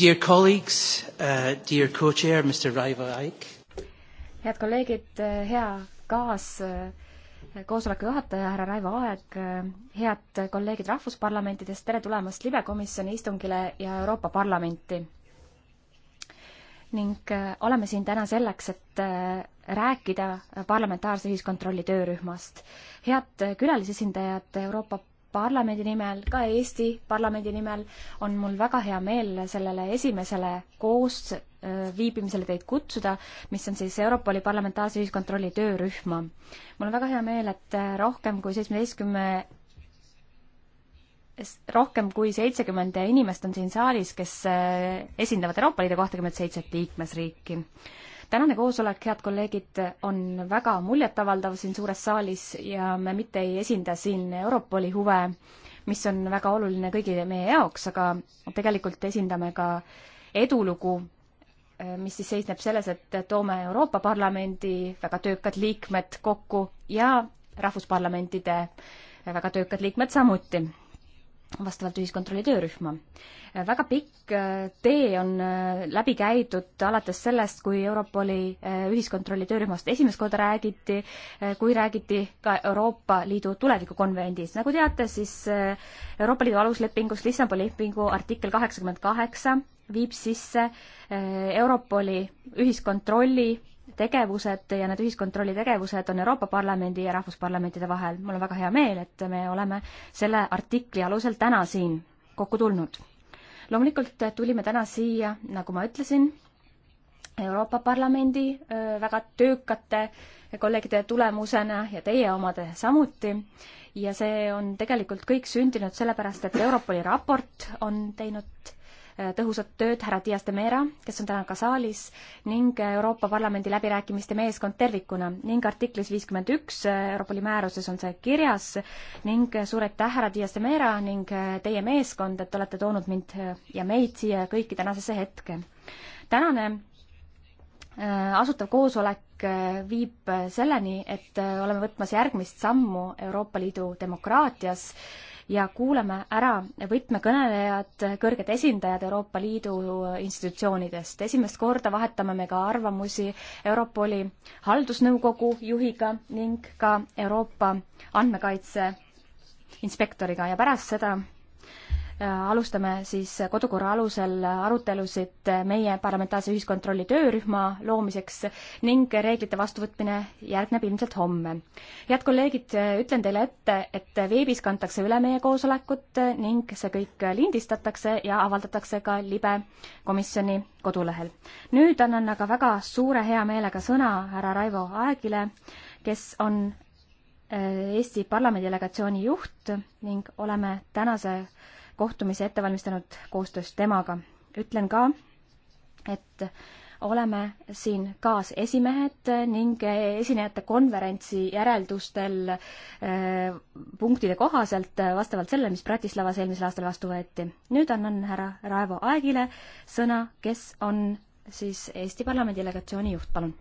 Dear colleagues, uh, dear co-chair, Mr Raivo Aik. head kolleegid, uh, hea kaas uh, koosoleku juhataja härra Raivo Aeg, uh, head kolleegid rahvusparlamentidest, tere tulemast libekomisjoni istungile ja Euroopa Parlamenti. ning oleme siin täna selleks, et rääkida parlamentaarse ühiskontrolli töörühmast. head külalisesindajad Euroopa parlamendi nimel, ka Eesti parlamendi nimel on mul väga hea meel sellele esimesele koos viibimisele teid kutsuda, mis on siis Europoli parlamentaarse ühiskontrolli töörühma. mul on väga hea meel, et äh, rohkem kui seitsmeteistkümne rohkem kui seitsekümmend inimest on siin saalis, kes äh, esindavad Euroopa Liidu kahtekümmet seitset liikmesriiki tänane koosolek, head kolleegid, on väga muljetavaldav siin suures saalis ja me mitte ei esinda siin Europoli huve, mis on väga oluline kõigi meie jaoks, aga tegelikult esindame ka edulugu, eh, mis siis seisneb selles, et toome Euroopa Parlamendi väga töökad liikmed kokku ja rahvusparlamentide väga töökad liikmed samuti vastavalt ühiskontrolli töörühma. väga pikk äh, tee on äh, läbi käidud alates sellest, kui Europoli äh, ühiskontrolli töörühmast esimest korda räägiti, kui räägiti ka Euroopa Liidu tulevikukonvendis. nagu teate, siis Euroopa Liidu aluslepingus Lissaboni lepingu artikkel kaheksakümmend kaheksa viib sisse Europoli ühiskontrolli tegevused ja need ühiskontrolli tegevused on Euroopa Parlamendi ja rahvusparlamentide vahel. mul on väga hea meel, et me oleme selle artikli alusel täna siin kokku tulnud. loomulikult tulime täna siia, nagu ma ütlesin, Euroopa Parlamendi väga töökate kolleegide tulemusena ja teie omade samuti. ja see on tegelikult kõik sündinud sellepärast, et Europoli raport on teinud Äh, tõhusat tööd härra Dias de Mera, kes on täna ka saalis, ning Euroopa Parlamendi läbirääkimiste meeskond tervikuna ning artiklis viiskümmend üks äh, Euroopa Liidu määruses on see kirjas ning äh, suur aitäh, härra Dias de Mera ning teie meeskond, et olete toonud mind ja meid siia kõiki tänasesse hetke. tänane asutav koosolek viib selleni, et oleme võtmas järgmist sammu Euroopa Liidu demokraatias ja kuulame ära võtmekõnelejad, kõrged esindajad Euroopa Liidu institutsioonidest. esimest korda vahetame me ka arvamusi Europoli haldusnõukogu juhiga ning ka Euroopa andmekaitse inspektoriga ja pärast seda alustame siis kodukorra alusel arutelusid meie parlamentaarse ühiskontrolli töörühma loomiseks ning reeglite vastuvõtmine järgneb ilmselt homme. head kolleegid, ütlen teile ette, et veebis kantakse üle meie koosolekut ning see kõik lindistatakse ja avaldatakse ka libe komisjoni kodulehel. nüüd annan aga väga suure hea meelega sõna härra Raivo Aegile, kes on äh, Eesti parlamendi delegatsiooni juht ning oleme tänase kohtumise ette valmistanud koostöös temaga. ütlen ka, et oleme siin kaasesimehed ning esinejate konverentsi järeldustel äh, punktide kohaselt äh, vastavalt sellele, mis Bratislavas eelmisel aastal vastu võeti. nüüd annan härra Raivo Aegile sõna, kes on siis Eesti Parlamendi delegatsiooni juht, palun.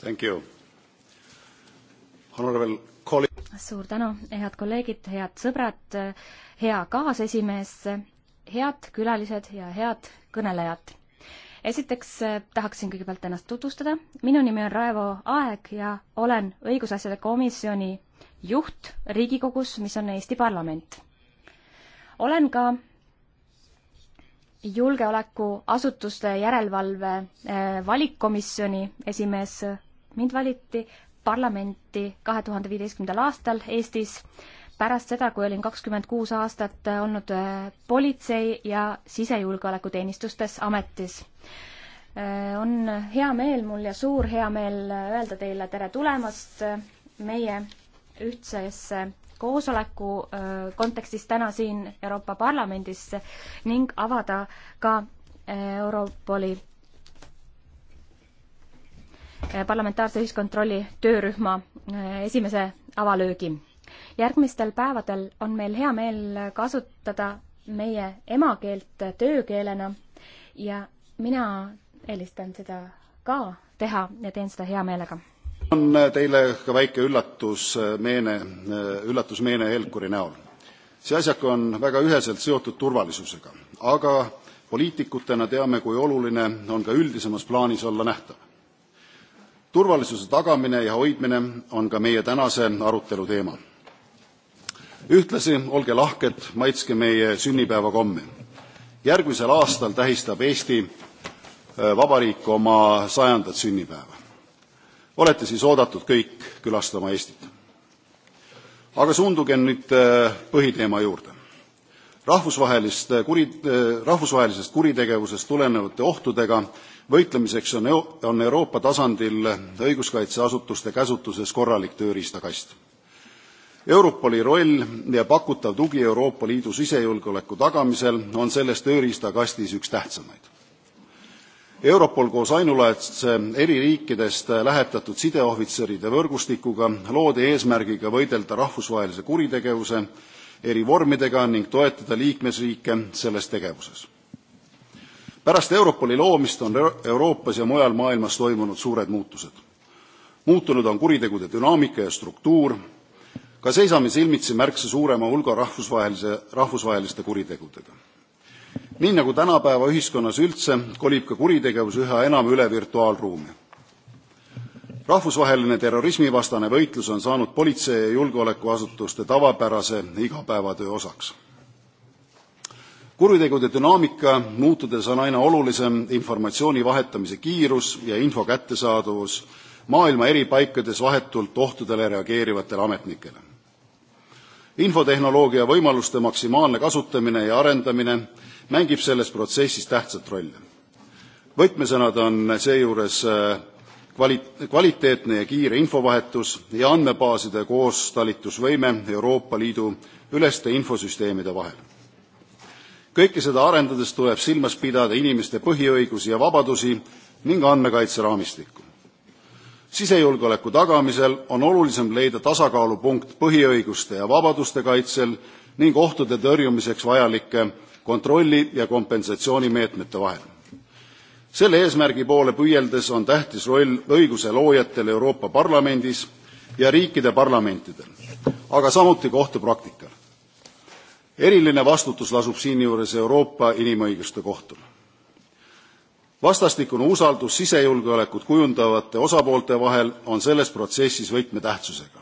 Thank you. Honorable colleague suur tänu, head kolleegid, head sõbrad, hea kaasesimees, head külalised ja head kõnelejad. esiteks eh, tahaksin kõigepealt ennast tutvustada. minu nimi on Raivo Aeg ja olen õigusasjade komisjoni juht Riigikogus, mis on Eesti parlament. olen ka julgeolekuasutuste järelevalve eh, valikkomisjoni esimees mind valiti parlamenti kahe tuhande viieteistkümnendal aastal Eestis, pärast seda, kui olin kakskümmend kuus aastat olnud äh, politsei- ja sisejulgeolekuteenistustes ametis. Äh, on hea meel mul ja suur hea meel äh, öelda teile tere tulemast meie ühtsesse koosoleku kontekstis täna siin Euroopa Parlamendis ning avada ka Europoli parlamentaarse ühiskontrolli töörühma eh, esimese avalöögi. järgmistel päevadel on meil hea meel kasutada meie emakeelt töökeelena ja mina eelistan seda ka teha ja teen seda hea meelega. on teile ka väike üllatusmeene, eh, eh, üllatusmeene Helkuri näol. see asjak on väga üheselt seotud turvalisusega, aga poliitikutena teame, kui oluline on ka üldisemas plaanis olla nähtav turvalisuse tagamine ja hoidmine on ka meie tänase arutelu teema. ühtlasi olge lahked, maitske meie sünnipäevakomme. järgmisel aastal tähistab Eesti äh, Vabariik oma sajandat sünnipäeva. olete siis oodatud kõik külastama Eestit. aga suundugem nüüd äh, põhiteema juurde. rahvusvahelist äh, kuri, rahvusvahelisest kuritegevusest tulenevate ohtudega võitlemiseks on, on Euroopa tasandil õiguskaitseasutuste käsutuses korralik tööriistakast. Europoli roll ja pakutav tugi Euroopa Liidu sisejulgeoleku tagamisel on selles tööriistakastis üks tähtsamaid. Europol koos ainulaadse eri riikidest lähetatud sideohvitseride võrgustikuga loodi eesmärgiga võidelda rahvusvahelise kuritegevuse eri vormidega ning toetada liikmesriike selles tegevuses pärast Europoli loomist on Euroopas ja mujal maailmas toimunud suured muutused. muutunud on kuritegude dünaamika ja struktuur, ka seisame silmitsi märksa suurema hulga rahvusvahelise, rahvusvaheliste kuritegudega. nii nagu tänapäeva ühiskonnas üldse, kolib ka kuritegevus üha enam üle virtuaalruumi. rahvusvaheline terrorismivastane võitlus on saanud politsei ja julgeolekuasutuste tavapärase igapäevatöö osaks kuritegude dünaamika muutudes on aina olulisem informatsiooni vahetamise kiirus ja info kättesaadavus maailma eri paikades vahetult ohtudele reageerivatele ametnikele. infotehnoloogia võimaluste maksimaalne kasutamine ja arendamine mängib selles protsessis tähtsat rolli. võtmesõnad on seejuures äh, kvali-, kvaliteetne ja kiire infovahetus ja andmebaaside koostalitusvõime Euroopa Liidu üleste infosüsteemide vahel kõike seda arendades tuleb silmas pidada inimeste põhiõigusi ja vabadusi ning andmekaitse raamistikku. sisejulgeoleku tagamisel on olulisem leida tasakaalupunkt põhiõiguste ja vabaduste kaitsel ning ohtude tõrjumiseks vajalike kontrolli- ja kompensatsioonimeetmete vahel. selle eesmärgi poole püüeldes on tähtis roll õiguse loojatel Euroopa Parlamendis ja riikide parlamentidel, aga samuti kohtupraktikal eriline vastutus lasub siinjuures Euroopa Inimõiguste Kohtul. vastastikune usaldus sisejulgeolekut kujundavate osapoolte vahel on selles protsessis võtmetähtsusega.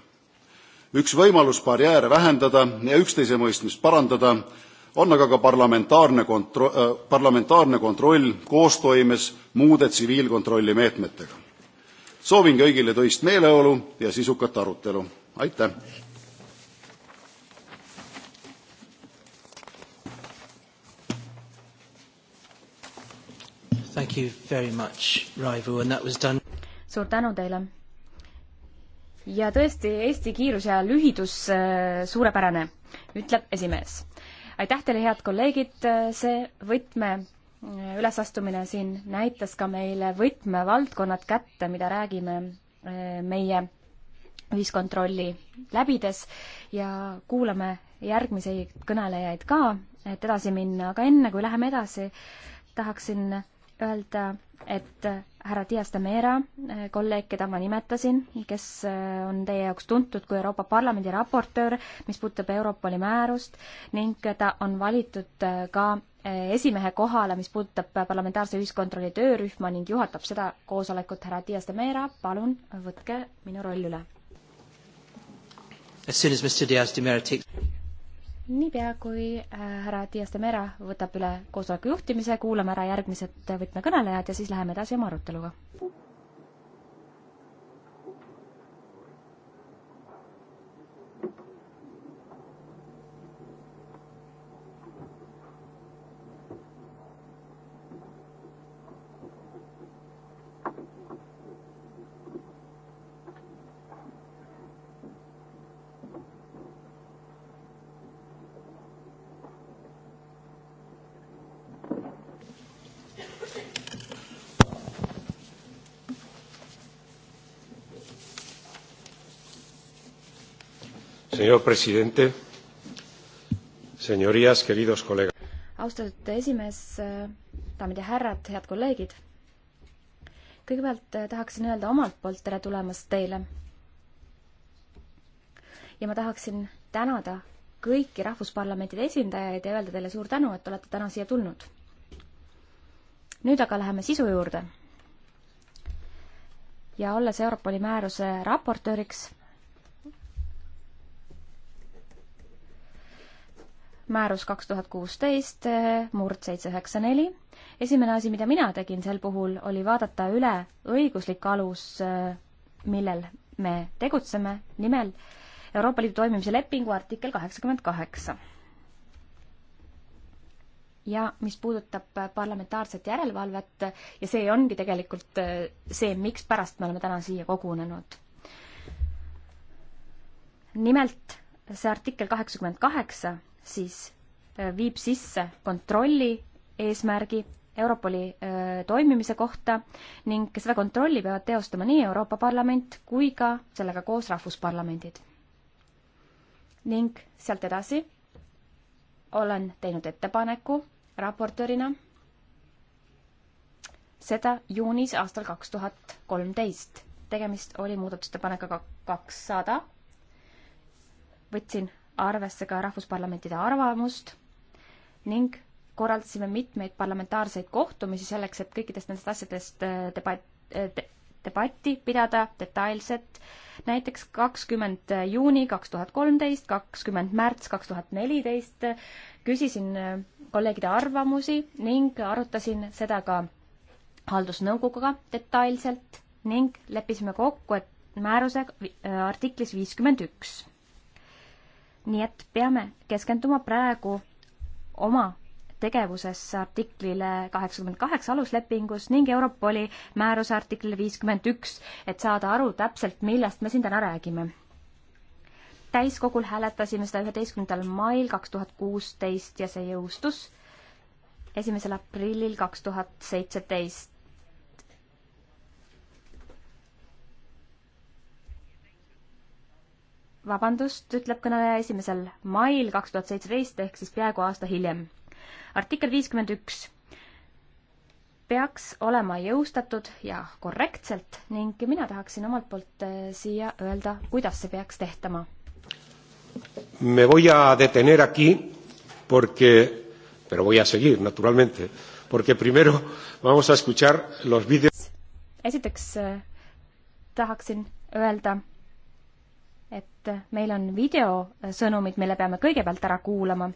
üks võimalus barjääre vähendada ja üksteisemõistmist parandada on aga ka parlamentaarne kontro-, äh, parlamentaarne kontroll koostoimes muude tsiviilkontrolli meetmetega. soovin kõigile töist meeleolu ja sisukat arutelu, aitäh! Thank you very much, Raivo, and that was done. suur tänu teile. ja tõesti, Eesti kiirus ja lühidus äh, suurepärane, ütleb esimees. aitäh teile, head kolleegid, äh, see võtme äh, ülesastumine siin näitas ka meile võtmevaldkonnad kätte, mida räägime meie ühiskontrolli läbides ja kuulame järgmisi kõnelejaid ka, et edasi minna, aga enne kui läheme edasi, tahaksin öelda, et härra Dias de Mera, kolleeg, keda ma nimetasin, kes äh, on teie jaoks tuntud kui Euroopa Parlamendi raportöör, mis puudutab Europoli määrust ning ta on valitud äh, ka äh, esimehe kohale, mis puudutab parlamentaarse ühiskontrolli töörühma ning juhatab seda koosolekut härra Dias de Mera, palun võtke minu roll üle. As soon as Mr Dias de Mera takes niipea, kui äh, härra Dias de Mera võtab üle koosoleku juhtimise, kuulame ära järgmised võtmekõnelejad ja siis läheme edasi oma aruteluga. señor presidente, señorías, queridos colegas. austatud esimees, daamid ja härrad, head kolleegid. kõigepealt eh, tahaksin öelda omalt poolt tere tulemast teile. ja ma tahaksin tänada kõiki rahvusparlamentide esindajaid ja öelda teile suur tänu, et olete täna siia tulnud. nüüd aga läheme sisu juurde. ja olles Europoli määruse raportööriks määrus kaks tuhat kuusteist eh, murd seitse üheksa neli. esimene asi, mida mina tegin sel puhul, oli vaadata üle õiguslik alus, eh, millel me tegutseme, nimel Euroopa Liidu toimimise lepingu artikkel kaheksakümmend kaheksa. ja mis puudutab parlamentaarset järelevalvet ja see ongi tegelikult eh, see, mikspärast me oleme täna siia kogunenud. nimelt see artikkel kaheksakümmend kaheksa siis äh, viib sisse kontrolli eesmärgi Europoli äh, toimimise kohta ning seda kontrolli peavad teostama nii Euroopa Parlament kui ka sellega koos rahvusparlamendid. ning sealt edasi olen teinud ettepaneku raportöörina seda juunis aastal kaks tuhat kolmteist. tegemist oli muudatusettepanekuga kakssada. võtsin arvesse ka rahvusparlamentide arvamust ning korraldasime mitmeid parlamentaarseid kohtumisi selleks, et kõikidest nendest asjadest äh, debat-, äh, debatti pidada detailselt. näiteks kakskümmend äh, juuni kaks tuhat kolmteist, kakskümmend märts kaks tuhat neliteist küsisin kolleegide arvamusi ning arutasin seda ka haldusnõukoguga detailselt ning leppisime kokku, et määruse artiklis viiskümmend üks nii et peame keskenduma praegu oma tegevuses artiklile kaheksakümmend kaheksa aluslepingus ning Europoli määruse artiklile viiskümmend üks, et saada aru täpselt, millest me siin täna räägime. täiskogul hääletasime seda üheteistkümnendal mail kaks tuhat kuusteist ja see jõustus esimesel aprillil kaks tuhat seitseteist vabandust, ütleb kõneleja esimesel mail kaks tuhat seitseteist ehk siis peaaegu aasta hiljem. artikkel viiskümmend üks peaks olema jõustatud ja korrektselt ning mina tahaksin omalt poolt äh, siia öelda, kuidas see peaks tehtama. Me voy a detener aquí porque, pero voy a seguir naturalmente, porque primero vamos a escuchar los vídeos. esiteks äh, tahaksin öelda et meil on videosõnumid, mille peame kõigepealt ära kuulama.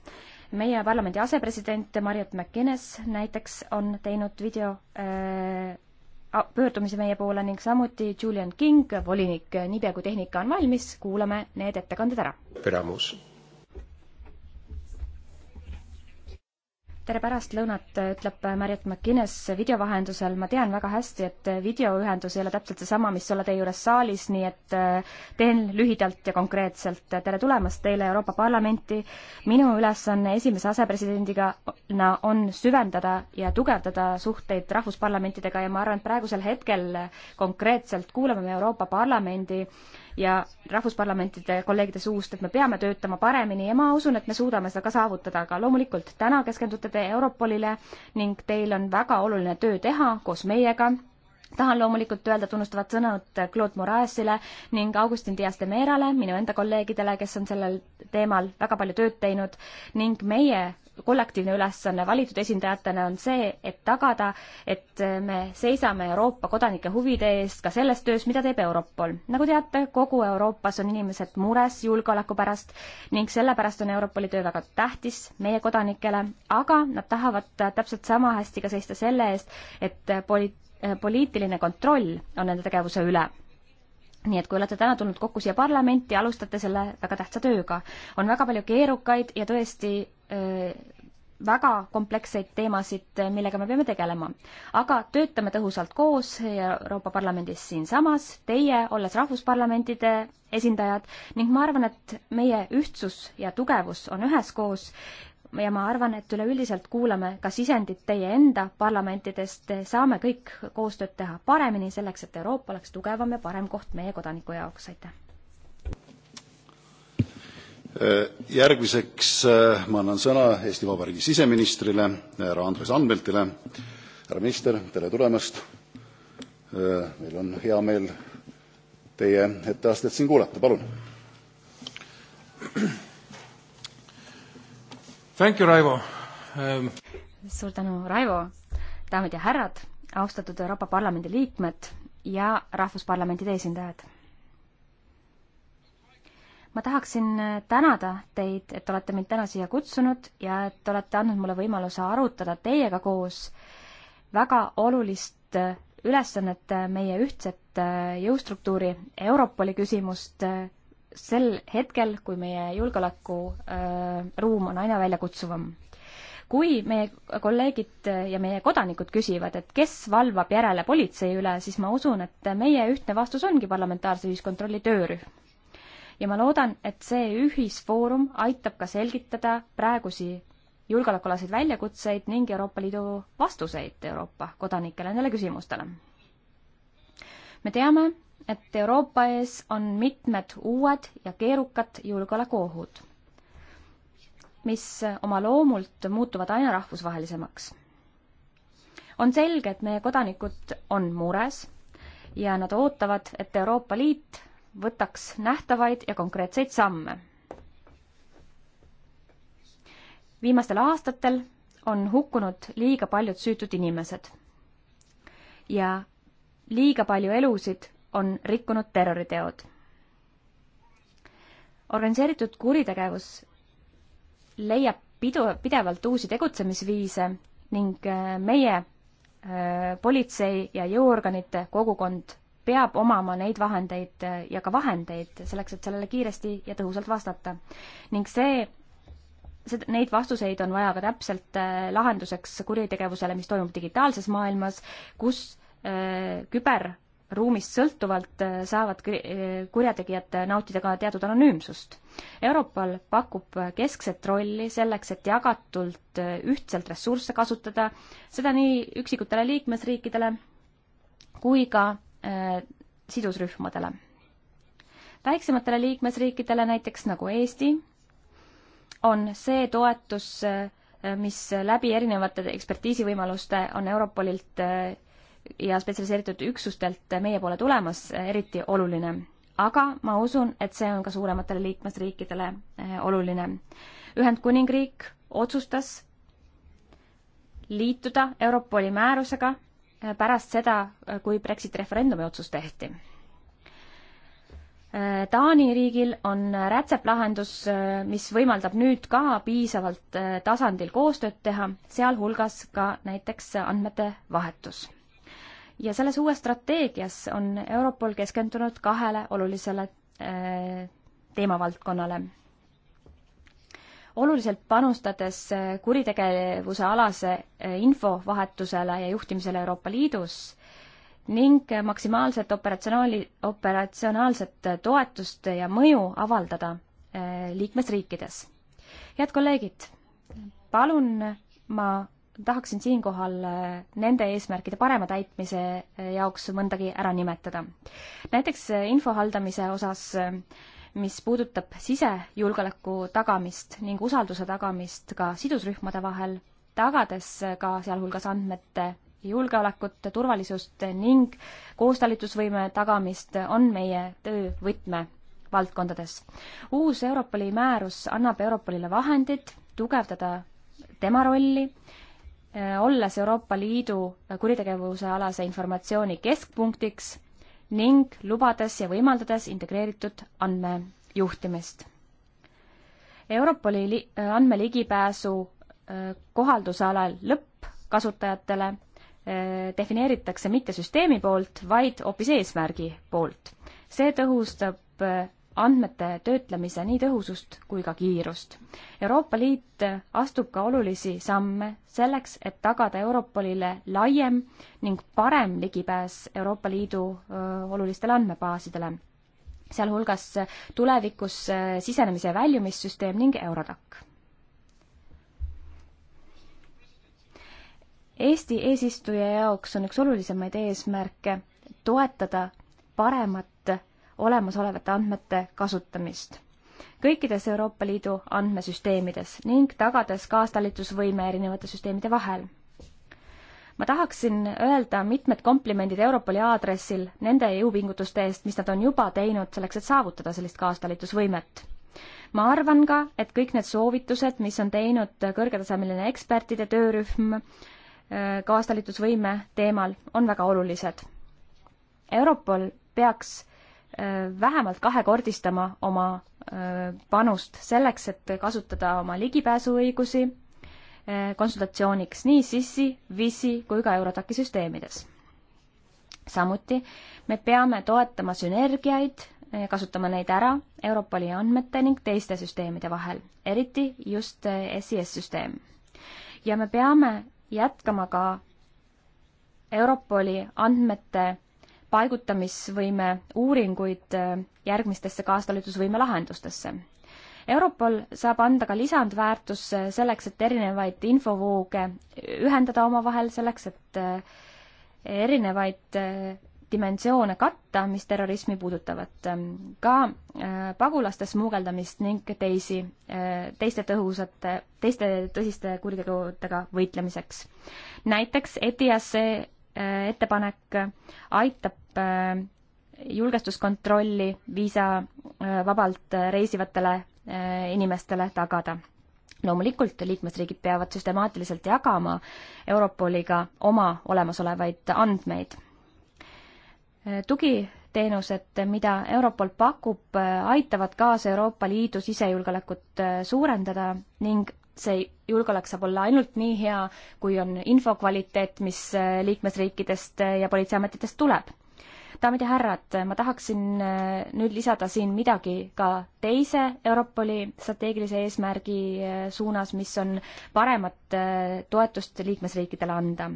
meie parlamendi asepresident Marjut McGuinness näiteks on teinud video äh, pöördumise meie poole ning samuti Julian King, volinik. niipea kui tehnika on valmis, kuulame need ettekanded ära. Peramus tere pärastlõunat, ütleb Mariet McInnes video vahendusel, ma tean väga hästi, et videoühendus ei ole täpselt seesama, mis olla teie juures saalis, nii et äh, teen lühidalt ja konkreetselt. tere tulemast teile Euroopa Parlamenti, minu ülesanne esimese asepresidendiga on süvendada ja tugevdada suhteid rahvusparlamentidega ja ma arvan, et praegusel hetkel konkreetselt kuulame me Euroopa Parlamendi äh, ja rahvusparlamentide kolleegide suust, et me peame töötama paremini ja ma usun, et me suudame seda ka saavutada, aga loomulikult täna keskendute te Europolile ning teil on väga oluline töö teha koos meiega tahan loomulikult öelda tunnustavad sõnad Claude Moraesile ning Augustin Dias de Merale, minu enda kolleegidele, kes on sellel teemal väga palju tööd teinud ning meie kollektiivne ülesanne valitud esindajatena on see, et tagada, et me seisame Euroopa kodanike huvide eest ka selles töös, mida teeb Europol. nagu teate, kogu Euroopas on inimesed mures julgeoleku pärast ning sellepärast on Europoli töö väga tähtis meie kodanikele, aga nad tahavad täpselt sama hästi ka seista selle eest, et poli-, poliitiline kontroll on nende tegevuse üle nii et kui olete täna tulnud kokku siia parlamenti, alustate selle väga tähtsa tööga. on väga palju keerukaid ja tõesti Äh, väga kompleksseid teemasid, äh, millega me peame tegelema. aga töötame tõhusalt koos Euroopa Parlamendis siinsamas, teie, olles rahvusparlamentide esindajad, ning ma arvan, et meie ühtsus ja tugevus on üheskoos ja ma arvan, et üleüldiselt kuulame ka sisendit teie enda parlamentidest, saame kõik koostööd teha paremini, selleks et Euroopa oleks tugevam ja parem koht meie kodaniku jaoks, aitäh! Äh, järgmiseks äh, ma annan sõna Eesti Vabariigi siseministrile härra Andres Anveltile. härra minister, tere tulemast! Äh, meil on hea meel teie etteastet siin kuulata, palun! Thank you, Raivo um...! suur tänu, Raivo! daamid ja härrad, austatud Euroopa Parlamendi liikmed ja rahvusparlamentide esindajad ma tahaksin äh, tänada teid, et olete mind täna siia kutsunud ja et olete andnud mulle võimaluse arutada teiega koos väga olulist äh, ülesannet, äh, meie ühtset jõustruktuuri, Europoli küsimust sel hetkel, kui meie julgeolekuruum on aina väljakutsuvam. kui meie kolleegid ja meie kodanikud küsivad, et kes valvab järele politsei üle, siis ma usun, et meie ühtne vastus ongi parlamentaarse ühiskontrolli töörühm ja ma loodan, et see ühisfoorum aitab ka selgitada praegusi julgeolekualaseid väljakutseid ning Euroopa Liidu vastuseid Euroopa kodanikele nendele küsimustele. me teame, et Euroopa ees on mitmed uued ja keerukad julgeolekuohud, mis oma loomult muutuvad aina rahvusvahelisemaks. on selge, et meie kodanikud on mures ja nad ootavad, et Euroopa Liit võtaks nähtavaid ja konkreetseid samme. viimastel aastatel on hukkunud liiga paljud süütud inimesed ja liiga palju elusid on rikkunud terroriteod. organiseeritud kuritegevus leiab pidu, pidevalt uusi tegutsemisviise ning äh, meie äh, politsei ja jõuorganite kogukond peab omama neid vahendeid ja ka vahendeid selleks, et sellele kiiresti ja tõhusalt vastata. ning see, seda, neid vastuseid on vaja ka täpselt äh, lahenduseks kuritegevusele, mis toimub digitaalses maailmas, kus äh, küberruumist sõltuvalt äh, saavad äh, kurjategijad nautida ka teatud anonüümsust. Europol pakub keskset rolli selleks, et jagatult äh, ühtselt ressursse kasutada, seda nii üksikutele liikmesriikidele kui ka Äh, sidusrühmadele. väiksematele liikmesriikidele, näiteks nagu Eesti, on see toetus, äh, mis läbi erinevate ekspertiisivõimaluste on Europolilt äh, ja spetsialiseeritud üksustelt meie poole tulemas, eriti oluline. aga ma usun, et see on ka suurematele liikmesriikidele oluline. Ühendkuningriik otsustas liituda Europoli määrusega pärast seda, kui Brexit referendumi otsus tehti. Taani riigil on rätseplahendus, mis võimaldab nüüd ka piisavalt tasandil koostööd teha, sealhulgas ka näiteks andmete vahetus. ja selles uues strateegias on Europol keskendunud kahele olulisele eh, teemavaldkonnale oluliselt panustades eh, kuritegevuse alase eh, infovahetusele ja juhtimisele Euroopa Liidus ning maksimaalset operatsionaali, operatsionaalset toetust ja mõju avaldada eh, liikmesriikides. head kolleegid, palun, ma tahaksin siinkohal nende eesmärkide parema täitmise jaoks mõndagi ära nimetada. näiteks info haldamise osas mis puudutab sisejulgeoleku tagamist ning usalduse tagamist ka sidusrühmade vahel, tagades ka sealhulgas andmete julgeolekut, turvalisust ning koostalitusvõime tagamist, on meie töö võtmevaldkondades. uus Europoli määrus annab Europolile vahendid tugevdada tema rolli, eh, olles Euroopa Liidu kuritegevuse alase informatsiooni keskpunktiks ning lubades ja võimaldades integreeritud andmejuhtimist. Europoli andmeligipääsu kohalduse alal lõppkasutajatele defineeritakse mitte süsteemi poolt, vaid hoopis eesmärgi poolt. see tõhustab andmete töötlemise nii tõhusust kui ka kiirust. Euroopa Liit astub ka olulisi samme selleks, et tagada Europolile laiem ning parem ligipääs Euroopa Liidu olulistele andmebaasidele, sealhulgas tulevikus sisenemise ja väljumissüsteem ning Eurodac. Eesti eesistuja jaoks on üks olulisemaid eesmärke toetada paremat olemasolevate andmete kasutamist kõikides Euroopa Liidu andmesüsteemides ning tagades kaastalitusvõime erinevate süsteemide vahel. ma tahaksin öelda mitmed komplimendid Europoli aadressil nende jõupingutuste eest, mis nad on juba teinud selleks, et saavutada sellist kaastalitusvõimet ma arvan ka, et kõik need soovitused, mis on teinud kõrgetasemeline ekspertide töörühm äh, kaastalitusvõime teemal, on väga olulised. Europol peaks Äh, vähemalt kahekordistama oma äh, panust selleks, et kasutada oma ligipääsuõigusi äh, konsultatsiooniks nii SIS-i, VIS-i kui ka Eurotaki süsteemides. samuti me peame toetama sünergiaid, kasutama neid ära Europoli andmete ning teiste süsteemide vahel, eriti just SIS süsteem. ja me peame jätkama ka Europoli andmete paigutamisvõime uuringuid äh, järgmistesse kaastalitusvõime lahendustesse. Europol saab anda ka lisandväärtus selleks, et erinevaid infovooge ühendada omavahel, selleks et äh, erinevaid äh, dimensioone katta, mis terrorismi puudutavad, ka pagulaste smugeldamist ning teisi, teiste tõhusate, teiste tõsiste kuritegudega võitlemiseks. näiteks ETIAS-e Äh, ettepanek äh, aitab äh, julgestuskontrolli viisavabalt reisivatele inimestele tagada. loomulikult liikmesriigid peavad süstemaatiliselt jagama Europoliga oma olemasolevaid andmeid. tugiteenused, mida Europol pakub, aitavad kaasa Euroopa Liidu sisejulgeolekut suurendada ning see julgeolek saab olla ainult nii hea, kui on info kvaliteet, mis äh, liikmesriikidest äh, ja politseiametitest tuleb. daamid ja härrad, ma tahaksin äh, nüüd lisada siin midagi ka teise Europoli strateegilise eesmärgi suunas, mis on paremat toetust liikmesriikidele anda.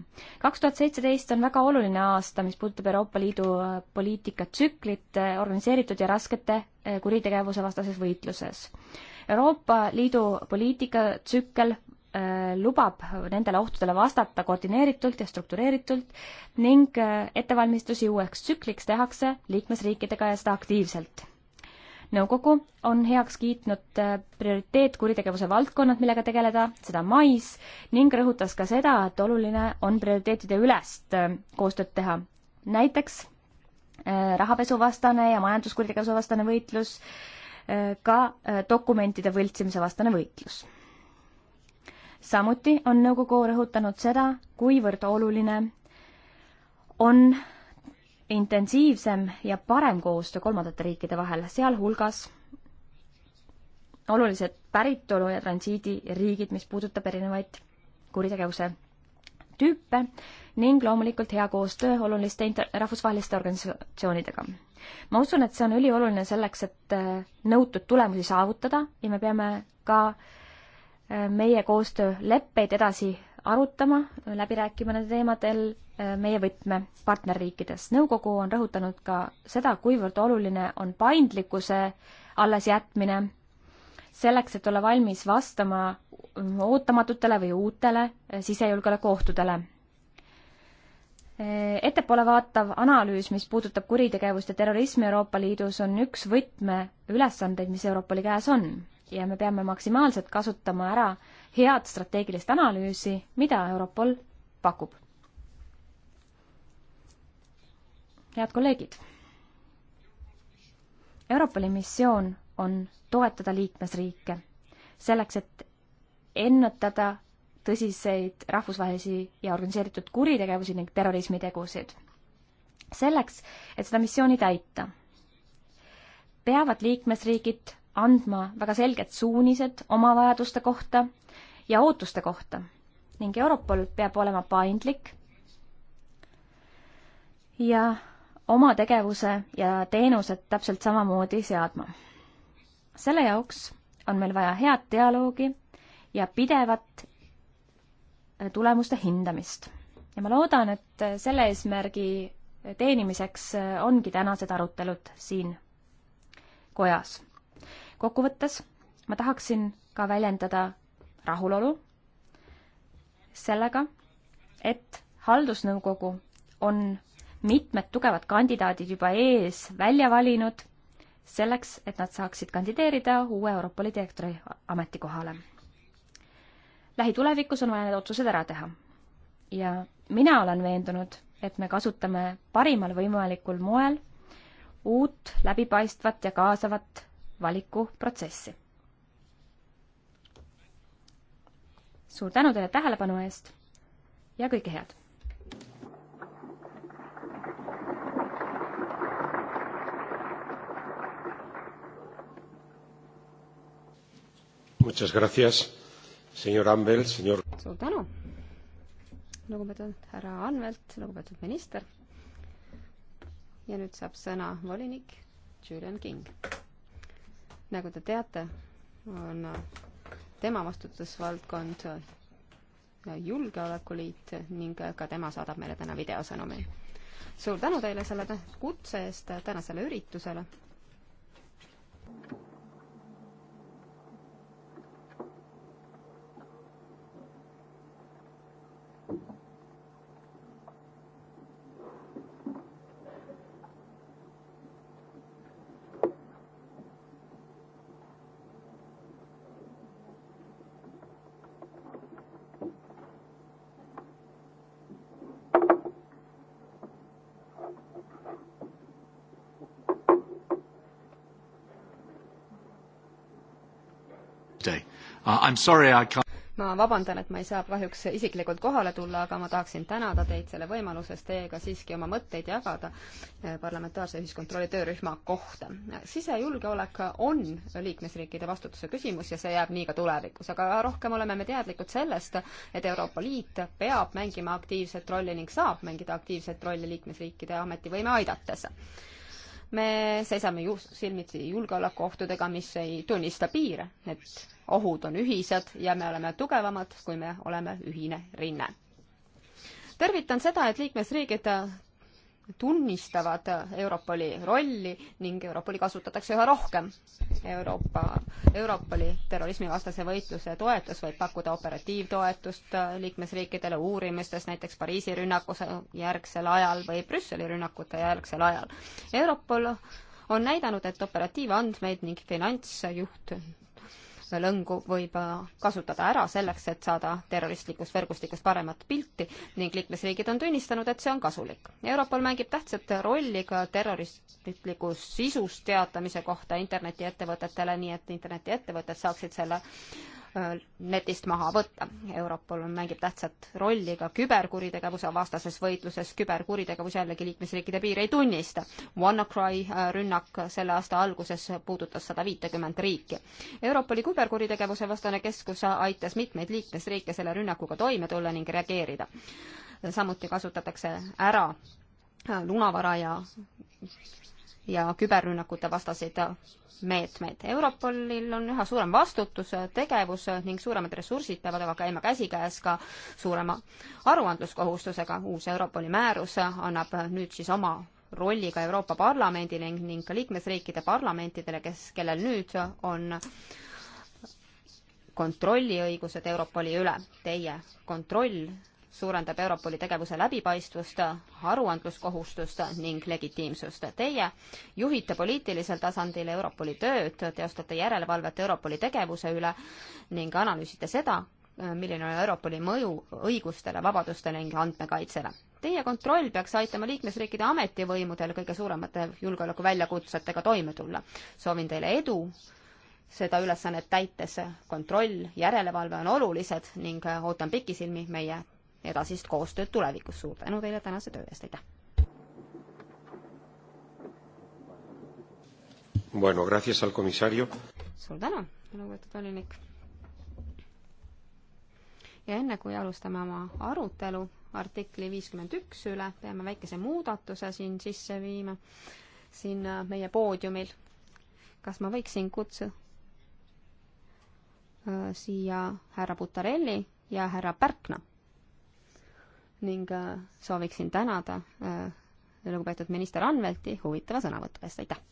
kaks tuhat seitseteist on väga oluline aasta, mis puudutab Euroopa Liidu poliitikatsüklit organiseeritud ja raskete kuritegevuse vastases võitluses Euroopa Liidu poliitikatsükkel äh, lubab nendele ohtudele vastata koordineeritult ja struktureeritult ning äh, ettevalmistusi uueks tsükliks tehakse liikmesriikidega ja seda aktiivselt. nõukogu on heaks kiitnud äh, prioriteetkuritegevuse valdkonnad, millega tegeleda, seda mais, ning rõhutas ka seda, et oluline on prioriteetide ülest koostööd teha. näiteks rahapesuvastane ja majanduskuritegevuse vastane võitlus äh,, ka äh, dokumentide võltsimise vastane võitlus. samuti on nõukogu rõhutanud seda, kuivõrd oluline on intensiivsem ja parem koostöö kolmandate riikide vahel, sealhulgas olulised päritolu- ja transiidiriigid, mis puudutab erinevaid kuritegevuse tüüpe ning loomulikult hea koostöö oluliste inter-, rahvusvaheliste organisatsioonidega ma usun, et see on ülioluline selleks, et äh, nõutud tulemusi saavutada ja me peame ka äh, meie koostööleppeid edasi arutama, läbi rääkima nendel teemadel äh, meie võtmepartnerriikides. nõukogu on rõhutanud ka seda, kuivõrd oluline on paindlikkuse allesjätmine selleks, et olla valmis vastama ootamatutele või uutele sisejulgeolekuohtudele ettepoole vaatav analüüs, mis puudutab kuritegevust ja terrorismi Euroopa Liidus, on üks võtmeülesandeid, mis Europoli käes on. ja me peame maksimaalselt kasutama ära head strateegilist analüüsi, mida Europol pakub. head kolleegid. Europoli missioon on toetada liikmesriike selleks, et ennetada tõsiseid rahvusvahelisi ja organiseeritud kuritegevusi ning terrorismitegusid. selleks, et seda missiooni täita, peavad liikmesriigid andma väga selged suunised oma vajaduste kohta ja ootuste kohta ning Europol peab olema paindlik ja oma tegevuse ja teenused täpselt samamoodi seadma. selle jaoks on meil vaja head dialoogi ja pidevat tulemuste hindamist. ja ma loodan, et selle eesmärgi teenimiseks ongi tänased arutelud siin kojas. kokkuvõttes ma tahaksin ka väljendada rahulolu sellega, et haldusnõukogu on mitmed tugevad kandidaadid juba ees välja valinud selleks, et nad saaksid kandideerida uue Europoli direktori ametikohale lähitulevikus on vaja need otsused ära teha. ja mina olen veendunud, et me kasutame parimal võimalikul moel uut, läbipaistvat ja kaasavat valikuprotsessi. suur tänu teile tähelepanu eest ja kõike head! Muchas gracias senor Anvel, senor. suur tänu, lugupeetud härra Anvelt, lugupeetud minister. ja nüüd saab sõna volinik Julian King. nagu te teate, on tema vastutusvaldkond julgeolekuliit ning ka tema saadab meile täna videosõnumi. suur tänu teile selle kutse eest tänasele üritusele Uh, I m sorry I can't ma vabandan, et ma ei saa kahjuks isiklikult kohale tulla, aga ma tahaksin tänada teid selle võimaluse eest teiega siiski oma mõtteid jagada eh, parlamentaarse ühiskontrolli töörühma kohta. sisejulgeolek on liikmesriikide vastutuse küsimus ja see jääb nii ka tulevikus, aga rohkem oleme me teadlikud sellest, et Euroopa Liit peab mängima aktiivset rolli ning saab mängida aktiivset rolli liikmesriikide ametivõime aidates me seisame ju silmitsi julgeolekuohtudega, mis ei tunnista piire, et ohud on ühised ja me oleme tugevamad, kui me oleme ühine rinne. tervitan seda, et liikmesriigid tunnistavad Europoli rolli ning Europoli kasutatakse üha rohkem. Euroopa, Europoli terrorismivastase võitluse toetus võib pakkuda operatiivtoetust liikmesriikidele uurimistes näiteks Pariisi rünnakuse järgsel ajal või Brüsseli rünnakute järgsel ajal. Europol on näidanud, et operatiivandmeid ning finantsjuht lõngu võib äh, kasutada ära selleks, et saada terroristlikust võrgustikust paremat pilti ning liikmesriigid on tunnistanud, et see on kasulik. Europol mängib tähtsat rolli ka terroristliku sisust teatamise kohta internetiettevõtetele, nii et internetiettevõtted saaksid selle Äh, netist maha võtta. Europol mängib tähtsat rolli ka küberkuritegevuse vastases võitluses, küberkuritegevus jällegi liikmesriikide piire ei tunnista. WannaCry äh, rünnak selle aasta alguses puudutas sada viitekümmet riiki. Europoli küberkuritegevuse vastane keskus aitas mitmeid liikmesriike selle rünnakuga toime tulla ning reageerida. samuti kasutatakse ära äh, lunavara ja ja küberrünnakute vastaseid meetmeid. Europolil on üha suurem vastutus, tegevus ning suuremad ressursid peavad aga käima käsikäes ka suurema aruandluskohustusega. uus Europoli määrus annab nüüd siis oma rolli ka Euroopa Parlamendile ning, ning ka liikmesriikide parlamentidele, kes, kellel nüüd on kontrolliõigused Europoli üle. Teie kontroll suurendab Europoli tegevuse läbipaistvust, aruandluskohustust ning legitiimsust. Teie juhite poliitilisel tasandil Europoli tööd, teostate järelevalvet Europoli tegevuse üle ning analüüsite seda, milline on Europoli mõju õigustele, vabadustele ning andmekaitsele. Teie kontroll peaks aitama liikmesriikide ametivõimudel kõige suuremate julgeolekuväljakutsetega toime tulla. soovin teile edu seda ülesannet täites. kontroll, järelevalve on olulised ning ootan pikisilmi meie edasist koostööd tulevikus. suur tänu teile tänase töö eest, aitäh! Bueno, gracias al comisario. suur tänu, lugupeetud volinik. ja enne, kui alustame oma arutelu artikli viiskümmend üks üle, peame väikese muudatuse siin sisse viima, siin äh, meie poodiumil. kas ma võiksin kutsu äh, siia härra Butarelli ja härra Pärkna? ning äh, sooviksin tänada äh, lugupeetud minister Anvelti huvitava sõnavõtu eest, aitäh!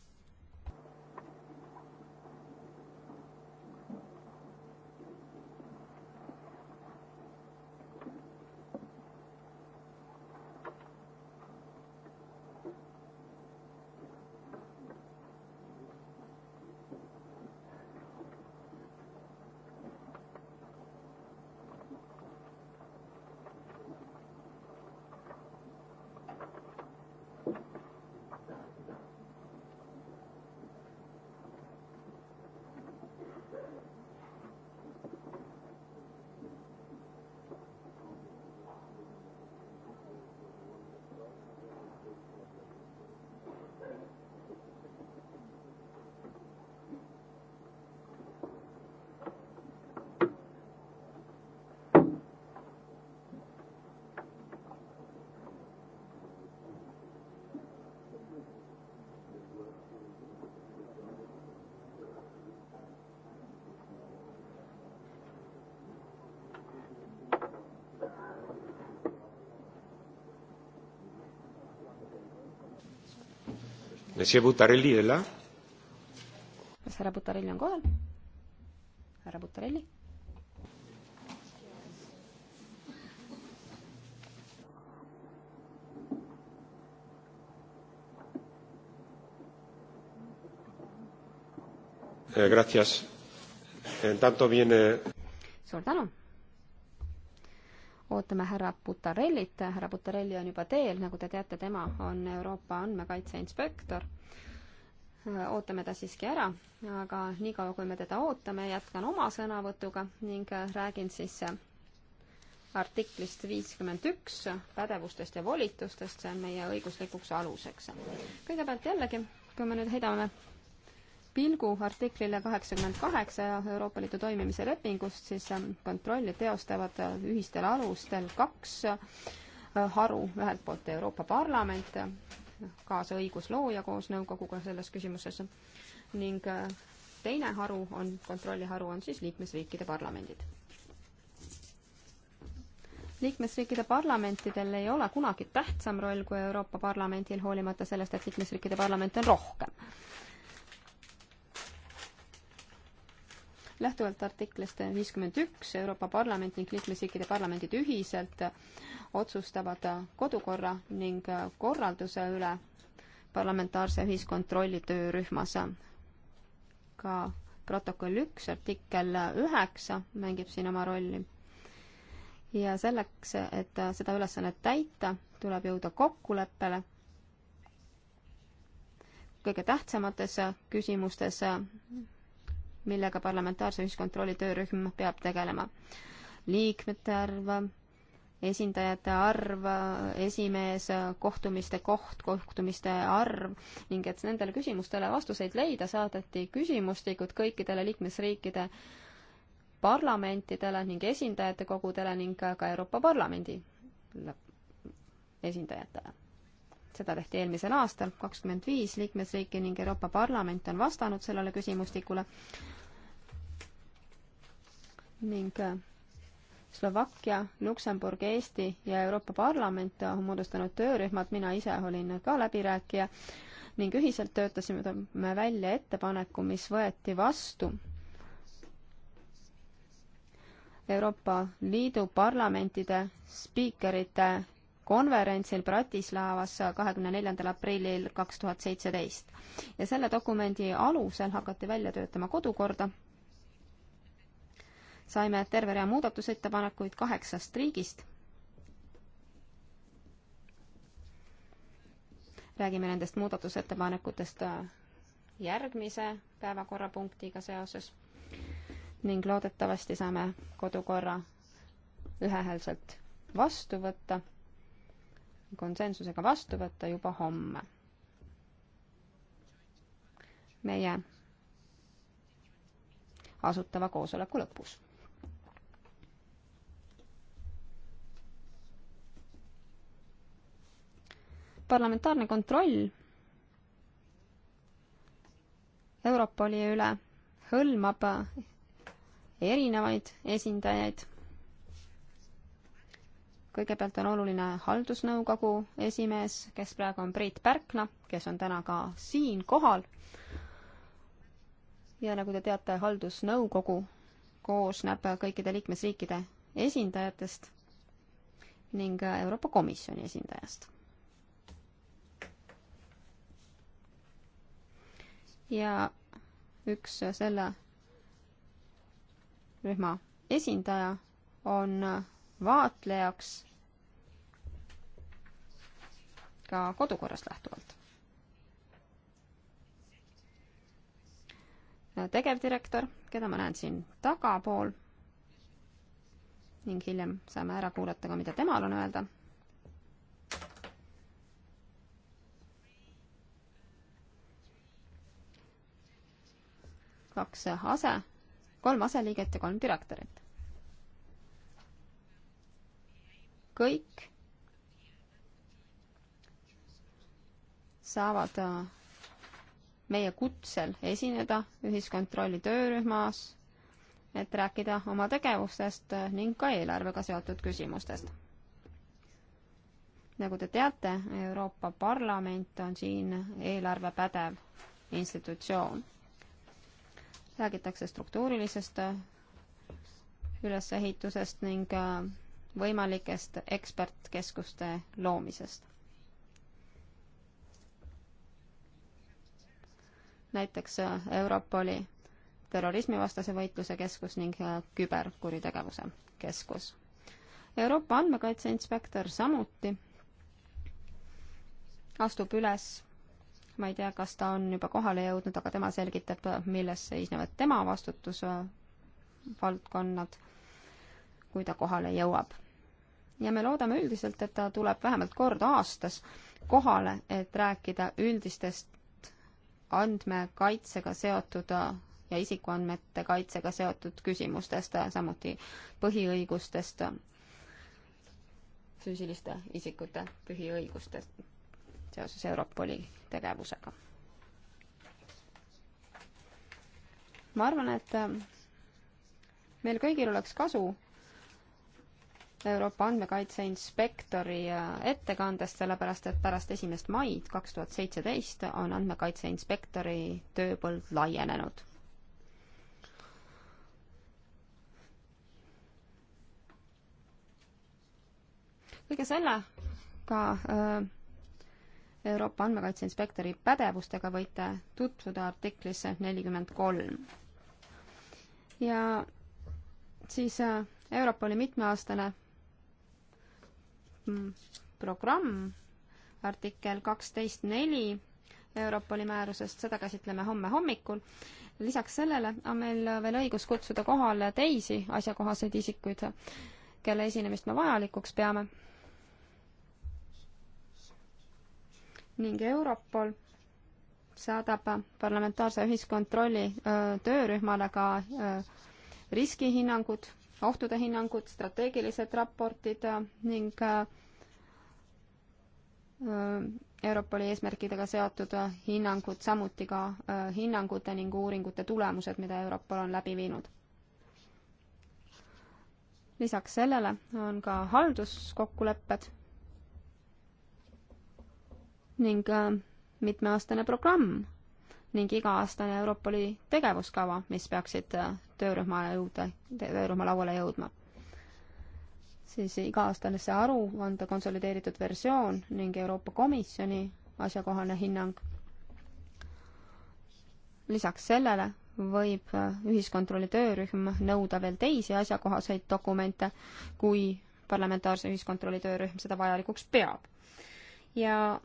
Monsieur Butarelli est là? kas härra Butarelli on kohal? härra Butarelli? Eh, gracias. En tanto viene. Suur tänu ootame härra Butarellit, härra Butarelli on juba teel, nagu te teate, tema on Euroopa andmekaitse inspektor. ootame ta siiski ära, aga niikaua, kui me teda ootame, jätkan oma sõnavõtuga ning räägin siis artiklist viiskümmend üks pädevustest ja volitustest, see on meie õiguslikuks aluseks. kõigepealt jällegi, kui me nüüd heidame pilgu artiklile kaheksakümmend kaheksa Euroopa Liidu toimimise lepingust, siis ähm, kontrolli teostavad äh, ühistel alustel kaks äh, haru, ühelt poolt Euroopa Parlament, kaasõiguslooja koos nõukoguga selles küsimuses, ning äh, teine haru on, kontrolliharu on siis liikmesriikide parlamendid. liikmesriikide parlamentidel ei ole kunagi tähtsam roll kui Euroopa Parlamendil, hoolimata sellest, et liikmesriikide parlamente on rohkem lähtuvalt artiklist viiskümmend üks Euroopa Parlament ning liikmesriikide parlamendid ühiselt otsustavad kodukorra ning korralduse üle parlamentaarse ühiskontrolli töörühmas. ka protokoll üks, artikkel üheksa mängib siin oma rolli. ja selleks, et seda ülesannet täita, tuleb jõuda kokkuleppele kõige tähtsamates küsimustes millega parlamentaarse ühiskontrolli töörühm peab tegelema. liikmete arv, esindajate arv, esimees, kohtumiste koht, kohtumiste arv ning et nendele küsimustele vastuseid leida, saadeti küsimustikud kõikidele liikmesriikide parlamentidele ning esindajate kogudele ning ka Euroopa Parlamendi esindajatele seda tehti eelmisel aastal, kakskümmend viis liikmesriiki ning Euroopa Parlament on vastanud sellele küsimustikule ning äh, Slovakkia, Luksemburg, Eesti ja Euroopa Parlament on moodustanud töörühmad, mina ise olin ka läbirääkija ning ühiselt töötasime me välja ettepaneku, mis võeti vastu Euroopa Liidu parlamentide spiikerite konverentsil Bratislavas kahekümne neljandal aprillil kaks tuhat seitseteist. ja selle dokumendi alusel hakati välja töötama kodukorda, saime terve rea muudatusettepanekuid kaheksast riigist. räägime nendest muudatusettepanekutest järgmise päevakorrapunktiga seoses ning loodetavasti saame kodukorra ühehäälselt vastu võtta konsensusega vastu võtta juba homme. meie asutava koosoleku lõpus parlamentaarne kontroll Europoli üle hõlmab erinevaid esindajaid kõigepealt on oluline haldusnõukogu esimees, kes praegu on Priit Pärkna, kes on täna ka siin kohal. ja nagu te teate, haldusnõukogu koosneb kõikide liikmesriikide esindajatest ning Euroopa Komisjoni esindajast. ja üks selle rühma esindaja on vaatlejaks ka kodukorrast lähtuvalt. tegevdirektor, keda ma näen siin tagapool ning hiljem saame ära kuulata ka, mida temal on öelda kaks ase, kolm aseliiget ja kolm direktorit. kõik saavad äh, meie kutsel esineda ühiskontrolli töörühmas, et rääkida oma tegevustest äh, ning ka eelarvega seotud küsimustest. nagu te teate, Euroopa Parlament on siin eelarvepädev institutsioon. räägitakse struktuurilisest äh, ülesehitusest ning võimalikest ekspertkeskuste loomisest näiteks äh, Europoli terrorismivastase võitluse keskus ning äh, küberkuritegevuse keskus. Euroopa andmekaitse inspektor samuti astub üles, ma ei tea, kas ta on juba kohale jõudnud, aga tema selgitab, äh, milles seisnevad tema vastutusvaldkonnad, kui ta kohale jõuab. ja me loodame üldiselt, et ta tuleb vähemalt kord aastas kohale, et rääkida üldistest andmekaitsega seotud ja isikuandmete kaitsega seotud küsimustest, samuti põhiõigustest, füüsiliste isikute põhiõigustest seoses Europoli tegevusega. ma arvan, et meil kõigil oleks kasu Euroopa andmekaitse inspektori äh, ettekandest, sellepärast et pärast esimest maid kaks tuhat seitseteist on andmekaitse inspektori tööpõld laienenud. kõige sellega äh, Euroopa andmekaitse inspektori pädevustega võite tutvuda artiklis nelikümmend kolm. ja siis äh, Europoli mitmeaastane programm, artikkel kaksteist neli Europoli määrusest, seda käsitleme homme hommikul. lisaks sellele on meil veel õigus kutsuda kohale teisi asjakohaseid isikuid, kelle esinemist me vajalikuks peame. ning Europol saadab parlamentaarse ühiskontrolli öö, töörühmale ka öö, riskihinnangud ohtude hinnangud, strateegilised raportid äh, ning äh, äh, Europoli eesmärkidega seotud hinnangud, samuti ka hinnangute ning uuringute tulemused, mida Europol on läbi viinud. lisaks sellele on ka halduskokkulepped ning mitmeaastane programm ning iga-aastane Europoli tegevuskava, mis peaksid töörühmale jõuda, töörühma lauale jõudma. siis iga-aastane see aruande konsolideeritud versioon ning Euroopa Komisjoni asjakohane hinnang. lisaks sellele võib äh, ühiskontrolli töörühm nõuda veel teisi asjakohaseid dokumente, kui parlamentaarse ühiskontrolli töörühm seda vajalikuks peab. ja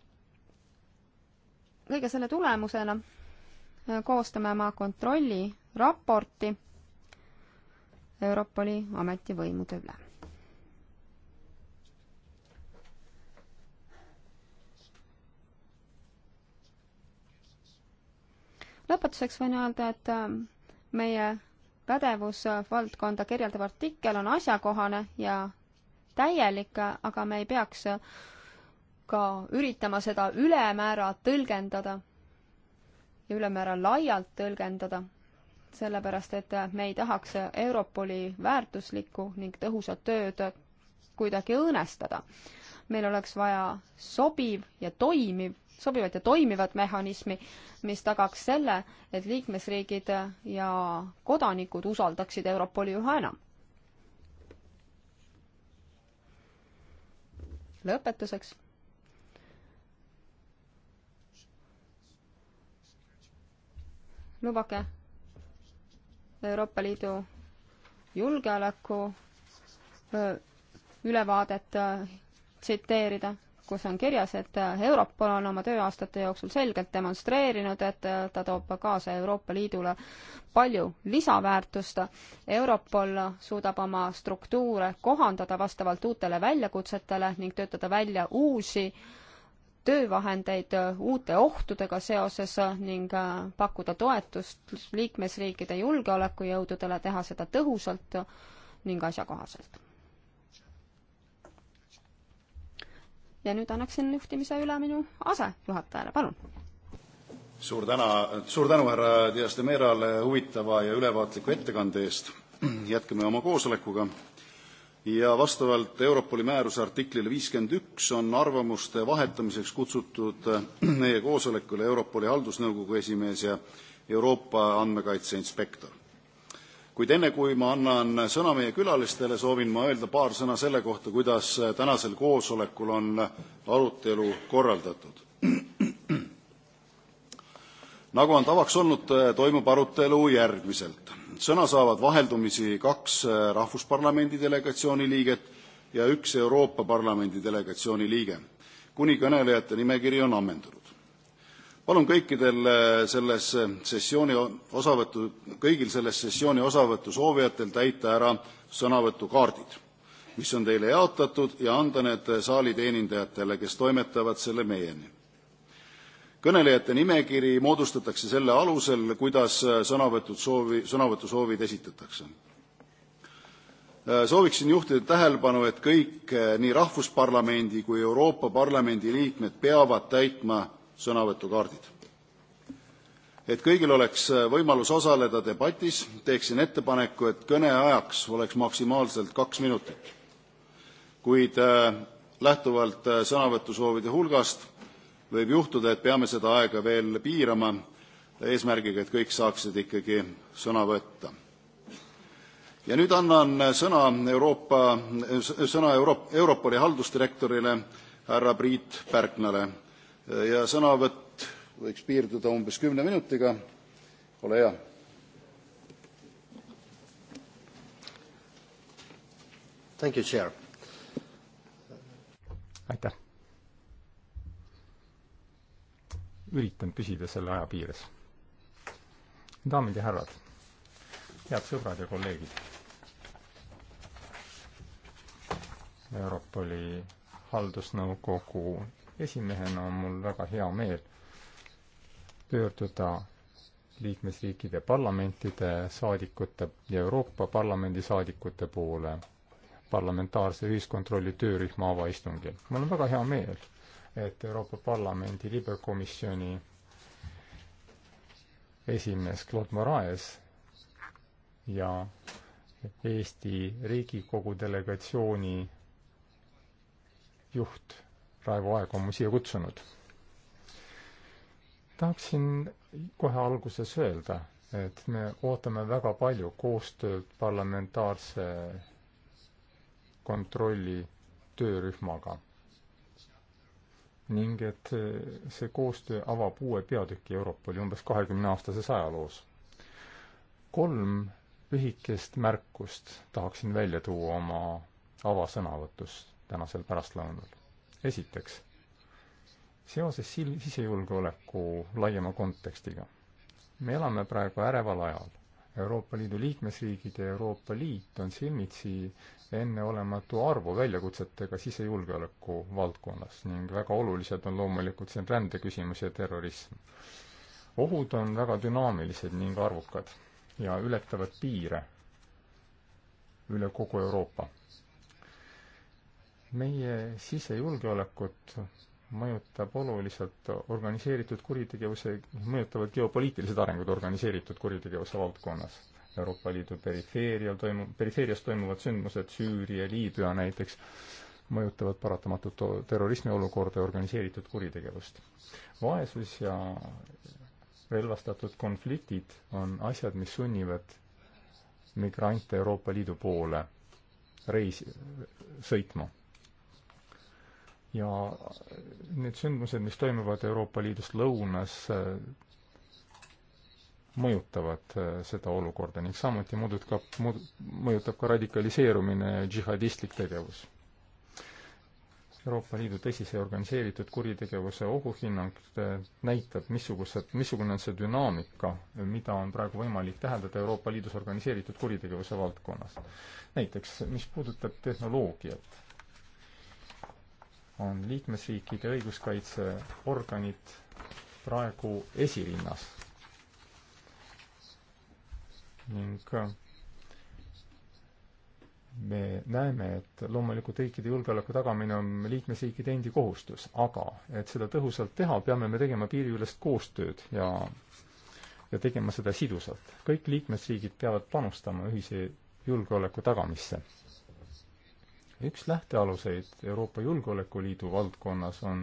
kõige selle tulemusena äh, koostame oma kontrolliraporti Europoli ametivõimude üle. lõpetuseks võin öelda, et äh, meie pädevusvaldkonda kirjeldav artikkel on asjakohane ja täielik, aga me ei peaks äh, ka üritama seda ülemäära tõlgendada ja ülemäära laialt tõlgendada sellepärast et me ei tahaks Europoli väärtuslikku ning tõhusat tööd kuidagi õõnestada. meil oleks vaja sobiv ja toimiv, sobivat ja toimivat mehhanismi, mis tagaks selle, et liikmesriigid ja kodanikud usaldaksid Europoli üha enam. lõpetuseks lubage Euroopa Liidu julgeoleku ülevaadet tsiteerida, kus on kirjas, et Europol on oma tööaastate jooksul selgelt demonstreerinud, et ta toob kaasa Euroopa Liidule palju lisaväärtust. Europol suudab oma struktuure kohandada vastavalt uutele väljakutsetele ning töötada välja uusi äh, töövahendeid äh, uute ohtudega seoses äh, ning äh, pakkuda toetust liikmesriikide julgeolekujõududele teha seda tõhusalt ning asjakohaselt. ja nüüd annaksin juhtimise üle minu asejuhatajale, palun. suur täna, suur tänu härra Dias de Merale huvitava ja ülevaatliku ettekande eest. jätkame oma koosolekuga ja vastavalt Europoli määruse artiklile viiskümmend üks on arvamuste vahetamiseks kutsutud äh, meie koosolekule Europoli haldusnõukogu esimees ja Euroopa andmekaitse inspektor. kuid enne, kui ma annan sõna meie külalistele, soovin ma öelda paar sõna selle kohta, kuidas äh, tänasel koosolekul on arutelu korraldatud. nagu on tavaks olnud, äh, toimub arutelu järgmiselt sõna saavad vaheldumisi kaks äh, Rahvusparlamendi delegatsiooni liiget ja üks Euroopa Parlamendi delegatsiooni liige, kuni kõnelejate nimekiri on ammendunud. palun kõikidel äh, äh, selles sessiooni osavõtu, kõigil sellest sessiooni osavõttu soovijatel täita ära sõnavõtukaardid, mis on teile jaotatud, ja anda need saali teenindajatele, kes toimetavad selle meieni Kõnelejate nimekiri moodustatakse selle alusel, kuidas sõnavõtusoovi, sõnavõtusoovid esitatakse. Sooviksin juhtida tähelepanu, et kõik nii Rahvusparlamendi kui Euroopa Parlamendi liikmed peavad täitma sõnavõtukaardid. et kõigil oleks võimalus osaleda debatis, teeksin ettepaneku, et kõneajaks oleks maksimaalselt kaks minutit. kuid lähtuvalt sõnavõtusoovide hulgast võib juhtuda, et peame seda aega veel piirama, eesmärgiga, et kõik saaksid ikkagi sõna võtta. ja nüüd annan sõna Euroopa, sõna Euro-, Europoli haldusdirektorile härra Priit Pärknale ja sõnavõtt võiks piirduda umbes kümne minutiga, ole hea Thank you, Chair. aitäh! üritan püsida selle aja piires. daamid ja härrad, head sõbrad ja kolleegid. Europoli haldusnõukogu esimehena on mul väga hea meel pöörduda liikmesriikide parlamentide saadikute ja Euroopa Parlamendi saadikute poole parlamentaarse ühiskontrolli töörühma avaistungil. mul on väga hea meel et Euroopa Parlamendi libekomisjoni esimees Claude Moraes ja Eesti Riigikogu delegatsiooni juht Raivo Aeg on mu siia kutsunud. tahaksin kohe alguses öelda, et me ootame väga palju koostööd parlamentaarse kontrolli töörühmaga ning et eh, see koostöö avab uue peatüki Europoli umbes kahekümneaastases ajaloos. kolm lühikest märkust tahaksin välja tuua oma avasõnavõtus tänasel pärastlõunal. esiteks, seoses sisejulgeoleku laiema kontekstiga. me elame praegu äreval ajal Euroopa Liidu liikmesriigid ja Euroopa Liit on silmitsi enneolematu arvu väljakutsetega sisejulgeoleku valdkonnas ning väga olulised on loomulikult siin rändeküsimus ja terrorism. ohud on väga dünaamilised ning arvukad ja ületavad piire üle kogu Euroopa. meie sisejulgeolekut mõjutab oluliselt organiseeritud kuritegevuse, mõjutavad geopoliitilised arengud organiseeritud kuritegevuse valdkonnas. Euroopa Liidu perifeerial toimu-, perifeerias toimuvad sündmused, Süüria, Liibüa näiteks, mõjutavad paratamatult terrorismi olukorda ja organiseeritud kuritegevust. vaesus ja relvastatud konfliktid on asjad, mis sunnivad migrante Euroopa Liidu poole reisi, sõitma ja need sündmused, mis toimuvad Euroopa Liidust lõunas, mõjutavad äh, seda olukorda ning samuti muudab, mõjutab ka radikaliseerumine ja džihadistlik tegevus. Euroopa Liidu tõsise organiseeritud kuritegevuse ohuhinnang äh, näitab, missugused, missugune on see dünaamika, mida on praegu võimalik täheldada Euroopa Liidus organiseeritud kuritegevuse valdkonnas. näiteks, mis puudutab tehnoloogiat on liikmesriikide õiguskaitseorganid praegu esirinnas. ning äh, me näeme, et loomulikult riikide julgeoleku tagamine on liikmesriikide endi kohustus, aga et seda tõhusalt teha, peame me tegema piiriülest koostööd ja ja tegema seda sidusalt. kõik liikmesriigid peavad panustama ühise julgeoleku tagamisse üks lähtealuseid Euroopa Julgeolekuliidu valdkonnas on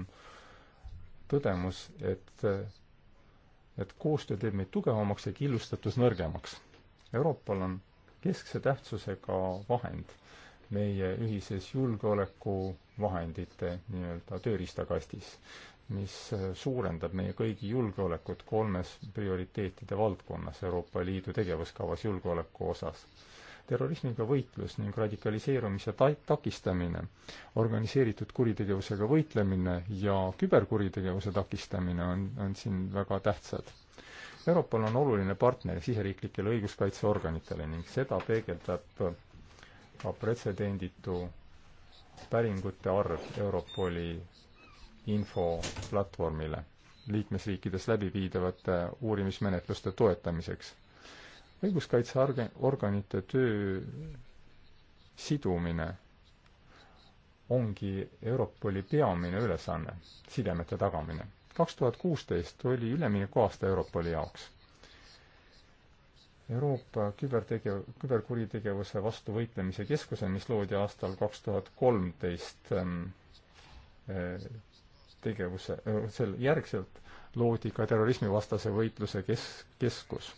tõdemus, et, et koostöö teeb meid tugevamaks ja killustatus nõrgemaks. Euroopal on keskse tähtsusega vahend meie ühises julgeolekuvahendite nii-öelda tööriistakastis, mis suurendab meie kõigi julgeolekut kolmes prioriteetide valdkonnas Euroopa Liidu tegevuskavas julgeoleku osas terrorismiga võitlus ning radikaliseerumise ta-, takistamine, organiseeritud kuritegevusega võitlemine ja küberkuritegevuse takistamine on, on siin väga tähtsad. Europol on oluline partner siseriiklikele õiguskaitseorganitele ning seda peegeldab ka pretsedenditu päringute arv Europoli infoplatvormile liikmesriikides läbiviidavate uurimismenetluste toetamiseks õiguskaitseorganite töö sidumine ongi Europoli peamine ülesanne, sidemete tagamine. kaks tuhat kuusteist oli üleminekuaasta Europoli jaoks. Euroopa kübertegev-, küberkuritegevuse vastu võitlemise keskuse, mis loodi aastal kaks tuhat kolmteist ähm, äh, tegevuse, äh, selle järgselt loodi ka terrorismivastase võitluse kes-, keskus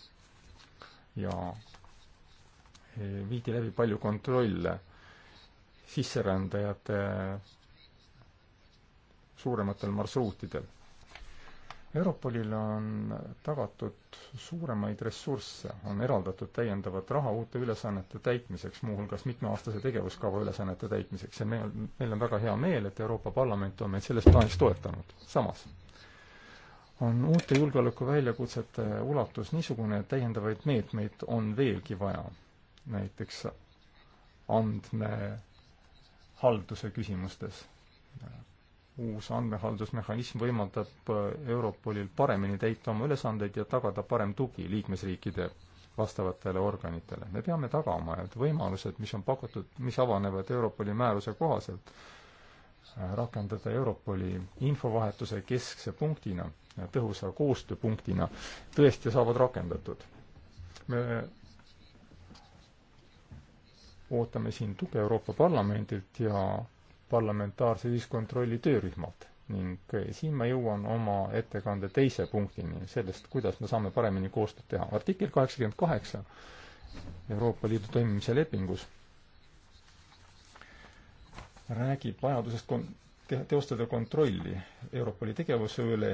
ja e, viidi läbi palju kontrolle sisserändajate suurematel marsruutidel. Europolile on tagatud suuremaid ressursse, on eraldatud täiendavat raha uute ülesannete täitmiseks, muuhulgas mitmeaastase tegevuskava ülesannete täitmiseks ja meil, meil on väga hea meel, et Euroopa Parlament on meid selles plaanis toetanud. samas on uute julgeolekuväljakutsete ulatus niisugune, et täiendavaid meetmeid on veelgi vaja. näiteks andmehalduse küsimustes. uus andmehaldusmehhanism võimaldab Europolil paremini täita oma ülesandeid ja tagada parem tugi liikmesriikide vastavatele organitele. me peame tagama, et võimalused, mis on pakutud, mis avanevad Europoli määruse kohaselt, rakendada Europoli infovahetuse keskse punktina, tõhusa koostööpunktina, tõesti saavad rakendatud. me ootame siin tuge Euroopa Parlamendilt ja parlamentaarse ühiskontrolli töörühmalt ning siin ma jõuan oma ettekande teise punktini, sellest, kuidas me saame paremini koostööd teha. artikkel kaheksakümmend kaheksa Euroopa Liidu toimimise lepingus räägib vajadusest kon-, teostada kontrolli Europoli tegevuse üle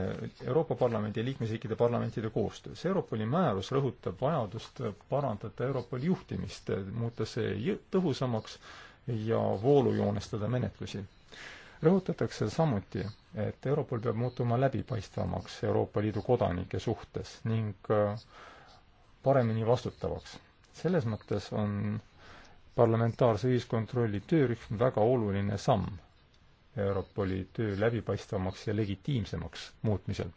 Euroopa Parlamendi ja liikmesriikide parlamentide koostöös. Europoli määrus rõhutab vajadust parandada Europoli juhtimist, muuta see tõhusamaks ja voolujoonestada menetlusi. rõhutatakse samuti, et Europol peab muutuma läbipaistvamaks Euroopa Liidu kodanike suhtes ning äh, paremini vastutavaks. selles mõttes on parlamentaarse ühiskontrolli töörühm väga oluline samm Europoli töö läbipaistvamaks ja legitiimsemaks muutmisel.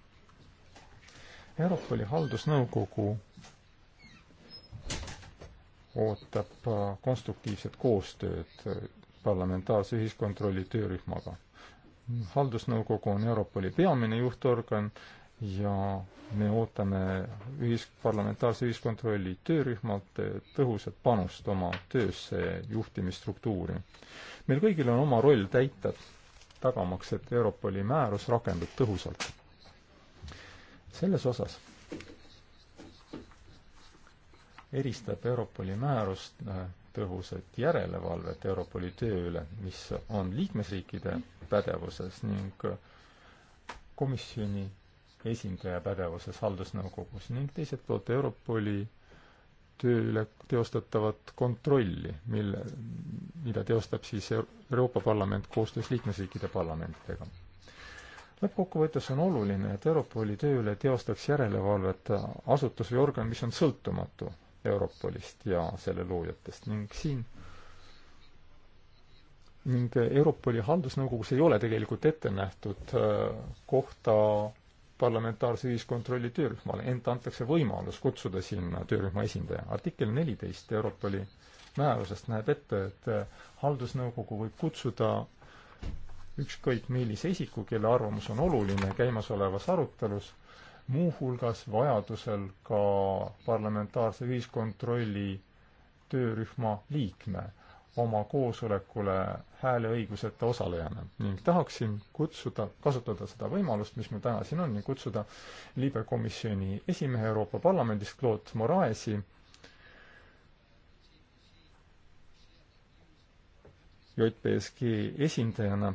Europoli haldusnõukogu ootab konstruktiivset koostööd parlamentaarse ühiskontrolli töörühmaga. haldusnõukogu on Europoli peamine juhtorgan ja me ootame ühis-, parlamentaarse ühiskontrolli töörühmalt tõhusat panust oma töösse juhtimisstruktuuri. meil kõigil on oma roll täita, tagamaks, et Europoli määrus rakendub tõhusalt. selles osas eristab Europoli määrust äh, tõhusat järelevalvet Europoli töö üle, mis on liikmesriikide pädevuses ning äh, komisjoni esindaja pädevuses haldusnõukogus ning teiselt poolt Europoli töö üle teostatavat kontrolli, mille, mida teostab siis Euroopa Parlament koostöös liikmesriikide parlamentidega. lõppkokkuvõttes on oluline, et Europoli töö üle teostaks järelevalvet asutus või organ, mis on sõltumatu Europolist ja selle loojatest ning siin ning Europoli haldusnõukogus ei ole tegelikult ette nähtud äh, kohta parlamentaarse ühiskontrolli töörühmale. ent antakse võimalus kutsuda sinna töörühma esindaja. artikkel neliteist Europoli määrusest näeb ette, et eh, haldusnõukogu võib kutsuda ükskõik millise isiku, kelle arvamus on oluline käimasolevas arutelus, muuhulgas vajadusel ka parlamentaarse ühiskontrolli töörühma liikme oma koosolekule hääleõiguseta osalejana ning tahaksin kutsuda, kasutada seda võimalust, mis mul täna siin on, ja kutsuda Liibe komisjoni esimehe Euroopa Parlamendist Claude Moraesi JPSG esindajana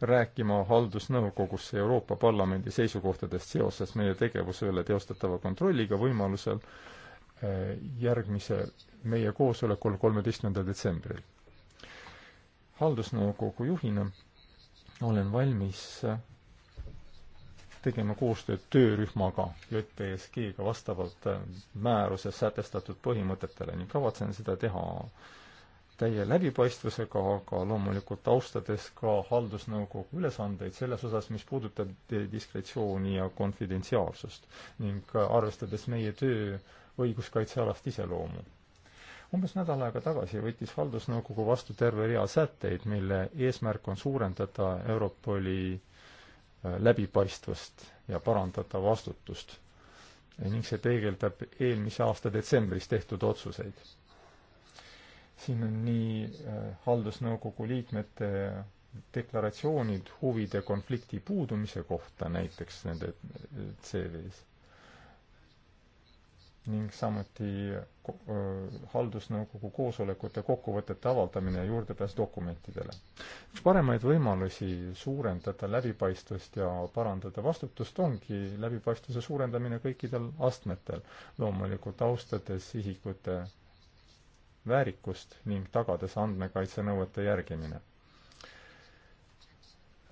rääkima haldusnõukogusse Euroopa Parlamendi seisukohtadest seoses meie tegevuse üle teostatava kontrolliga võimalusel äh, Äh, järgmise meie koosolekul kolmeteistkümnendal detsembril. haldusnõukogu juhina olen valmis tegema koostööd töörühmaga JTSG-ga vastavalt äh, määruses sätestatud põhimõtetele ning kavatsen seda teha täie läbipaistvusega, aga loomulikult austades ka haldusnõukogu ülesandeid selles osas, mis puudutab diskretsiooni ja konfidentsiaalsust ning äh, arvestades meie töö õiguskaitsealast iseloomu. umbes nädal aega tagasi võttis Haldusnõukogu vastu terve rea sätteid, mille eesmärk on suurendada Europoli äh, läbipaistvust ja parandada vastutust. ning see peegeldab eelmise aasta detsembris tehtud otsuseid. siin on nii äh, Haldusnõukogu liikmete deklaratsioonid huvide konflikti puudumise kohta näiteks nende äh, CV-s ning samuti haldusnõukogu koosolekute kokkuvõtete avaldamine ja juurdepääs dokumentidele. üks paremaid võimalusi suurendada läbipaistvust ja parandada vastutust ongi läbipaistvuse suurendamine kõikidel astmetel, loomulikult austades isikute väärikust ning tagades andmekaitsenõuete järgimine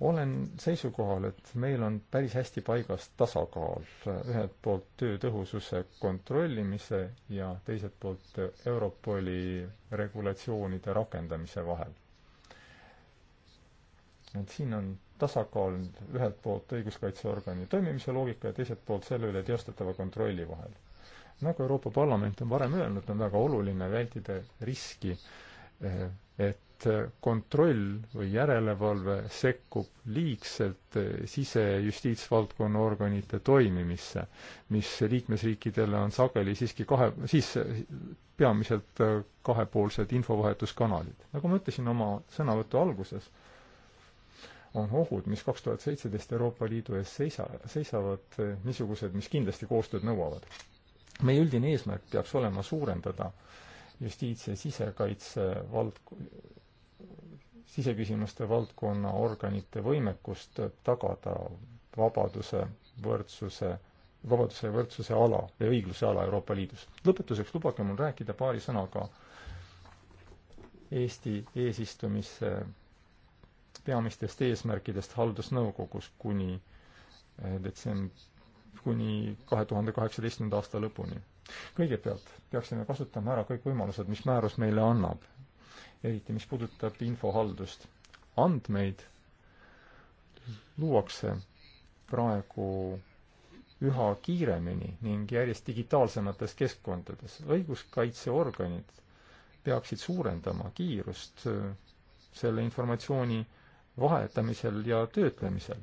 olen seisukohal, et meil on päris hästi paigas tasakaal ühelt poolt töö tõhususe kontrollimise ja teiselt poolt Europoli regulatsioonide rakendamise vahel. et siin on tasakaal ühelt poolt õiguskaitseorgani toimimise loogika ja teiselt poolt selle üle teostatava kontrolli vahel. nagu Euroopa Parlament on varem öelnud, on väga oluline vältida riski, eh, et et kontroll või järelevalve sekkub liigselt sisejustiitsvaldkonna organite toimimisse, mis liikmesriikidele on sageli siiski kahe, siis peamiselt kahepoolsed infovahetuskanalid. nagu ma ütlesin oma sõnavõtu alguses, on ohud, mis kaks tuhat seitseteist Euroopa Liidu ees seisa, seisavad, niisugused, mis kindlasti koostööd nõuavad. meie üldine eesmärk peaks olema suurendada justiits- ja sisekaitse vald-, siseküsimuste valdkonna organite võimekust tagada vabaduse, võrdsuse, vabaduse ja võrdsuse ala ja õigluse ala Euroopa Liidus. lõpetuseks lubage mul rääkida paari sõnaga Eesti eesistumise peamistest eesmärkidest haldusnõukogus kuni eh, detsemb-, kuni kahe tuhande kaheksateistkümnenda aasta lõpuni. kõigepealt peaksime kasutama ära kõik võimalused, mis määrus meile annab eriti mis puudutab infohaldust. andmeid luuakse praegu üha kiiremini ning järjest digitaalsemates keskkondades. õiguskaitseorganid peaksid suurendama kiirust äh, selle informatsiooni vahetamisel ja töötlemisel.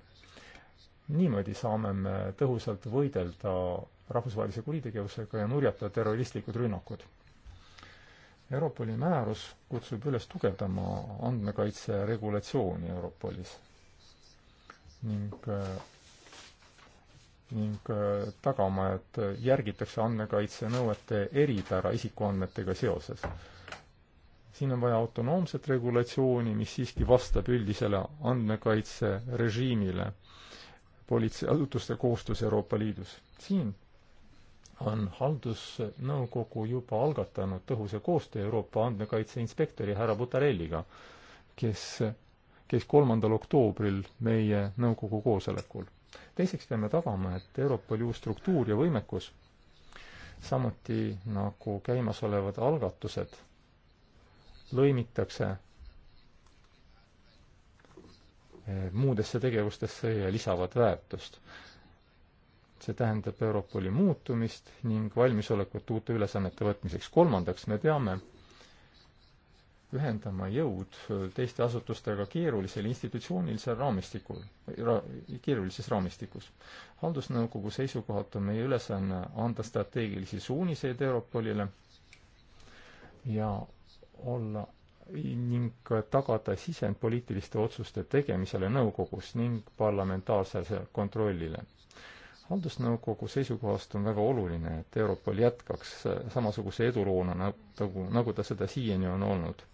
niimoodi saame me tõhusalt võidelda rahvusvahelise kuritegevusega ja nurjata terroristlikud rünnakud. Europoli määrus kutsub üles tugevdama andmekaitse regulatsiooni Europolis ning äh, ning äh, tagama, et järgitakse andmekaitse nõuete eripära isikuandmetega seoses. siin on vaja autonoomset regulatsiooni, mis siiski vastab üldisele andmekaitserežiimile politseiasutuste koostöös Euroopa Liidus. siin on haldusnõukogu juba algatanud tõhusa koostöö Euroopa andmekaitse inspektori härra Butarelliga, kes, kes kolmandal oktoobril meie nõukogu koosolekul. teiseks peame tagama, et Euroopa Liidu struktuur ja võimekus, samuti nagu käimasolevad algatused, lõimitakse eh, muudesse tegevustesse ja lisavad väärtust see tähendab Europoli muutumist ning valmisolekut uute ülesannete võtmiseks. kolmandaks, me peame ühendama jõud teiste asutustega keerulisel institutsioonilisel raamistikul ra,, keerulises raamistikus. haldusnõukogu seisukohalt on meie ülesanne anda strateegilisi suuniseid Europolile ja olla ning tagada sisend poliitiliste otsuste tegemisele nõukogus ning parlamentaarsele kontrollile haldusnõukogu seisukohast on väga oluline, et Europol jätkaks samasuguse eduloona, nagu, nagu ta seda siiani on olnud.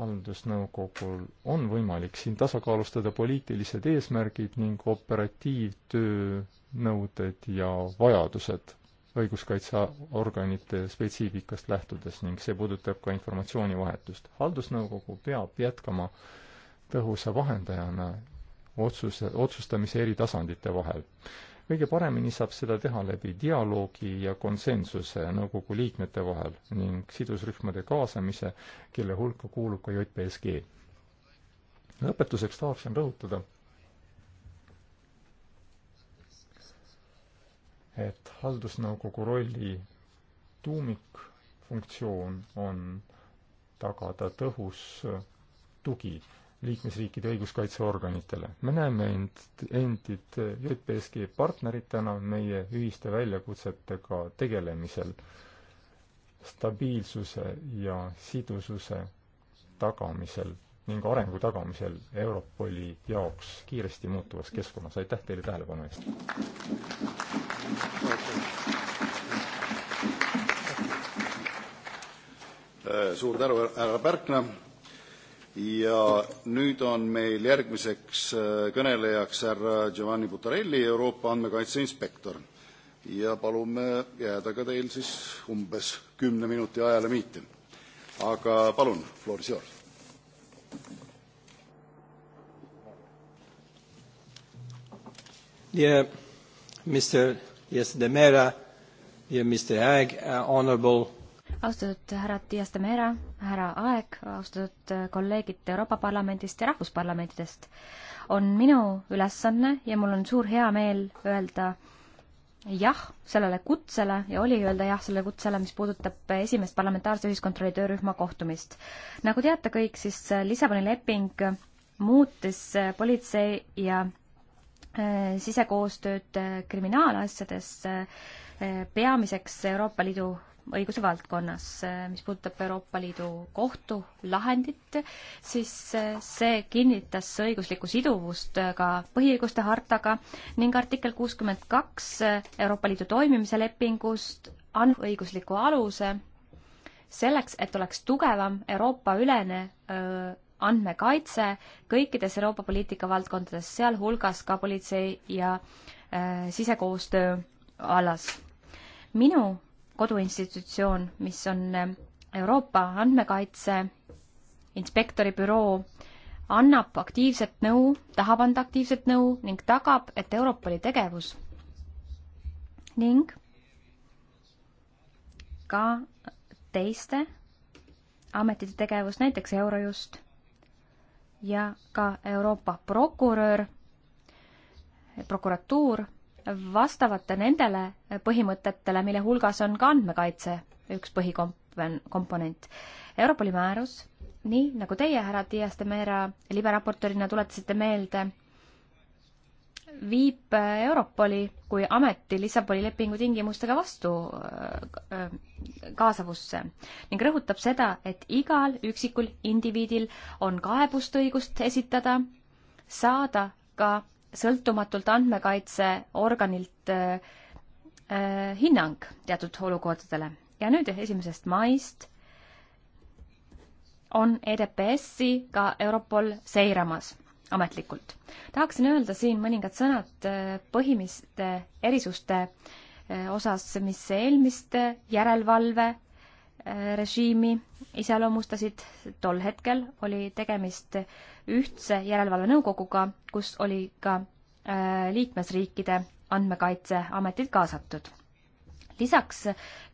haldusnõukogul on võimalik siin tasakaalustada poliitilised eesmärgid ning operatiivtöö nõuded ja vajadused õiguskaitseorganite spetsiifikast lähtudes ning see puudutab ka informatsioonivahetust. haldusnõukogu peab jätkama tõhusa vahendajana otsuse, otsustamise eri tasandite vahel. kõige paremini saab seda teha läbi dialoogi ja konsensuse nõukogu liikmete vahel ning sidusrühmade kaasamise, kelle hulka kuulub ka JPSG. lõpetuseks tahaksin rõhutada, et haldusnõukogu rolli tuumikfunktsioon on tagada tõhus tugi liikmesriikide õiguskaitseorganitele. me näeme end, endid JPSG partneritena meie ühiste väljakutsetega tegelemisel stabiilsuse ja sidususe tagamisel ning arengu tagamisel Europoli jaoks kiiresti muutuvas keskkonnas. aitäh teile tähelepanu eest! suur tänu, härra Pärkna! ja nüüd on meil järgmiseks äh, kõnelejaks härra Giovanni Butarelli, Euroopa andmekaitse inspektor. ja palume jääda ka teil siis umbes kümne minuti ajale miiti. aga palun, floor is yours. Dear Mr. Yes, Demera, dear Mr. Haig, uh, honorable austatud härra Dias de Mera, härra Aeg, austatud kolleegid Euroopa Parlamendist ja rahvusparlamentidest, on minu ülesanne ja mul on suur heameel öelda jah sellele kutsele ja oli öelda jah sellele kutsele, mis puudutab esimest parlamentaarse ühiskontrolli töörühma kohtumist. nagu teate kõik, siis Lissaboni leping muutis politsei ja äh, sisekoostööd kriminaalasjades äh, peamiseks Euroopa Liidu õiguse valdkonnas. mis puudutab Euroopa Liidu kohtu lahendit, siis see kinnitas õiguslikku siduvust ka põhiõiguste hartaga ning artikkel kuuskümmend kaks Euroopa Liidu toimimise lepingust annab õigusliku aluse selleks, et oleks tugevam Euroopa-ülene andmekaitse kõikides Euroopa poliitika valdkondades, sealhulgas ka politsei ja sisekoostöö vallas. minu koduinstitutsioon, mis on eh, Euroopa Andmekaitse Inspektori büroo, annab aktiivset nõu, tahab anda aktiivset nõu ning tagab, et Europoli tegevus ning ka teiste ametite tegevus, näiteks Eurojust ja ka Euroopa prokurör, prokuratuur vastavate nendele põhimõtetele, mille hulgas on ka andmekaitse üks põhikomponent. Euroopa Liidu määrus, nii nagu teie, härra Dias de Meera, liberaportorina tuletasite meelde, viib Europoli kui ameti Lissaboni lepingu tingimustega vastu äh, kaasavusse ning rõhutab seda, et igal üksikul indiviidil on kaebust õigust esitada, saada ka sõltumatult andmekaitseorganilt äh, äh, hinnang teatud olukordadele. ja nüüd esimesest maist on EDPS-i ka Europol seiramas ametlikult. tahaksin öelda siin mõningad sõnad äh, põhimiste erisuste äh, osas, mis eelmiste järelevalve režiimi iseloomustasid tol hetkel, oli tegemist ühtse järelevalvenõukoguga, kus oli ka äh, liikmesriikide andmekaitseametid kaasatud. lisaks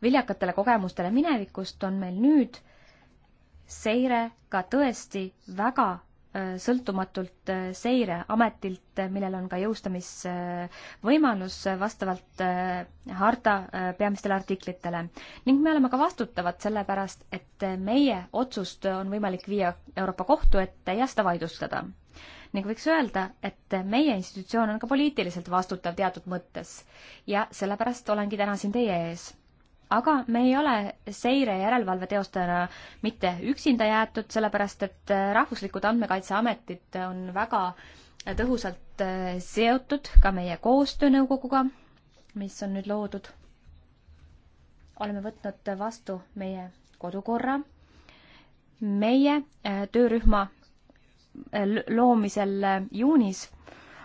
viljakatele kogemustele minevikust on meil nüüd seire ka tõesti väga sõltumatult äh, seireametilt, äh, millel on ka jõustamisvõimalus äh, vastavalt harta peamistele artiklitele. ning me oleme ka vastutavad selle pärast, et meie otsust on võimalik viia Euroopa Kohtu ette ja seda vaidlustada. ning võiks öelda, et meie institutsioon on ka poliitiliselt vastutav teatud mõttes ja sellepärast olengi täna siin teie ees aga me ei ole seire ja järelevalve teostajana mitte üksinda jäetud, sellepärast et äh, rahvuslikud andmekaitseametid on väga äh, tõhusalt äh, seotud ka meie koostöönõukoguga, mis on nüüd loodud. oleme võtnud vastu meie kodukorra. meie töörühma loomisel juunis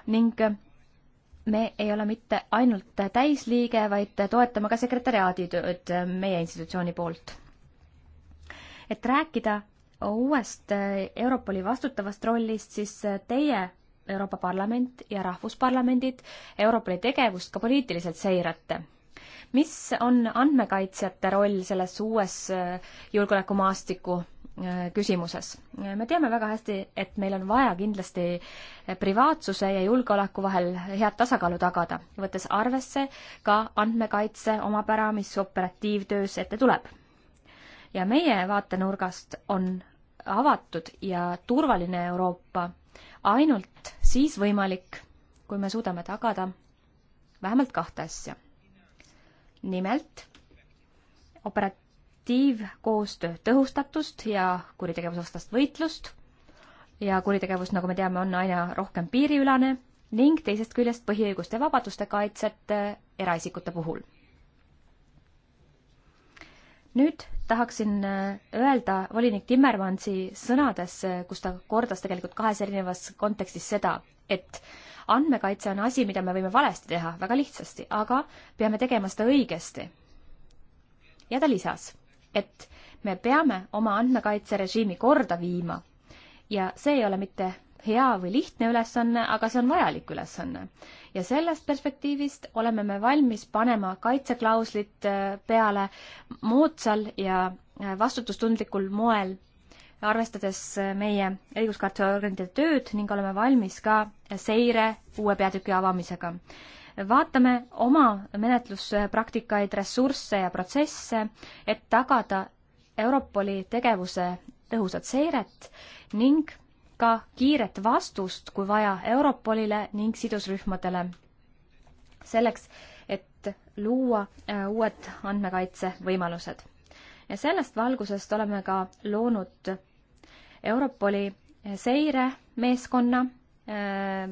ning me ei ole mitte ainult täisliige, vaid toetame ka sekretäriaadi tööd meie institutsiooni poolt. et rääkida uuest Europoli vastutavast rollist, siis teie, Euroopa Parlament ja rahvusparlamendid, Europoli tegevust ka poliitiliselt seirate. mis on andmekaitsjate roll selles uues julgeolekumaastiku küsimuses. me teame väga hästi, et meil on vaja kindlasti privaatsuse ja julgeoleku vahel head tasakaalu tagada, võttes arvesse ka andmekaitse omapära, mis operatiivtöös ette tuleb. ja meie vaatenurgast on avatud ja turvaline Euroopa ainult siis võimalik, kui me suudame tagada vähemalt kahte asja. nimelt operat-, operatiivkoostöö tõhustatust ja kuritegevusvastast võitlust ja kuritegevus, nagu me teame, on aina rohkem piiriülane ning teisest küljest põhiõiguste ja vabaduste kaitset äh, eraisikute puhul. nüüd tahaksin äh, öelda volinik Timmermansi sõnades, äh, kus ta kordas tegelikult kahes erinevas kontekstis seda, et andmekaitse on asi, mida me võime valesti teha väga lihtsasti, aga peame tegema seda õigesti. ja ta lisas et me peame oma andmekaitserežiimi korda viima. ja see ei ole mitte hea või lihtne ülesanne, aga see on vajalik ülesanne. ja sellest perspektiivist oleme me valmis panema kaitseklauslit äh, peale moodsal ja äh, vastutustundlikul moel, arvestades äh, meie õiguskaitseorganite tööd ning oleme valmis ka seire uue peatüki avamisega vaatame oma menetluspraktikaid, ressursse ja protsesse, et tagada Europoli tegevuse tõhusat seiret ning ka kiiret vastust, kui vaja, Europolile ning sidusrühmadele. selleks, et luua äh, uued andmekaitsevõimalused. ja sellest valgusest oleme ka loonud Europoli seiremeeskonna äh,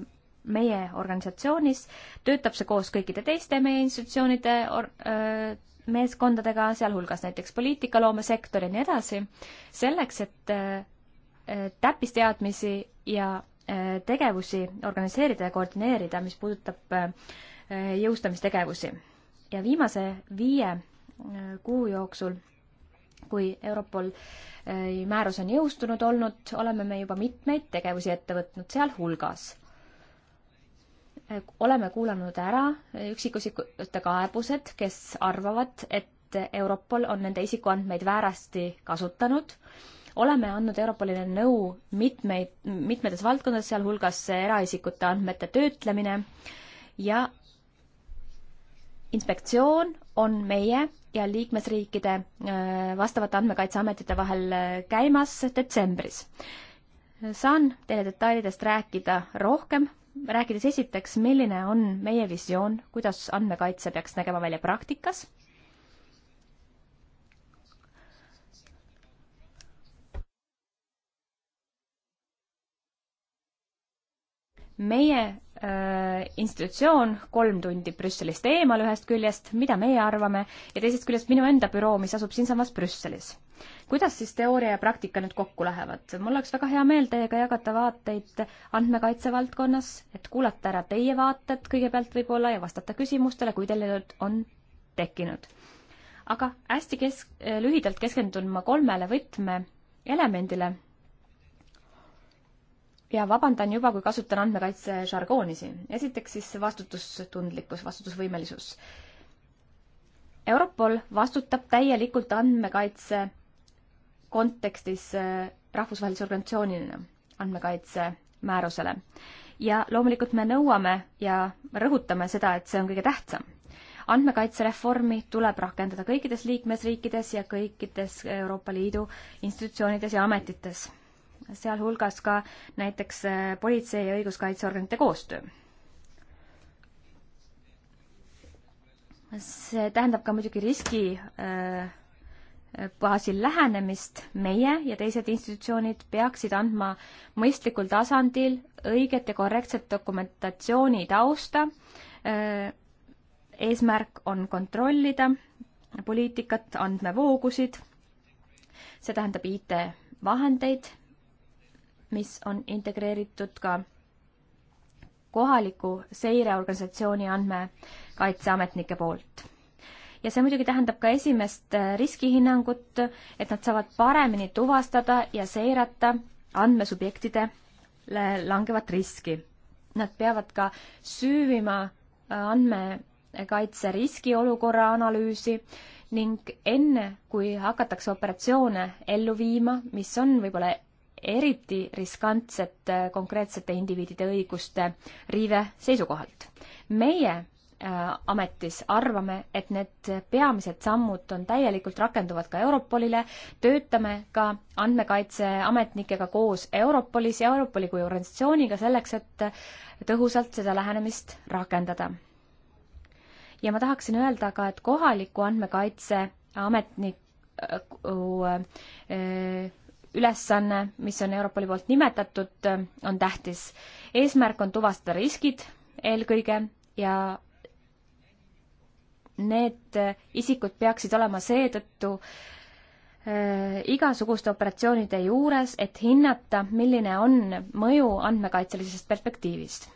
meie organisatsioonis, töötab see koos kõikide teiste meie institutsioonide or-, öö, meeskondadega, sealhulgas näiteks poliitikaloomesektor ja nii edasi, selleks, et täppisteadmisi ja tegevusi organiseerida ja koordineerida, mis puudutab jõustamistegevusi. ja viimase viie kuu jooksul, kui Europol määrus on jõustunud olnud, oleme me juba mitmeid tegevusi ette võtnud, sealhulgas oleme kuulanud ära üksikusikute kaebused, kes arvavad, et Europol on nende isikuandmeid väärasti kasutanud. oleme andnud Europolile nõu mitmeid, mitmetes valdkondades, sealhulgas eraisikute andmete töötlemine ja inspektsioon on meie ja liikmesriikide äh, vastavate andmekaitseametite vahel äh, käimas detsembris. saan teile detailidest rääkida rohkem rääkides esiteks, milline on meie visioon, kuidas andmekaitse peaks nägema välja praktikas meie äh, institutsioon kolm tundi Brüsselist eemal ühest küljest, mida meie arvame, ja teisest küljest minu enda büroo, mis asub siinsamas Brüsselis. kuidas siis teooria ja praktika nüüd kokku lähevad? mul oleks väga hea meel teiega jagada vaateid andmekaitse valdkonnas, et kuulata ära teie vaated kõigepealt võib-olla ja vastata küsimustele, kui teil need on tekkinud. aga hästi kesk-, lühidalt keskendun ma kolmele võtmeelemendile ja vabandan juba, kui kasutan andmekaitse žargooni siin. esiteks siis vastutustundlikkus, vastutusvõimelisus. Europol vastutab täielikult andmekaitse kontekstis äh, rahvusvahelise organisatsioonina andmekaitse määrusele. ja loomulikult me nõuame ja rõhutame seda, et see on kõige tähtsam. andmekaitsereformi tuleb rakendada kõikides liikmesriikides ja kõikides Euroopa Liidu institutsioonides ja ametites sealhulgas ka näiteks äh, politsei ja õiguskaitseorganite koostöö. see tähendab ka muidugi riski äh, baasil lähenemist meie ja teised institutsioonid peaksid andma mõistlikul tasandil õiget ja korrektset dokumentatsiooni tausta. Äh, eesmärk on kontrollida poliitikat, andmevoogusid, see tähendab IT-vahendeid mis on integreeritud ka kohaliku seireorganisatsiooni andmekaitseametnike poolt. ja see muidugi tähendab ka esimest äh, riskihinnangut, et nad saavad paremini tuvastada ja seirata andmesubjektidele langevat riski. Nad peavad ka süüvima äh, andmekaitse riskiolukorra analüüsi ning enne, kui hakatakse operatsioone ellu viima, mis on võib-olla eriti riskantsed konkreetsete indiviidide õiguste riive seisukohalt. meie äh, ametis arvame, et need peamised sammud on täielikult rakenduvad ka Europolile, töötame ka andmekaitseametnikega koos Europolis ja Europoli kui organisatsiooniga selleks, et tõhusalt seda lähenemist rakendada. ja ma tahaksin öelda ka, et kohaliku andmekaitseametniku äh, äh, ülesanne, mis on Europoli poolt nimetatud, on tähtis. eesmärk on tuvastada riskid eelkõige ja need isikud peaksid olema seetõttu äh, igasuguste operatsioonide juures, et hinnata, milline on mõju andmekaitselisest perspektiivist.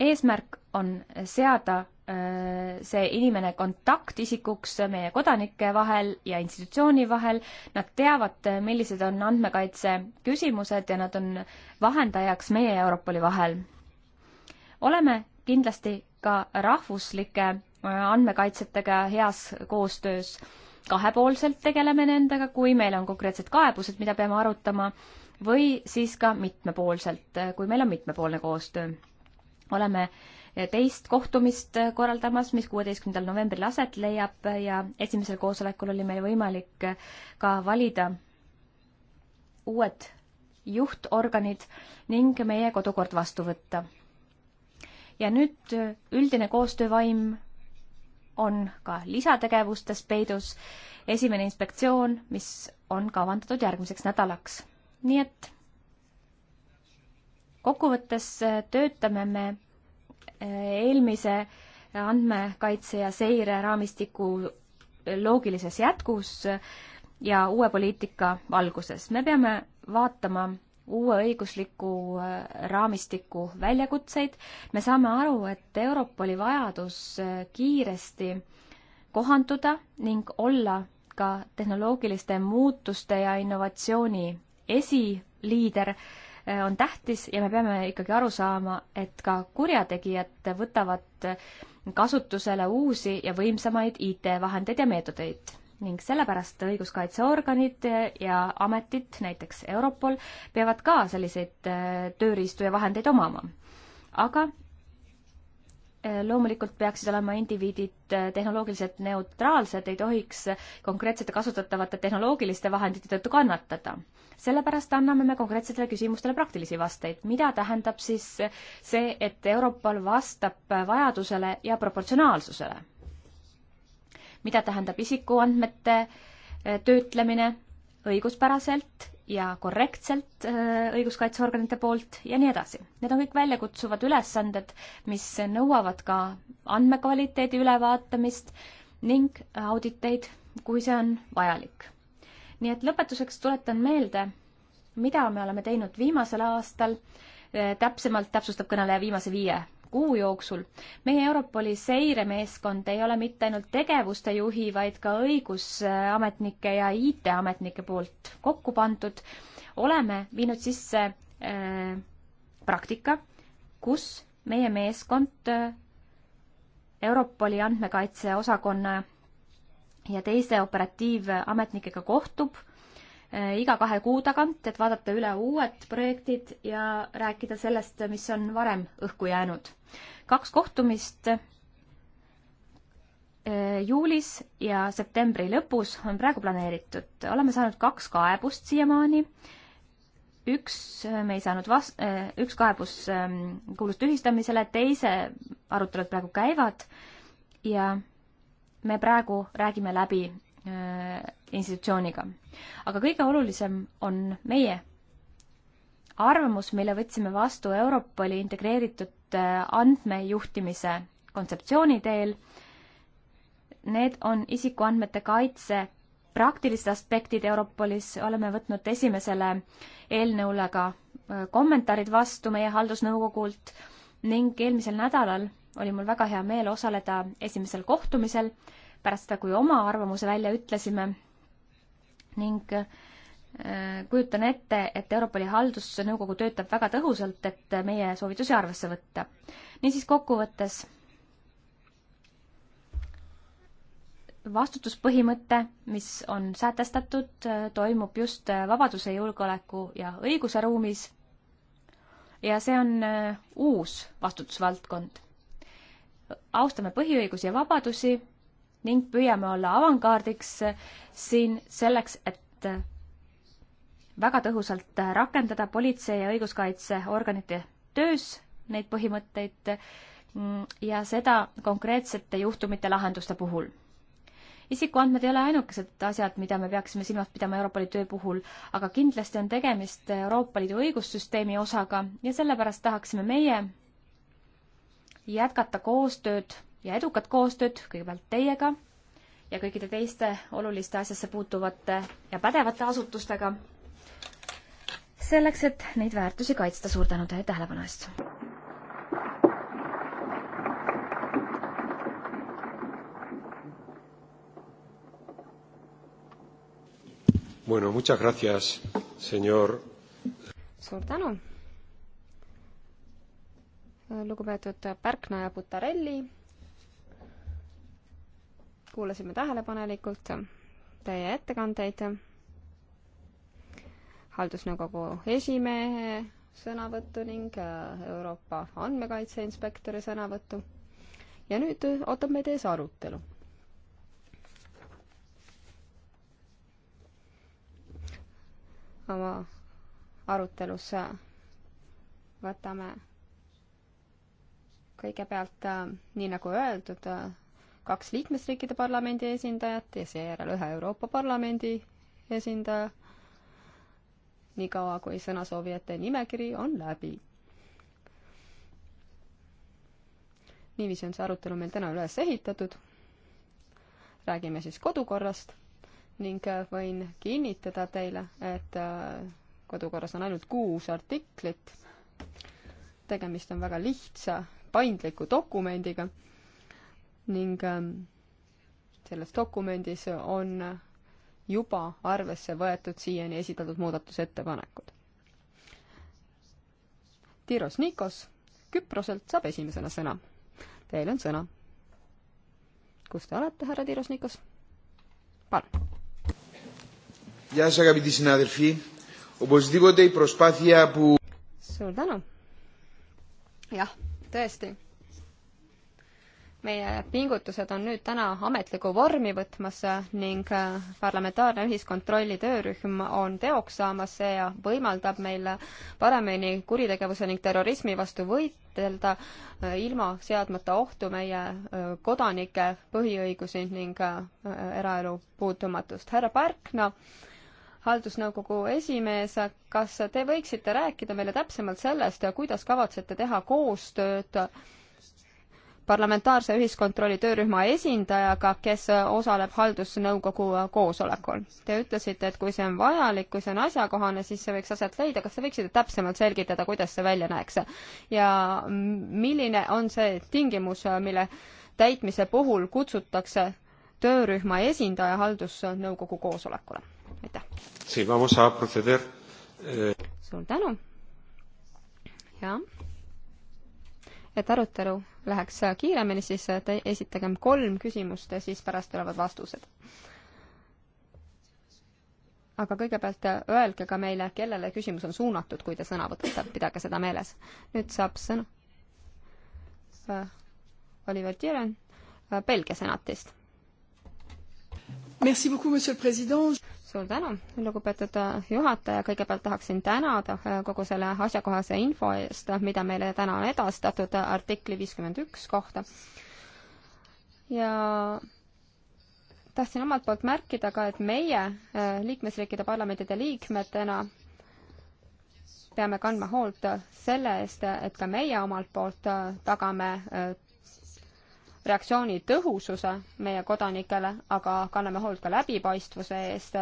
eesmärk on seada Äh, see inimene kontaktisikuks meie kodanike vahel ja institutsiooni vahel, nad teavad, millised on andmekaitse küsimused ja nad on vahendajaks meie ja Europoli vahel. oleme kindlasti ka rahvuslike äh, andmekaitsjatega heas koostöös, kahepoolselt tegeleme nendega, kui meil on konkreetsed kaebused, mida peame arutama, või siis ka mitmepoolselt, äh, kui meil on mitmepoolne koostöö. oleme äh, teist kohtumist korraldamas, mis kuueteistkümnendal novembril aset leiab ja esimesel koosolekul oli meil võimalik ka valida uued juhtorganid ning meie kodukord vastu võtta. ja nüüd üldine koostöövaim on ka lisategevustes peidus. esimene inspektsioon, mis on kavandatud järgmiseks nädalaks. nii et kokkuvõttes töötame me eelmise andmekaitse ja seire raamistiku loogilises jätkus ja uue poliitika valguses. me peame vaatama uue õigusliku äh, raamistiku väljakutseid. me saame aru, et Europoli vajadus äh, kiiresti kohanduda ning olla ka tehnoloogiliste muutuste ja innovatsiooni esiliider Äh, on tähtis ja me peame ikkagi aru saama, et ka kurjategijad võtavad kasutusele uusi ja võimsamaid IT-vahendeid ja meetodeid ning sellepärast õiguskaitseorganid ja ametid, näiteks Europol, peavad ka selliseid äh, tööriistu ja vahendeid omama. aga Eh, loomulikult peaksid olema indiviidid eh, tehnoloogiliselt neutraalsed, ei tohiks konkreetsete kasutatavate tehnoloogiliste vahendite tõttu kannatada. sellepärast anname me konkreetsetele küsimustele praktilisi vasteid. mida tähendab siis see, et Europol vastab vajadusele ja proportsionaalsusele? mida tähendab isikuandmete eh, töötlemine õiguspäraselt ja korrektselt äh, õiguskaitseorganite poolt ja nii edasi. Need on kõik väljakutsuvad ülesanded, mis nõuavad ka andmekvaliteedi ülevaatamist ning auditeid, kui see on vajalik. nii et lõpetuseks tuletan meelde, mida me oleme teinud viimasel aastal, äh, täpsemalt täpsustab kõneleja viimase viie kuu jooksul. meie Europoli seiremeeskond ei ole mitte ainult tegevuste juhi, vaid ka õigusametnike ja IT-ametnike poolt kokku pandud. oleme viinud sisse äh, praktika, kus meie meeskond äh, Europoli andmekaitseosakonna ja teiste operatiivametnikega kohtub Äh, iga kahe kuu tagant, et vaadata üle uued projektid ja rääkida sellest, mis on varem õhku jäänud. kaks kohtumist äh, juulis ja septembri lõpus on praegu planeeritud. oleme saanud kaks kaebust siiamaani. üks äh, me ei saanud vas-, üks kaebus ähm, kuulus tühistamisele, teise arutelud praegu käivad ja me praegu räägime läbi institutsiooniga. aga kõige olulisem on meie arvamus, mille võtsime vastu Europoli integreeritud äh, andmejuhtimise kontseptsiooni teel. Need on isikuandmete kaitse praktilised aspektid Europolis, oleme võtnud esimesele eelnõule ka äh, kommentaarid vastu meie haldusnõukogult ning eelmisel nädalal oli mul väga hea meel osaleda esimesel kohtumisel pärast seda, kui oma arvamuse välja ütlesime ning äh, kujutan ette, et Europoli haldusnõukogu töötab väga tõhusalt, et meie soovitusi arvesse võtta. niisiis kokkuvõttes vastutuspõhimõte, mis on sätestatud, toimub just vabaduse, julgeoleku ja õiguse ruumis. ja see on äh, uus vastutusvaldkond. austame põhiõigusi ja vabadusi ning püüame olla avangaardiks äh, siin selleks, et äh, väga tõhusalt äh, rakendada politsei ja õiguskaitseorganite töös neid põhimõtteid mm, ja seda konkreetsete juhtumite lahenduste puhul. isikuandmed ei ole ainukesed asjad, mida me peaksime silmas pidama Euroopa Liidu töö puhul, aga kindlasti on tegemist Euroopa Liidu õigussüsteemi osaga ja sellepärast tahaksime meie jätkata koostööd ja edukat koostööd kõigepealt teiega ja kõikide teiste oluliste asjasse puutuvate ja pädevate asutustega, selleks, et neid väärtusi kaitsta. suur tänu teile tähelepanu eest! Bueno, muchas gracias, señor. suur tänu, lugupeetud Pärkna ja Butarelli kuulasime tähelepanelikult teie ettekandeid, haldusnõukogu esimehe sõnavõttu ning äh, Euroopa andmekaitse inspektori sõnavõttu. ja nüüd ootab meid ees arutelu. oma arutelus äh, võtame kõigepealt, äh, nii nagu öeldud, kaks liikmesriikide parlamendi esindajat ja seejärel ühe Euroopa Parlamendi esindaja, niikaua kui sõnasoovijate nimekiri on läbi. niiviisi on see arutelu meil täna üles ehitatud. räägime siis kodukorrast ning võin kinnitada teile, et äh, kodukorras on ainult kuus artiklit. tegemist on väga lihtsa, paindliku dokumendiga ning ähm, selles dokumendis on juba arvesse võetud siiani esitatud muudatusettepanekud. Tiros Nikos Küproselt saab esimesena sõna. Teil on sõna. kus te olete, härra Tiros Nikos? palun. suur tänu. jah, tõesti meie pingutused on nüüd täna ametlikku vormi võtmas ning äh, parlamentaarne ühiskontrolli töörühm on teoks saamas, see võimaldab meil paremini kuritegevuse ning terrorismi vastu võitelda, äh, ilma seadmata ohtu meie äh, kodanike põhiõigusi ning eraelu puutumatust. härra Pärkna haldusnõukogu esimees, kas te võiksite rääkida meile täpsemalt sellest, kuidas kavatsete teha koostööd parlamentaarse ühiskontrolli töörühma esindajaga, kes osaleb haldusnõukogu koosolekul. Te ütlesite, et kui see on vajalik, kui see on asjakohane, siis see võiks aset leida. kas te võiksite täpsemalt selgitada, kuidas see välja näeks? ja milline on see tingimus, mille täitmise puhul kutsutakse töörühma esindaja haldusnõukogu koosolekule? aitäh. Eh, suur tänu. jah. et arutelu läheks kiiremini, siis esitagem kolm küsimust ja siis pärast tulevad vastused. aga kõigepealt öelge ka meile, kellele küsimus on suunatud, kui te sõna võtate, pidage seda meeles. nüüd saab sõna äh, Oliver Tiren äh, Belgia senatist suur tänu, lugupeetud juhataja, kõigepealt tahaksin tänada äh, kogu selle asjakohase info eest, mida meile täna on edastatud äh, artikli viiskümmend üks kohta. ja tahtsin omalt poolt märkida ka, et meie äh, liikmesriikide parlamentide liikmetena peame kandma hoolt selle eest, et ka meie omalt poolt tagame reaktsiooni tõhususe meie kodanikele, aga kanname hoolt ka läbipaistvuse eest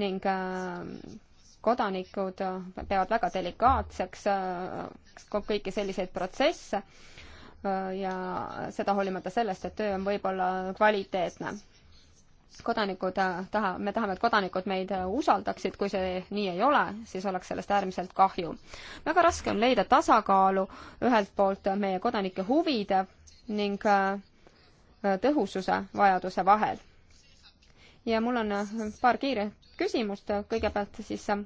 ning äh, kodanikud peavad väga delikaatseks äh, kõiki selliseid protsesse äh, ja seda hoolimata sellest, et töö on võib-olla kvaliteetne. kodanikud taha, me tahame, et kodanikud meid usaldaksid, kui see nii ei ole, siis oleks sellest äärmiselt kahju. väga raske on leida tasakaalu ühelt poolt meie kodanike huvide ning äh, tõhususe vajaduse vahel. ja mul on äh, paar kiiret küsimust, kõigepealt siis äh,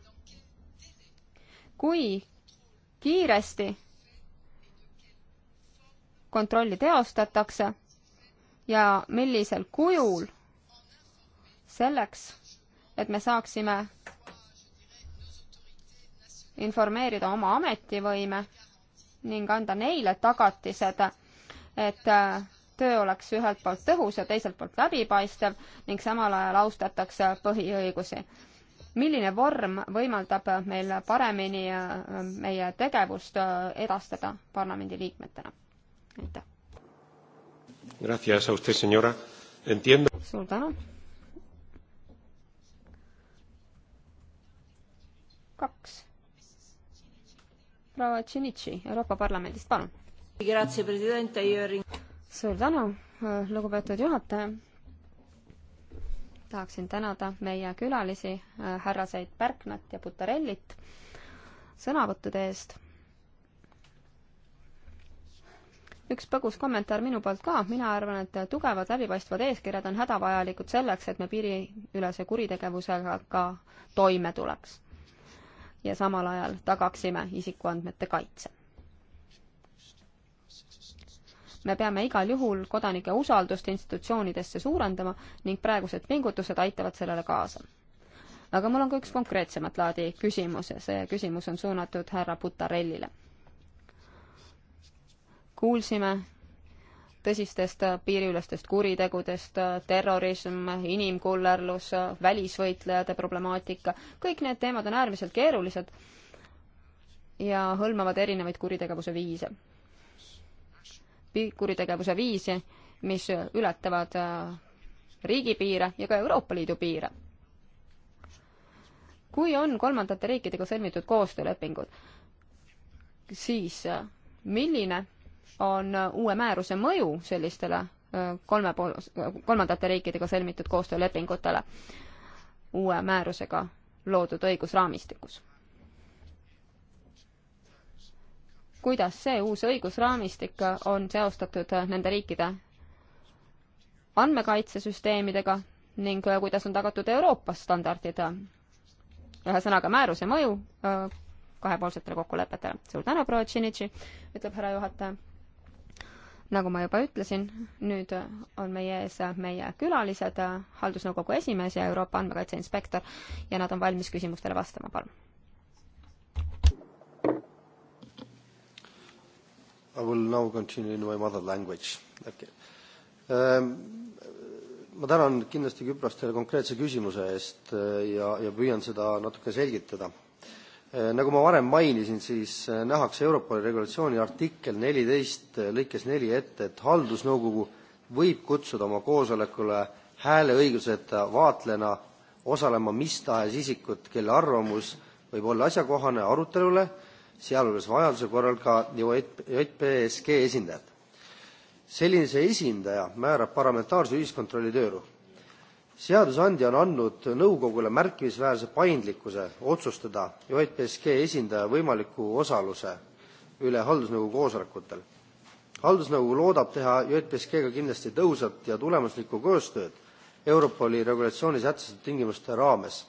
kui kiiresti kontrolli teostatakse ja millisel kujul selleks, et me saaksime informeerida oma ametivõime ning anda neile tagatised, et äh, töö oleks ühelt poolt tõhus ja teiselt poolt läbipaistev ning samal ajal austatakse põhiõigusi. milline vorm võimaldab meil paremini äh, meie tegevust äh, edastada parlamendiliikmetena? aitäh. Gracias a usted, señora. Entiendo. suur tänu. kaks. proua Tšinitši Euroopa Parlamendist, palun suur tänu, lugupeetud juhataja. tahaksin tänada meie külalisi, äh, härraseid Pärknat ja Butarellit sõnavõttude eest. üks põgus kommentaar minu poolt ka, mina arvan, et tugevad läbipaistvad eeskirjad on hädavajalikud selleks, et me piiriülese kuritegevusega ka toime tuleks. ja samal ajal tagaksime isikuandmete kaitse me peame igal juhul kodanike usaldust institutsioonidesse suurendama ning praegused pingutused aitavad sellele kaasa. aga mul on ka üks konkreetsemat laadi küsimus ja see küsimus on suunatud härra Butarellile. kuulsime tõsistest piiriülestest kuritegudest, terrorism, inimkullerlus, välisvõitlejate problemaatika, kõik need teemad on äärmiselt keerulised ja hõlmavad erinevaid kuritegevuse viise kuritegevuse viisi, mis ületavad äh, riigipiire ja ka Euroopa Liidu piire. kui on kolmandate riikidega sõlmitud koostöölepingud, siis äh, milline on äh, uue määruse mõju sellistele kolme pool, kolmandate riikidega sõlmitud koostöölepingutele uue määrusega loodud õigusraamistikus? kuidas see uus õigusraamistik on seostatud nende riikide andmekaitsesüsteemidega ning kuidas on tagatud Euroopa standardid. ühesõnaga, määruse mõju kahepoolsetele kokkulepetele. suur tänu, proua Tšinitši, ütleb härra juhataja. nagu ma juba ütlesin, nüüd on meie ees meie külalised, haldusnõukogu esimees ja Euroopa andmekaitse inspektor ja nad on valmis küsimustele vastama, palun I will now continue in my mother language okay.. Um, ma tänan kindlasti Küprost selle konkreetse küsimuse eest äh, ja, ja püüan seda natuke selgitada. Äh, nagu ma varem mainisin, siis äh, nähakse Europoli regulatsiooni artikkel neliteist lõikes neli ette, et haldusnõukogu võib kutsuda oma koosolekule hääleõiguseta vaatlejana osalema mis tahes isikut, kelle arvamus võib olla asjakohane arutelule sealhulgas vajaduse korral ka JPSG esindajad. sellise esindaja määrab parlamentaarse ühiskontrolli töörühm. seadusandja on andnud nõukogule märkimisväärse paindlikkuse otsustada JPSG esindaja võimaliku osaluse üle haldusnõukogu koosolekutel haldusnõukogu loodab teha JPSG-ga kindlasti tõhusat ja tulemuslikku koostööd Europoli regulatsiooni sätestatud tingimuste raames.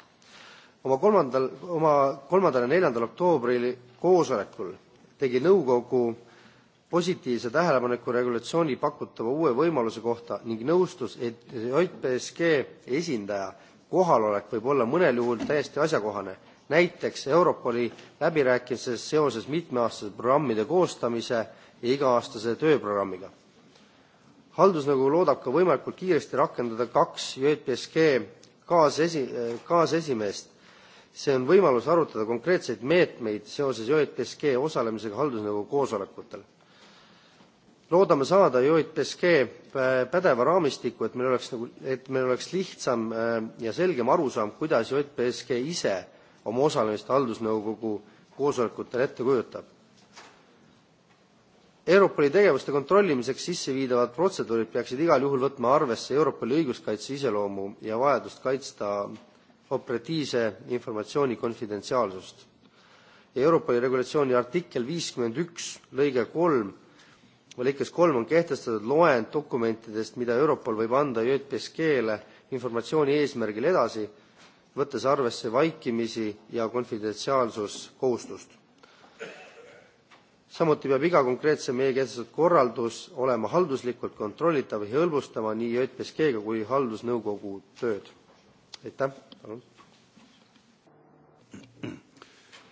oma kolmandal, oma kolmandal ja neljandal oktoobril koosolekul tegi nõukogu positiivse tähelepaneku regulatsiooni pakutava uue võimaluse kohta ning nõustus et jpsk esindaja kohalolek võib olla mõnel juhul täiesti asjakohane näiteks europoli läbirääkimistes seoses mitmeaastaste programmide koostamise ja iga-aastase tööprogrammiga. haldusnõukogu loodab ka võimalikult kiiresti rakendada kaks jpsk kaasesimeest see on võimalus arutada konkreetseid meetmeid seoses JTSG osalemisega haldusnõukogu koosolekutel. loodame saada JTSG äh, pädeva raamistiku, et meil oleks nagu, et meil oleks lihtsam äh, ja selgem arusaam, kuidas JTSG ise oma osalemist haldusnõukogu koosolekutel ette kujutab. Europoli tegevuste kontrollimiseks sisse viidavad protseduurid peaksid igal juhul võtma arvesse Europoli õiguskaitse iseloomu ja vajadust kaitsta operatiivse informatsiooni konfidentsiaalsust. Europoli regulatsiooni artikkel viiskümmend üks lõige kolm või lõikes kolm on kehtestatud loend dokumentidest, mida Europol võib anda JPSG-le informatsiooni eesmärgil edasi, võttes arvesse vaikimisi ja konfidentsiaalsuskohustust. samuti peab iga konkreetse meie kehtestatud korraldus olema halduslikult kontrollitav ja hõlbustama nii JPSG-ga kui haldusnõukogu tööd. aitäh! palun!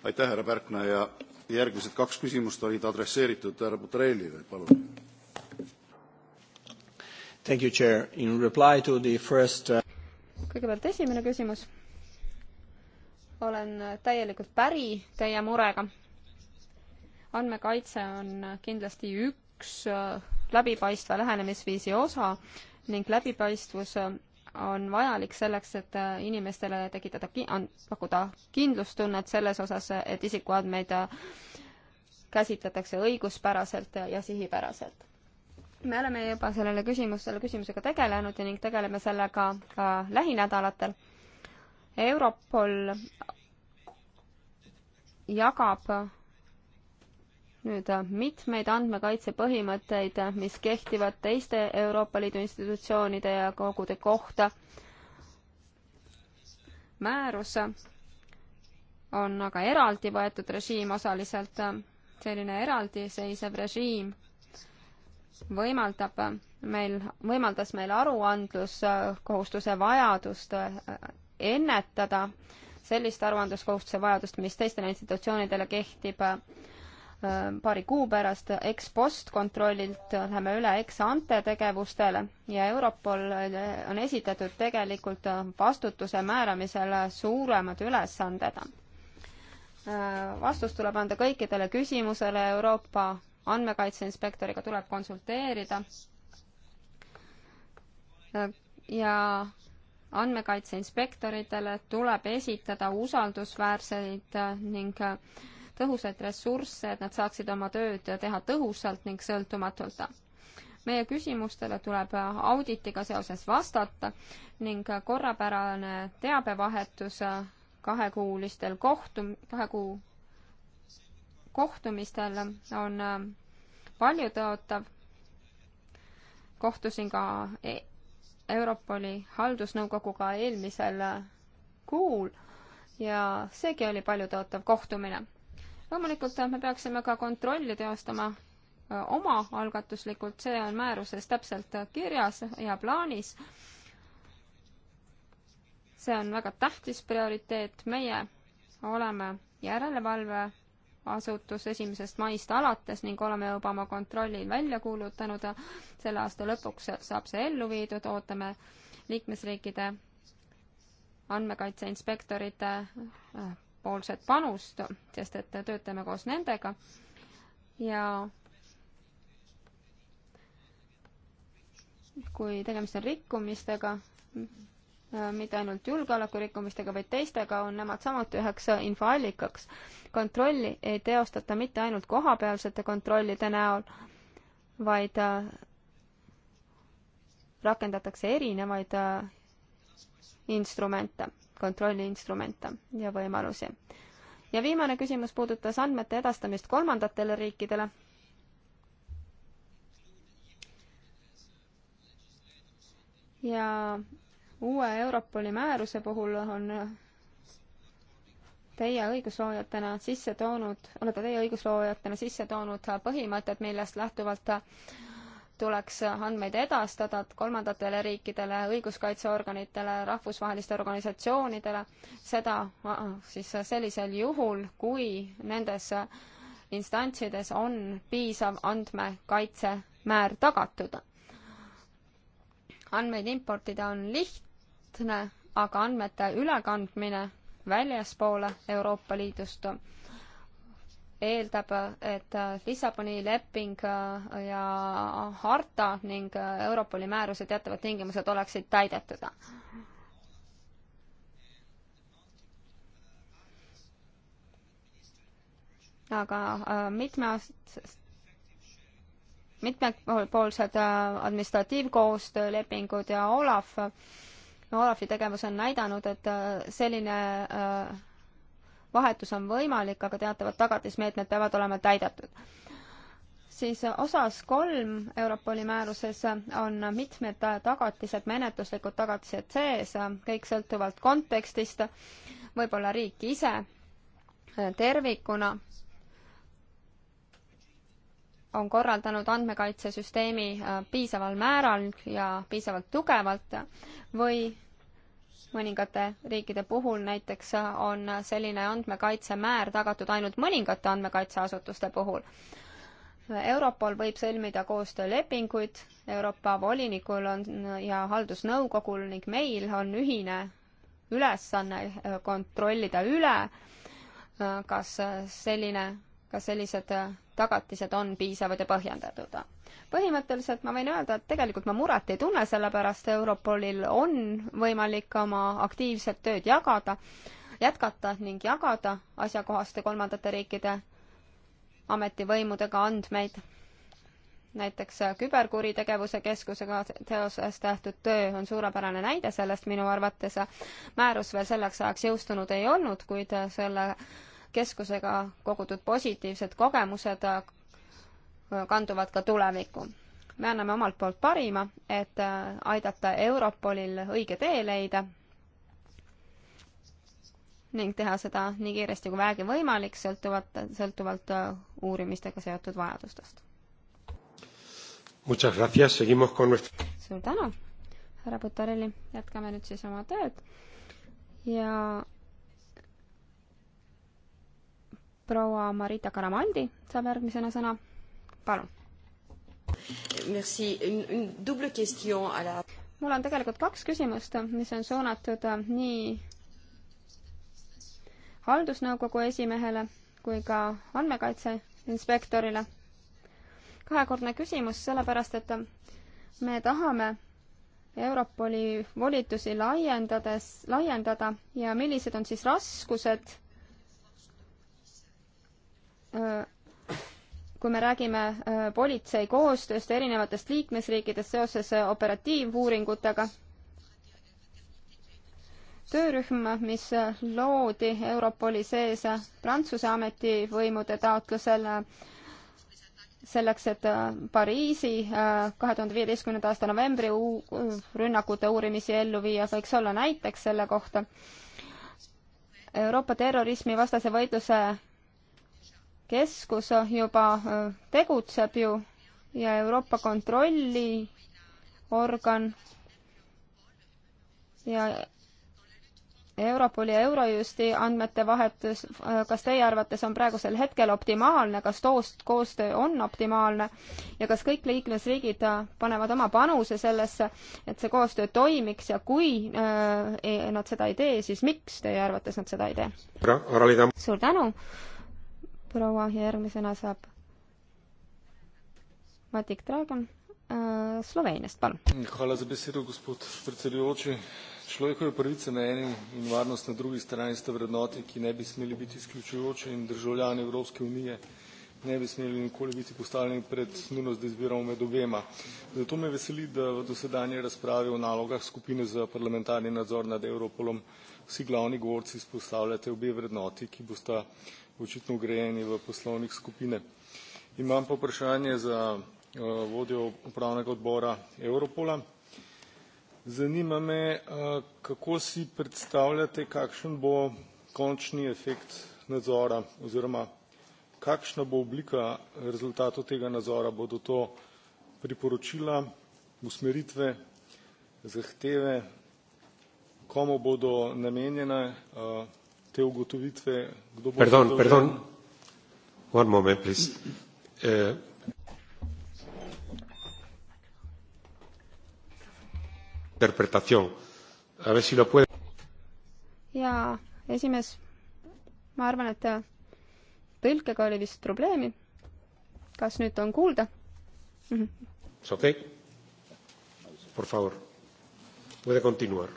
aitäh, härra Pärkna ja järgmised kaks küsimust olid adresseeritud härra Butrellile, palun. Thank you, chair, in reply to the first uh... kõigepealt esimene küsimus. olen täielikult päri teie murega. andmekaitse on kindlasti üks uh, läbipaistva lähenemisviisi osa ning läbipaistvus uh, on vajalik selleks, et äh, inimestele tekitada, pakkuda kindlustunnet selles osas, et isikuandmeid äh, käsitletakse õiguspäraselt ja sihipäraselt. me oleme juba sellele küsimus, selle küsimusega tegelenud ja ning tegeleme sellega ka lähinädalatel. Europol jagab nüüd mitmeid andmekaitse põhimõtteid, mis kehtivad teiste Euroopa Liidu institutsioonide ja kogude kohta. määrus on aga eraldi võetud režiim osaliselt, selline eraldiseisev režiim võimaldab meil, võimaldas meil aruandluskohustuse vajadust äh, ennetada, sellist aruandluskohustuse vajadust, mis teistele institutsioonidele kehtib äh, Äh, paari kuu pärast ex-post kontrollilt läheme üle ex-ante tegevustele ja Europol äh, on esitatud tegelikult äh, vastutuse määramisel suuremad ülesanded. vastus tuleb anda kõikidele küsimusele, Euroopa andmekaitse inspektoriga tuleb konsulteerida ja andmekaitse inspektoritele tuleb esitada usaldusväärseid ning äh, tõhusaid ressursse, et nad saaksid oma tööd teha tõhusalt ning sõltumatult. meie küsimustele tuleb auditiga seoses vastata ning korrapärane teabevahetus kahekuulistel kohtum-, kahe kuu kohtumistel on paljutõotav. kohtusin ka e Europoli haldusnõukoguga eelmisel kuul ja seegi oli paljutõotav kohtumine loomulikult äh, me peaksime ka kontrolli teostama äh, omaalgatuslikult, see on määruses täpselt äh, kirjas ja plaanis. see on väga tähtis prioriteet, meie oleme järelevalveasutus esimesest maist alates ning oleme juba oma kontrolli välja kuulutanud. selle aasta lõpuks saab see ellu viidud, ootame liikmesriikide andmekaitseinspektorite poolset panust, sest et töötame koos nendega ja kui tegemist on rikkumistega, mitte ainult julgeolekurikkumistega, vaid teistega, on nemad samuti üheks infoallikaks. kontrolli ei teostata mitte ainult kohapealsete kontrollide näol, vaid äh, rakendatakse erinevaid äh, instrumente kontrolliinstrumente ja võimalusi. ja viimane küsimus puudutas andmete edastamist kolmandatele riikidele. ja uue Europoli määruse puhul on teie õigusloojatena sisse toonud, olete teie õigusloojatena sisse toonud põhimõtted, millest lähtuvalt tuleks andmeid edastada kolmandatele riikidele, õiguskaitseorganitele, rahvusvahelistele organisatsioonidele, seda ah, ah, siis sellisel juhul, kui nendes instantsides on piisav andmekaitsemäär tagatud. andmeid importida on lihtne, aga andmete ülekandmine väljaspoole Euroopa Liidust eeldab, et Lissaboni leping ja harta ning Europoli määruse teatavad tingimused oleksid täidetud. aga äh, mitmeaastasest mitmepoolsed äh, administratiivkoostöölepingud ja Olav, Olavi tegevus on näidanud, et äh, selline vahetus on võimalik, aga teatavad tagatismeetmed peavad olema täidetud. siis osas kolm Europoli määruses on mitmed tagatised, menetluslikud tagatised sees, kõik sõltuvalt kontekstist, võib-olla riik ise tervikuna on korraldanud andmekaitsesüsteemi piisaval määral ja piisavalt tugevalt või mõningate riikide puhul näiteks on selline andmekaitsemäär tagatud ainult mõningate andmekaitseasutuste puhul. Europol võib sõlmida koostöölepinguid, Euroopa volinikul on ja haldusnõukogul ning meil on ühine ülesanne kontrollida üle, kas selline ka sellised äh, tagatised on piisavad ja põhjendatud. põhimõtteliselt ma võin öelda, et tegelikult ma muret ei tunne, sellepärast Europolil on võimalik oma aktiivset tööd jagada, jätkata ning jagada asjakohaste kolmandate riikide ametivõimudega andmeid. näiteks äh, küberkuritegevuse keskusega teoses tehtud töö on suurepärane näide sellest minu arvates. määrus veel selleks ajaks jõustunud ei olnud, kuid äh, selle keskusega kogutud positiivsed kogemused äh, kanduvad ka tulevikku. me anname omalt poolt parima, et äh, aidata Europolil õige tee leida ning teha seda nii kiiresti kui vähegi võimalik, sõltuvalt, sõltuvalt äh, uurimistega seotud vajadustest. suur tänu, härra Butarelli, jätkame nüüd siis oma tööd ja proua Marita Karamandi saab järgmisena sõna, palun. mul on tegelikult kaks küsimust, mis on suunatud äh, nii haldusnõukogu esimehele kui ka andmekaitse inspektorile. kahekordne küsimus, sellepärast et äh, me tahame Europoli volitusi laiendades, laiendada ja millised on siis raskused Äh, kui me räägime äh, politsei koostööst erinevatest liikmesriikidest seoses äh, operatiivuuringutega, töörühm, mis loodi Europoli sees Prantsuse ametivõimude taotlusel selleks, et Pariisi kahe tuhande viieteistkümnenda aasta novembri rünnakute uurimisi ellu viia, võiks olla näiteks selle kohta. Euroopa terrorismivastase võitluse keskus juba äh, tegutseb ju ja Euroopa Kontrolliorgan ja Europoli ja Eurojusti andmete vahetus, äh, kas teie arvates on praegusel hetkel optimaalne, kas toost koostöö on optimaalne ja kas kõik liikmesriigid äh, panevad oma panuse sellesse, et see koostöö toimiks ja kui äh, e-, nad seda ei tee, siis miks teie arvates nad seda ei tee? suur tänu proua ja järgmisena saab Matik Dragan äh, Sloveeniast, palun. hvala za besedo, gospod predsedujoči. Človekove pravice na eni in varnost na drugi strani sta vrednoti, ki ne bi smeli biti izključujoče in državljani Evropske unije ne bi smeli nikoli biti postavljeni pred nujnost, da izbiramo med obema. Zato me veseli, da v dosedanji razpravi o nalogah skupine za parlamentarni nadzor nad Europolom vsi glavni govorci izpostavljate obe vrednoti, ki bosta očitno ugrajeni v poslovnik skupine. Imam pa vprašanje za eh, vodjo upravnega odbora Europola. Zanima me, eh, kako si predstavljate, kakšen bo končni efekt nadzora oziroma kakšna bo oblika rezultatov tega nadzora. Bodo to priporočila, usmeritve, zahteve, komu bodo namenjene, eh, te ugotovitve, kdo bo. Pardon, zadolžen? pardon. One moment, please. Eh. Interpretación. A ver si lo puede. jaa, esimees, ma arvan, et äh, tõlkega oli vist probleemi. kas nüüd on kuulda? Mhm. It's okay. Por favor. Puede continuar.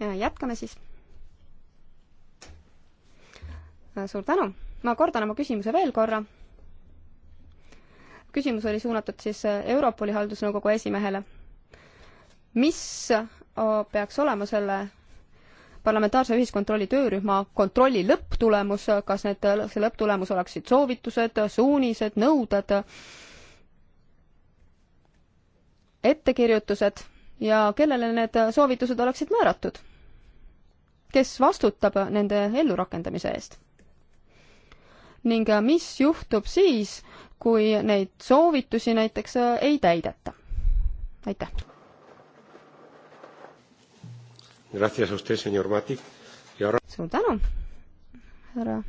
jätkame siis Äh, suur tänu. ma kordan oma küsimuse veel korra. küsimus oli suunatud siis äh, Europoli haldusnõukogu esimehele. mis äh, peaks olema selle parlamentaarse ühiskontrolli töörühma kontrolli lõpptulemus, kas need, see lõpptulemus oleksid soovitused, suunised, nõuded, ettekirjutused ja kellele need soovitused oleksid määratud? kes vastutab nende ellurakendamise eest? ning äh, mis juhtub siis, kui neid soovitusi näiteks äh, ei täideta. aitäh. suur tänu, härra,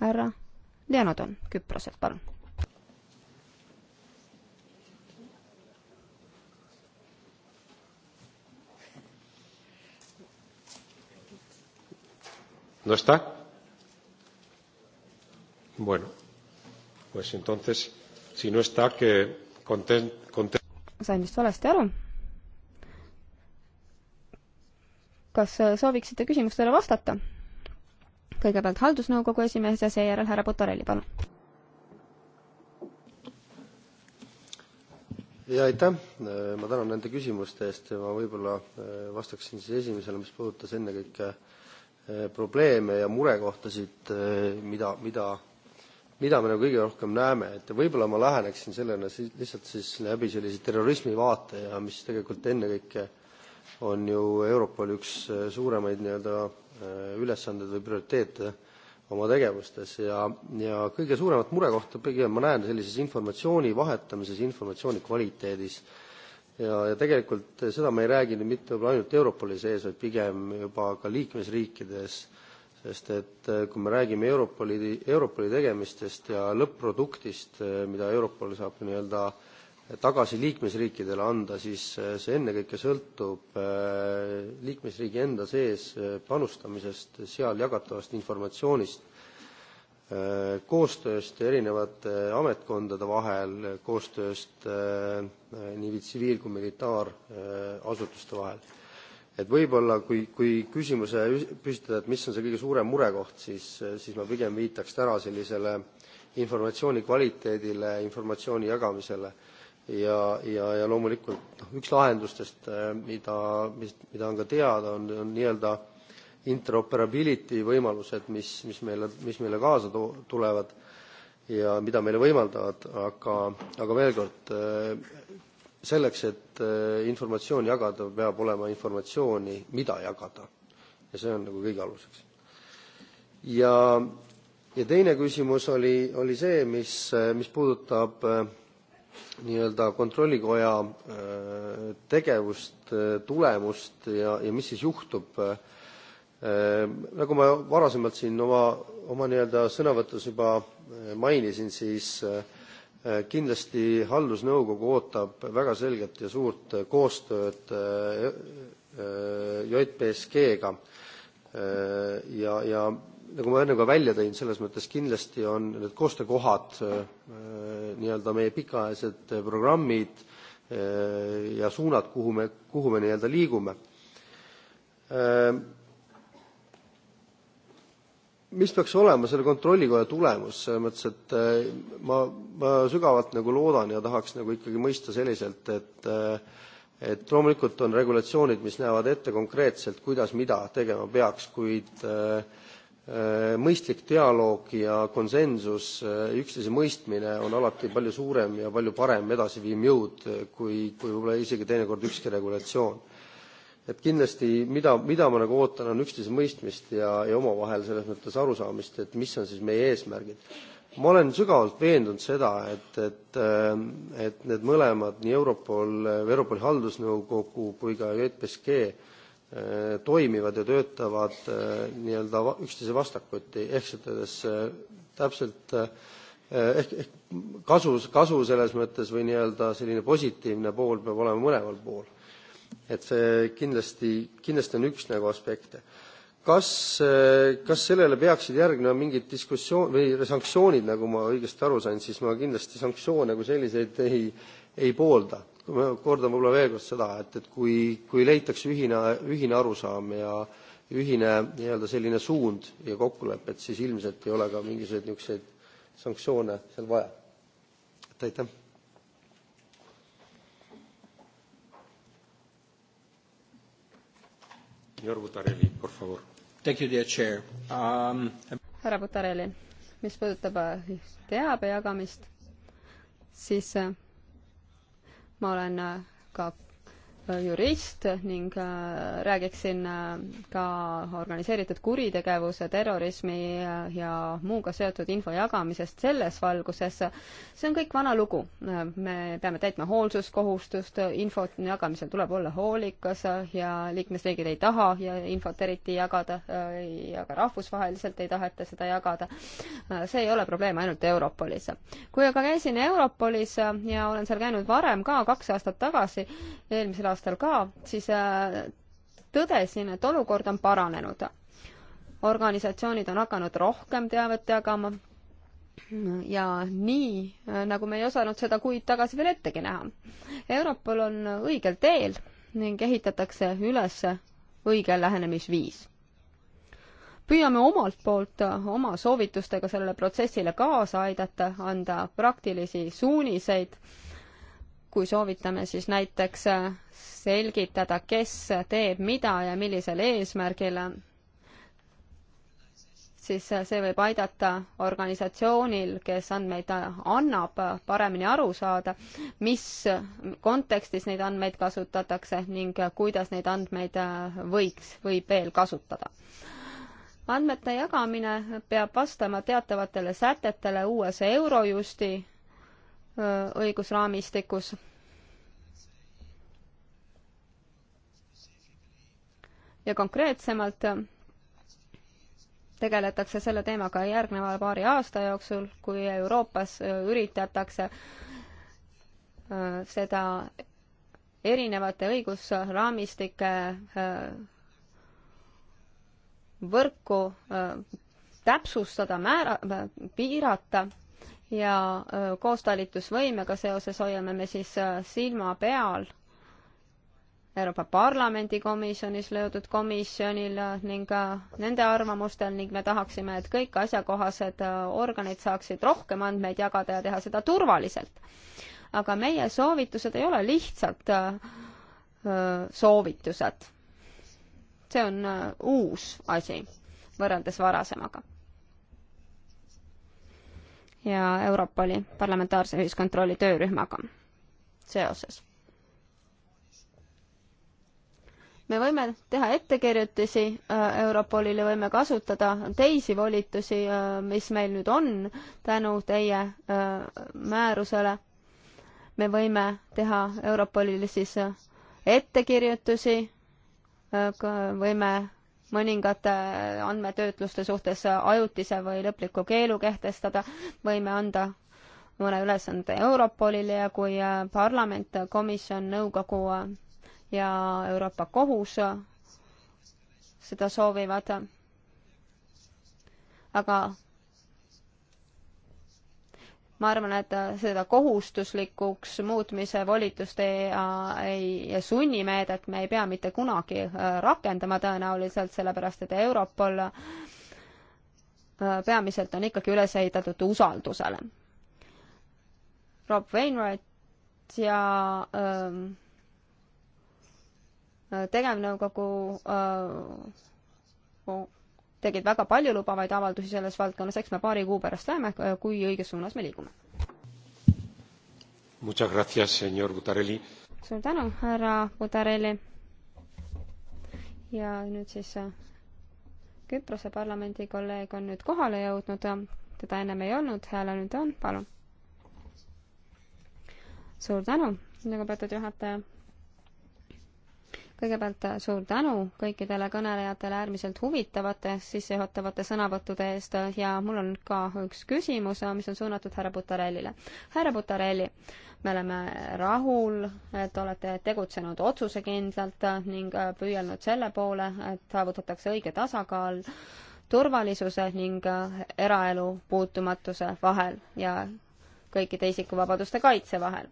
härra Leonodon Küproselt, palun no está? Bueno, pues entonces, si no está, que content, content... sain vist valesti aru. kas äh, sooviksite küsimustele vastata? kõigepealt haldusnõukogu esimees ja seejärel härra Potarelli, palun. ja aitäh, äh, ma tänan nende küsimuste eest ja ma võib-olla äh, vastaksin siis esimesele, mis puudutas ennekõike äh, Eh, probleeme ja murekohtasid, eh, mida, mida, mida me nagu kõige rohkem näeme, et võib-olla ma läheneksin sellele siis lihtsalt siis läbi sellise terrorismi vaate ja mis tegelikult ennekõike on ju Europoli üks eh, suuremaid nii-öelda ülesandeid või prioriteete oma tegevustes ja, ja kõige suuremat murekohta pigem ma näen sellises informatsiooni vahetamises, informatsiooni kvaliteedis ja, ja tegelikult seda me ei räägi nüüd mitte võib-olla ainult Europoli sees, vaid pigem juba ka liikmesriikides, sest et eh, kui me räägime Europoli, Europoli tegemistest ja lõpp-produktist, eh, mida Europol saab nii-öelda tagasi liikmesriikidele anda, siis eh, see ennekõike sõltub liikmesriigi enda sees panustamisest, seal jagatavast informatsioonist Äh, koostööst erinevate ametkondade vahel, koostööst äh, äh, nii tsiviil- kui militaarasutuste vahel. et võib-olla kui, kui küsimuse püstitada, et mis on see kõige suurem murekoht, siis, siis ma pigem viitaks täna sellisele informatsiooni kvaliteedile, informatsiooni jagamisele ja, ja, ja loomulikult noh, üks lahendustest, mida, mis, mida on ka teada, on, on nii-öelda interoperability võimalused, mis, mis meile, mis meile kaasa to-, tulevad ja mida meile võimaldavad, aga, aga veel kord, äh, selleks, et äh, informatsiooni jagada, peab olema informatsiooni, mida jagada. ja see on nagu kõige aluseks. ja, ja teine küsimus oli, oli see, mis, äh, mis puudutab nii-öelda kontrollikoja tegevust, tulemust ja, ja mis siis juhtub äh, Ehm, nagu ma varasemalt siin oma oma nii-öelda sõnavõtus juba eh, mainisin siis eh, eh, kindlasti haldusnõukogu ootab väga selget ja suurt koostööd JPSG-ga ja ja nagu ma enne ka välja tõin selles mõttes kindlasti on need koostöökohad nii-öelda meie pikaajalised programmid ja suunad kuhu me kuhu me nii-öelda liigume ehm, mis peaks olema selle kontrollikoja tulemus selles mõttes, et äh, ma, ma sügavalt nagu loodan ja tahaks nagu ikkagi mõista selliselt, et äh, et loomulikult on regulatsioonid, mis näevad ette konkreetselt, kuidas mida tegema peaks, kuid äh, mõistlik dialoog ja konsensus, üksteise mõistmine on alati palju suurem ja palju parem edasiviiv jõud kui, kui võib-olla isegi teinekord ükski regulatsioon et kindlasti mida, mida ma nagu ootan, on üksteise mõistmist ja, ja omavahel selles mõttes arusaamist, et mis on siis meie eesmärgid. ma olen sügavalt veendunud seda, et, et, ähm, et need mõlemad, nii Europol, Europoli haldusnõukogu kui ka JPSG äh, toimivad ja töötavad äh, nii-öelda üksteise vastakuti, ehk siis äh, täpselt ehk, ehk kasu, kasu selles mõttes või nii-öelda selline positiivne pool peab olema mõlemal pool et see kindlasti, kindlasti on üks nagu aspekte. kas, kas sellele peaksid järgnema mingid diskussioon või sanktsioonid, nagu ma õigesti aru sain, siis ma kindlasti sanktsioone kui selliseid ei, ei poolda. ma kordan võib-olla veel kord seda, et, et kui, kui leitakse ühine, ühine arusaam ja ühine nii-öelda selline suund ja kokkulepe, et siis ilmselt ei ole ka mingisuguseid niisuguseid sanktsioone seal vaja. et aitäh! Um, härra Butarelli, mis puudutab äh, teabe jagamist, siis äh, ma olen äh, ka jurist ning äh, räägiksin äh, ka organiseeritud kuritegevuse, terrorismi äh, ja muuga seotud info jagamisest selles valguses. see on kõik vana lugu. me peame täitma hoolsuskohustust, info jagamisel tuleb olla hoolikas ja liikmesriigid ei taha ja infot eriti jagada ja ka rahvusvaheliselt ei taheta seda jagada. see ei ole probleem ainult Europolis. kui aga käisin Europolis ja olen seal käinud varem ka, kaks aastat tagasi, eelmisel aastal ka, siis äh, tõdesin, et olukord on paranenud. organisatsioonid on hakanud rohkem teavet jagama ja nii, äh, nagu me ei osanud seda kuid tagasi veel ettegi näha. Europol on õigel teel ning ehitatakse üles õige lähenemisviis. püüame omalt poolt äh, oma soovitustega sellele protsessile kaasa aidata, anda praktilisi suuniseid kui soovitame siis näiteks äh, selgitada, kes teeb mida ja millisel eesmärgil, siis äh, see võib aidata organisatsioonil, kes andmeid äh, annab, paremini aru saada, mis kontekstis neid andmeid kasutatakse ning kuidas neid andmeid võiks või veel kasutada andmete jagamine peab vastama teatavatele sätetele uues Eurojusti õigusraamistikus. ja konkreetsemalt tegeletakse selle teemaga järgneva paari aasta jooksul, kui Euroopas üritatakse äh, seda erinevate õigusraamistike äh, võrku äh, täpsustada, määra, piirata ja koostalitusvõimega seoses hoiame me siis silma peal Euroopa Parlamendi komisjonis löödud komisjonil ning nende arvamustel ning me tahaksime, et kõik asjakohased organid saaksid rohkem andmeid jagada ja teha seda turvaliselt. aga meie soovitused ei ole lihtsalt soovitused. see on uus asi võrreldes varasemaga ja Europoli parlamentaarse ühiskontrolli töörühmaga seoses. me võime teha ettekirjutusi äh, Europolile, võime kasutada teisi volitusi, äh, mis meil nüüd on tänu teie äh, määrusele. me võime teha Europolile siis ettekirjutusi, võime mõningate andmetöötluste suhtes ajutise või lõpliku keelu kehtestada, võime anda mõne ülesande Europolile ja kui äh, parlament, komisjon, nõukogu äh, ja Euroopa Kohus äh, seda soovivad, aga ma arvan, et äh, seda kohustuslikuks muutmise volitust ei, äh, ei, ja sunnimeedet me ei pea mitte kunagi äh, rakendama tõenäoliselt, sellepärast et Europol peamiselt on ikkagi üles ehitatud usaldusele. Rob Wainwright ja ähm, tegevnõukogu äh, tegid väga paljulubavaid avaldusi selles valdkonnas, eks me paari kuu pärast näeme, kui õiges suunas me liigume. suur tänu, härra Butarelli. ja nüüd siis äh, Küprose parlamendi kolleeg on nüüd kohale jõudnud, teda ennem ei olnud, hääle nüüd on, palun. suur tänu, lugupeetud juhataja kõigepealt äh, suur tänu kõikidele kõnelejatele äärmiselt huvitavate sissejuhatavate sõnavõttude eest äh, ja mul on ka üks küsimus, äh, mis on suunatud härra Butarellile. härra Butarelli, me oleme rahul, et olete tegutsenud otsusekindlalt ning püüelnud selle poole, et saavutatakse õige tasakaal turvalisuse ning eraelu puutumatuse vahel ja kõikide isikuvabaduste kaitse vahel.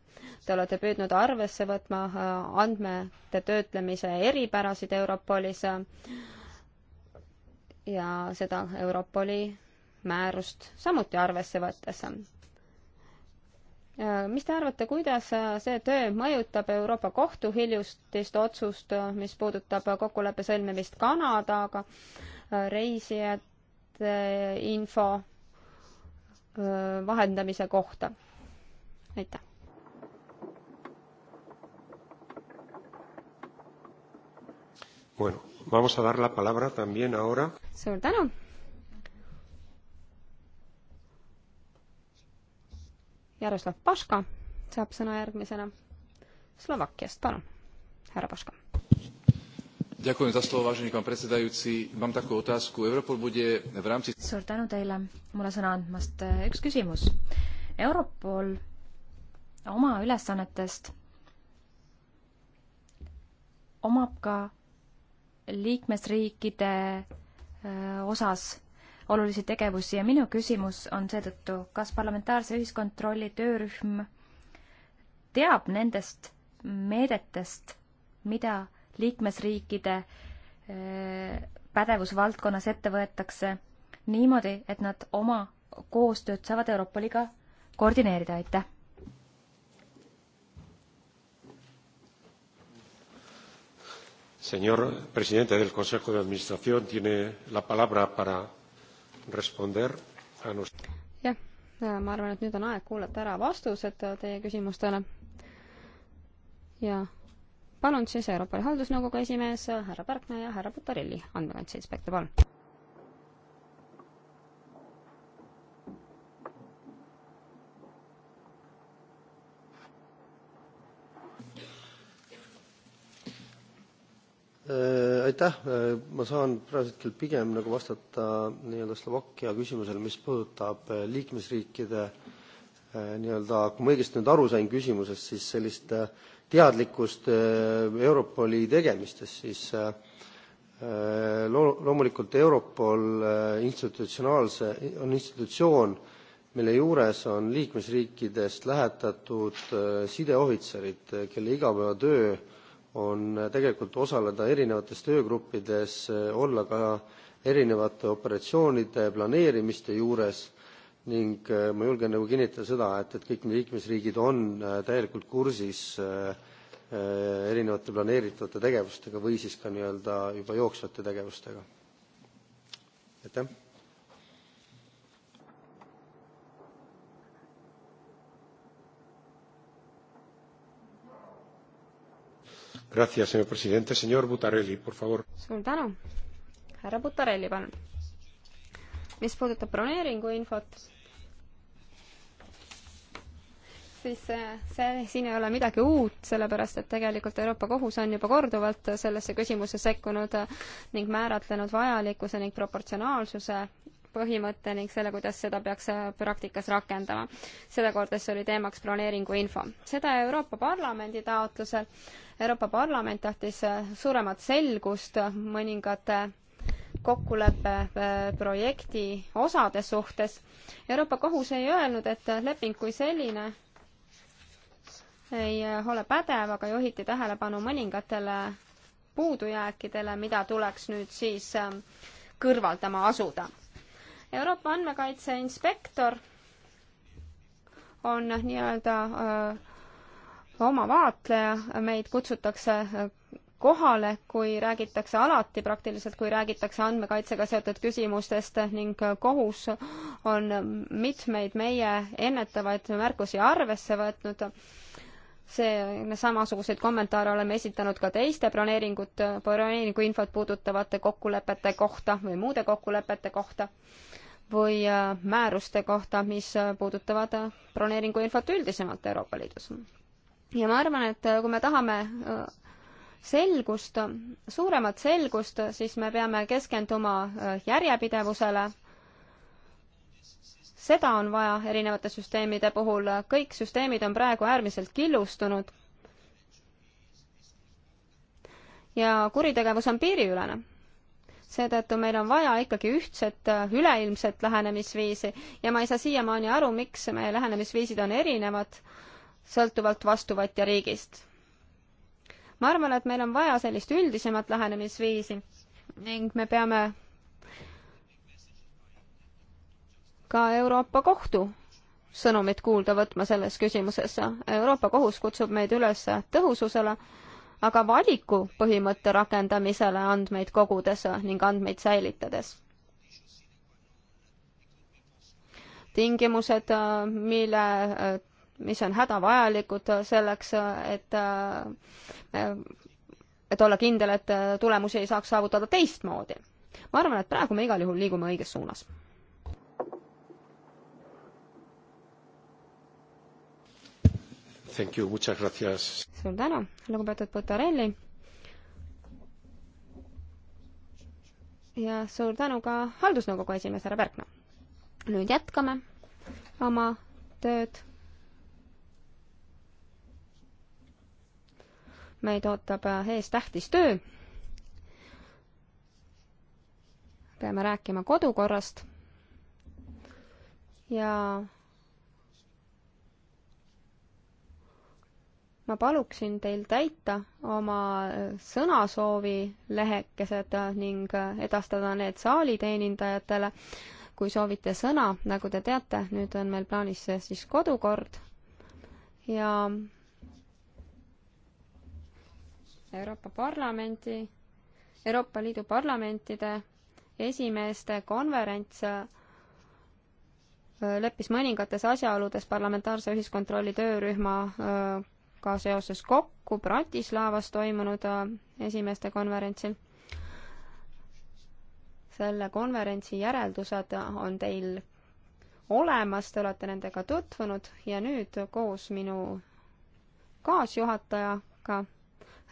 Te olete püüdnud arvesse võtma äh, andmete töötlemise eripärasid Europolis äh, ja seda Europoli määrust samuti arvesse võttes. Äh, mis te arvate, kuidas see töö mõjutab Euroopa Kohtu hiljutist otsust, mis puudutab kokkuleppe sõlmimist Kanadaga, reisijate info vahendamise kohta. aitäh! Bueno, vamos a dar la palabra también ahora. Suur tänu. Jaroslav Paška saab sõna järgmisena Slovakkiast, palun, härra Paška. Ďakujem za slovo, vážený pán predsedajúci. Mám takú otázku. Europol bude v rámci... Suur tänu teile mulle sõna andmast. Eh, üks küsimus. Europol oma ülesannetest omab ka liikmesriikide eh, osas olulisi tegevusi ja minu küsimus on seetõttu, kas parlamentaarse ühiskontrolli töörühm teab nendest meedetest, mida liikmesriikide eh, pädevusvaldkonnas ette võetakse niimoodi, et nad oma koostööd saavad Euroopa Liiga koordineerida, aitäh! Señor presidente del Consejo de Administración, tiene la palabra para responder a nos-. jah, ma arvan, et nüüd on aeg kuulata ära vastused teie küsimustele ja palun siis Euroopa Haldusnõukogu esimees härra Pärkna ja härra Butarelli, andmekaitse inspektor, palun. Äh, aitäh, äh, ma saan praegu hetkel pigem nagu vastata nii-öelda Slovakkia küsimusele, mis puudutab äh, liikmesriikide nii-öelda, kui ma õigesti nüüd aru sain küsimusest, siis sellist äh, teadlikkust äh, Europoli tegemistest, siis äh, äh, loo-, loomulikult Europol institutsionaalse, on institutsioon, mille juures on liikmesriikidest lähetatud sideohvitserid, kelle igapäevatöö on tegelikult osaleda erinevates töögruppides, olla ka erinevate operatsioonide planeerimiste juures ning äh, ma julgen nagu kinnitada seda, et, et kõik liikmesriigid on äh, täielikult kursis äh, erinevate planeeritavate tegevustega või siis ka nii-öelda juba jooksvate tegevustega. aitäh. Gracias, señor presidente. Señor Butarelli, por favor. suur tänu. härra Butarelli, palun. mis puudutab broneeringu infot siis eh, see, siin ei ole midagi uut, sellepärast et tegelikult Euroopa Kohus on juba korduvalt sellesse küsimusse sekkunud eh, ning määratlenud vajalikkuse ning proportsionaalsuse põhimõtte ning selle, kuidas seda peaks eh, praktikas rakendama. sedakorda see oli teemaks broneeringuinfo. seda Euroopa Parlamendi taotlusel. Euroopa Parlament tahtis suuremat selgust mõningate kokkuleppe projekti osade suhtes. Euroopa Kohus ei öelnud, et leping kui selline ei äh, ole pädev, aga juhiti tähelepanu mõningatele puudujääkidele, mida tuleks nüüd siis ähm, kõrvaldama asuda. Euroopa andmekaitse inspektor on nii-öelda äh, oma vaatleja, meid kutsutakse äh, kohale, kui räägitakse alati praktiliselt, kui räägitakse andmekaitsega seotud küsimustest ning kohus on mitmeid meie ennetavaid märkusi arvesse võtnud see, samasuguseid kommentaare oleme esitanud ka teiste broneeringut, broneeringuinfot puudutavate kokkulepete kohta või muude kokkulepete kohta või äh, määruste kohta, mis äh, puudutavad äh, broneeringuinfot üldisemalt Euroopa Liidus. ja ma arvan, et kui me tahame selgust, suuremat selgust, siis me peame keskenduma järjepidevusele seda on vaja erinevate süsteemide puhul, kõik süsteemid on praegu äärmiselt killustunud. ja kuritegevus on piiriülene seetõttu meil on vaja ikkagi ühtset üleilmset lähenemisviisi ja ma ei saa siiamaani aru, miks meie lähenemisviisid on erinevad, sõltuvalt vastuvõtja riigist. ma arvan, et meil on vaja sellist üldisemat lähenemisviisi ning me peame ka Euroopa Kohtu sõnumit kuulda võtma selles küsimuses. Euroopa Kohus kutsub meid üles tõhususele, aga valiku põhimõtte rakendamisele andmeid kogudes ning andmeid säilitades. tingimused, mille, mis on hädavajalikud selleks, et et olla kindel, et tulemusi ei saaks saavutada teistmoodi. ma arvan, et praegu me igal juhul liigume õiges suunas Thank you, muchas gracias. suur tänu, lugupeetud Butarelli. ja suur tänu ka haldusnõukogu esimees härra Pärkna. nüüd jätkame oma tööd. meid ootab äh, ees tähtis töö. peame rääkima kodukorrast ja ma paluksin teil täita oma äh, sõnasoovi lehekesed äh, ning äh, edastada need saaliteenindajatele, kui soovite sõna, nagu te teate, nüüd on meil plaanis siis kodukord ja Euroopa Parlamendi, Euroopa Liidu parlamentide esimeeste konverents leppis mõningates asjaoludes parlamentaarse ühiskontrolli töörühma ka seoses kokku Bratislavas toimunud äh, esimeste konverentsil. selle konverentsi järeldused on teil olemas, te olete nendega tutvunud ja nüüd koos minu kaasjuhatajaga,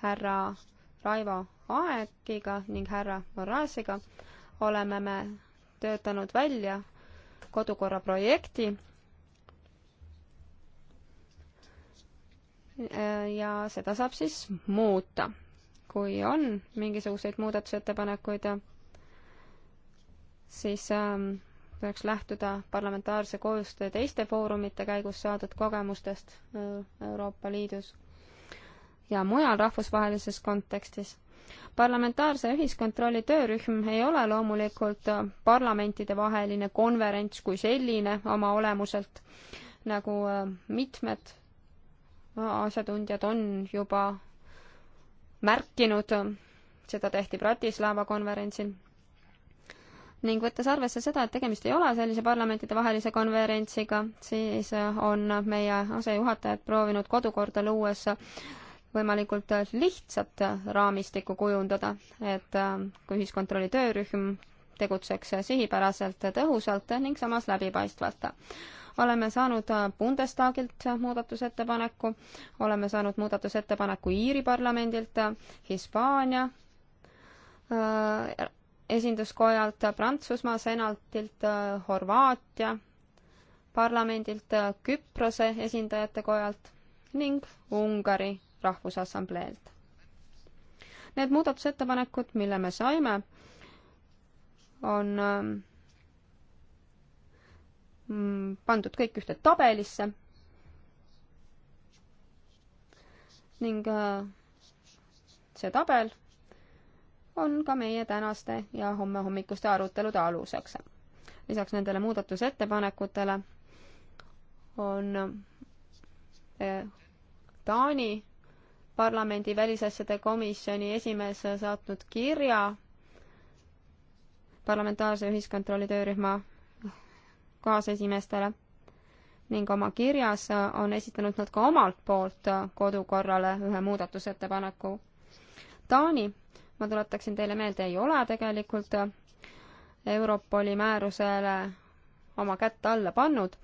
härra Raivo Aekiga ning härra Morasiga oleme me töötanud välja kodukorra projekti, Äh, ja seda saab siis muuta. kui on mingisuguseid muudatusettepanekuid, siis tuleks ähm, lähtuda parlamentaarse koostöö teiste foorumite käigus saadud kogemustest äh, Euroopa Liidus ja mujal rahvusvahelises kontekstis. parlamentaarse ühiskontrolli töörühm ei ole loomulikult äh, parlamentidevaheline konverents kui selline oma olemuselt, nagu mitmed asjatundjad on juba märkinud, seda tehti Bratislava konverentsil, ning võttes arvesse seda, et tegemist ei ole sellise parlamentidevahelise konverentsiga, siis on meie asejuhatajad proovinud kodukorda luues võimalikult lihtsat raamistikku kujundada, et kui ühiskontrolli töörühm tegutseks sihipäraselt, tõhusalt ning samas läbipaistvalt oleme saanud äh, Bundestagilt äh, muudatusettepaneku, oleme saanud muudatusettepaneku Iiri parlamendilt, äh, Hispaania esinduskojalt, Prantsusmaa senatilt, Horvaatia parlamendilt, Küprose esindajate kojalt ning Ungari Rahvusassambleelt. Need muudatusettepanekud, mille me saime, on ähm, Mm, pandud kõik ühte tabelisse ning äh, see tabel on ka meie tänaste ja homme hommikuste arutelude aluseks. lisaks nendele muudatusettepanekutele on äh, Taani parlamendi välisasjade komisjoni esimees saatnud kirja parlamentaarse ühiskontrolli töörühma kaasesimeestele ning oma kirjas äh, on esitanud nad ka omalt poolt äh, kodukorrale ühe muudatusettepaneku. Taani, ma tuletaksin teile meelde, ei ole tegelikult äh, Europoli määrusele oma kätt alla pannud,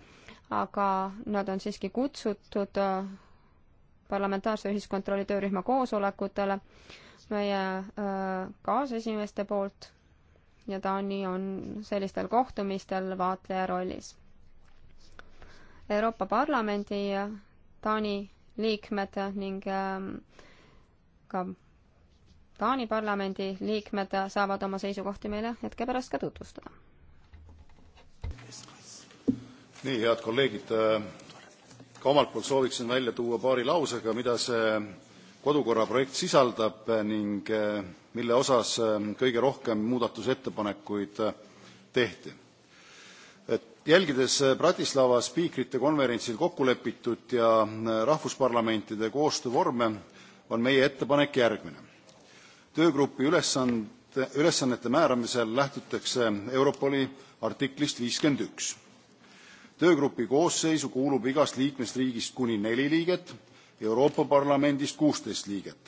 aga nad on siiski kutsutud parlamentaarse ühiskontrolli töörühma koosolekutele meie kaasesimeeste poolt ja Taani on sellistel kohtumistel vaatleja rollis. Euroopa Parlamendi ja Taani liikmed ning ähm, ka Taani parlamendi liikmed saavad oma seisukohti meile hetke pärast ka tutvustada. nii, head kolleegid, äh, ka omalt poolt sooviksin välja tuua paari lausega, mida see kodukorra projekt sisaldab äh, ning äh, mille osas äh, kõige rohkem muudatusettepanekuid tehti. jälgides Bratislava spiikrite konverentsil kokku lepitut ja rahvusparlamentide koostöövorme, on meie ettepanek järgmine. töögrupi ülesande, ülesannete määramisel lähtutakse Europoli artiklist 51. töögrupi koosseisu kuulub igast liikmesriigist kuni neli liiget Euroopa Parlamendist kuusteist liiget.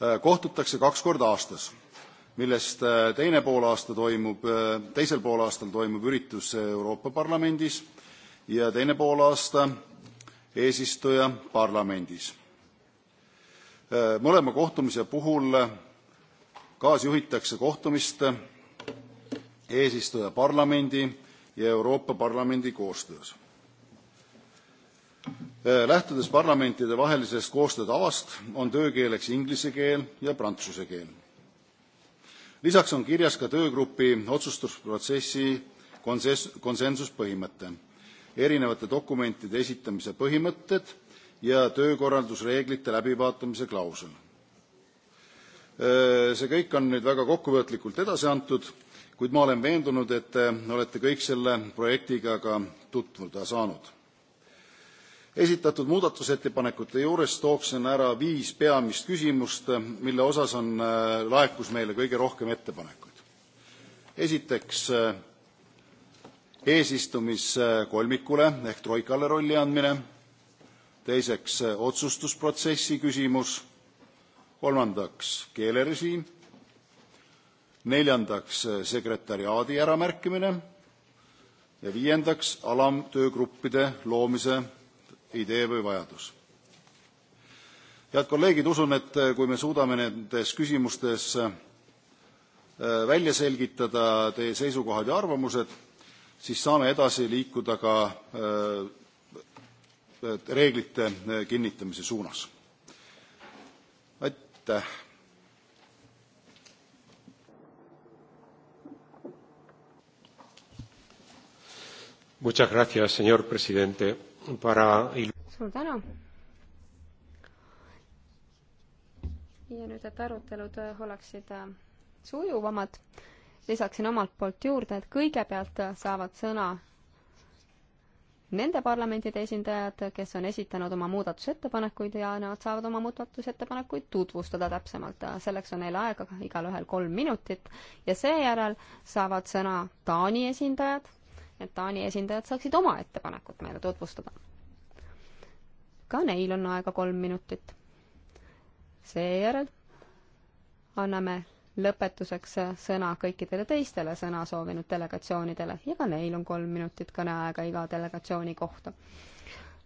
Äh, kohtutakse kaks korda aastas, millest äh, teine poolaasta toimub, äh, teisel poolaastal toimub üritus Euroopa Parlamendis ja teine poolaasta eesistuja parlamendis. mõlema kohtumise puhul kaasjuhitakse kohtumist eesistuja parlamendi ja Euroopa Parlamendi koostöös Äh, lähtudes parlamentidevahelisest koostöötavast on töökeeleks inglise keel ja prantsuse keel. lisaks on kirjas ka töögrupi otsustusprotsessi konsensuspõhimõte erinevate dokumentide esitamise põhimõtted ja töökorraldusreeglite läbivaatamise klausel. Äh, see kõik on nüüd väga kokkuvõtlikult edasi antud, kuid ma olen veendunud, et te olete kõik selle projektiga ka tutvuda saanud esitatud muudatusettepanekute juures tooksin ära viis peamist küsimust mille osas on äh, laekus meile kõige rohkem ettepanekuid esiteks äh, eesistumiskolmikule ehk troikale rolli andmine teiseks äh, otsustusprotsessi küsimus kolmandaks keelerežiim neljandaks sekretariaadi äramärkimine ja viiendaks alamtöögruppide loomise idee või vajadus. head kolleegid, usun, et äh, kui me suudame nendes küsimustes äh, äh, välja selgitada teie seisukohad ja arvamused, siis saame edasi liikuda ka reeglite kinnitamise suunas. aitäh! Muchas gracias, señor presidente para suur tänu! ja nüüd, et arutelud oleksid äh, sujuvamad, lisaksin omalt poolt juurde, et kõigepealt saavad sõna nende parlamentide esindajad, kes on esitanud oma muudatusettepanekuid ja nad saavad oma muudatusettepanekuid tutvustada täpsemalt. selleks on neil aega igalühel kolm minutit ja seejärel saavad sõna Taani esindajad et Taani esindajad saaksid oma ettepanekut meile tutvustada. ka neil on aega kolm minutit. seejärel anname lõpetuseks sõna kõikidele teistele sõna soovinud delegatsioonidele ja ka neil on kolm minutit kõneaega iga delegatsiooni kohta.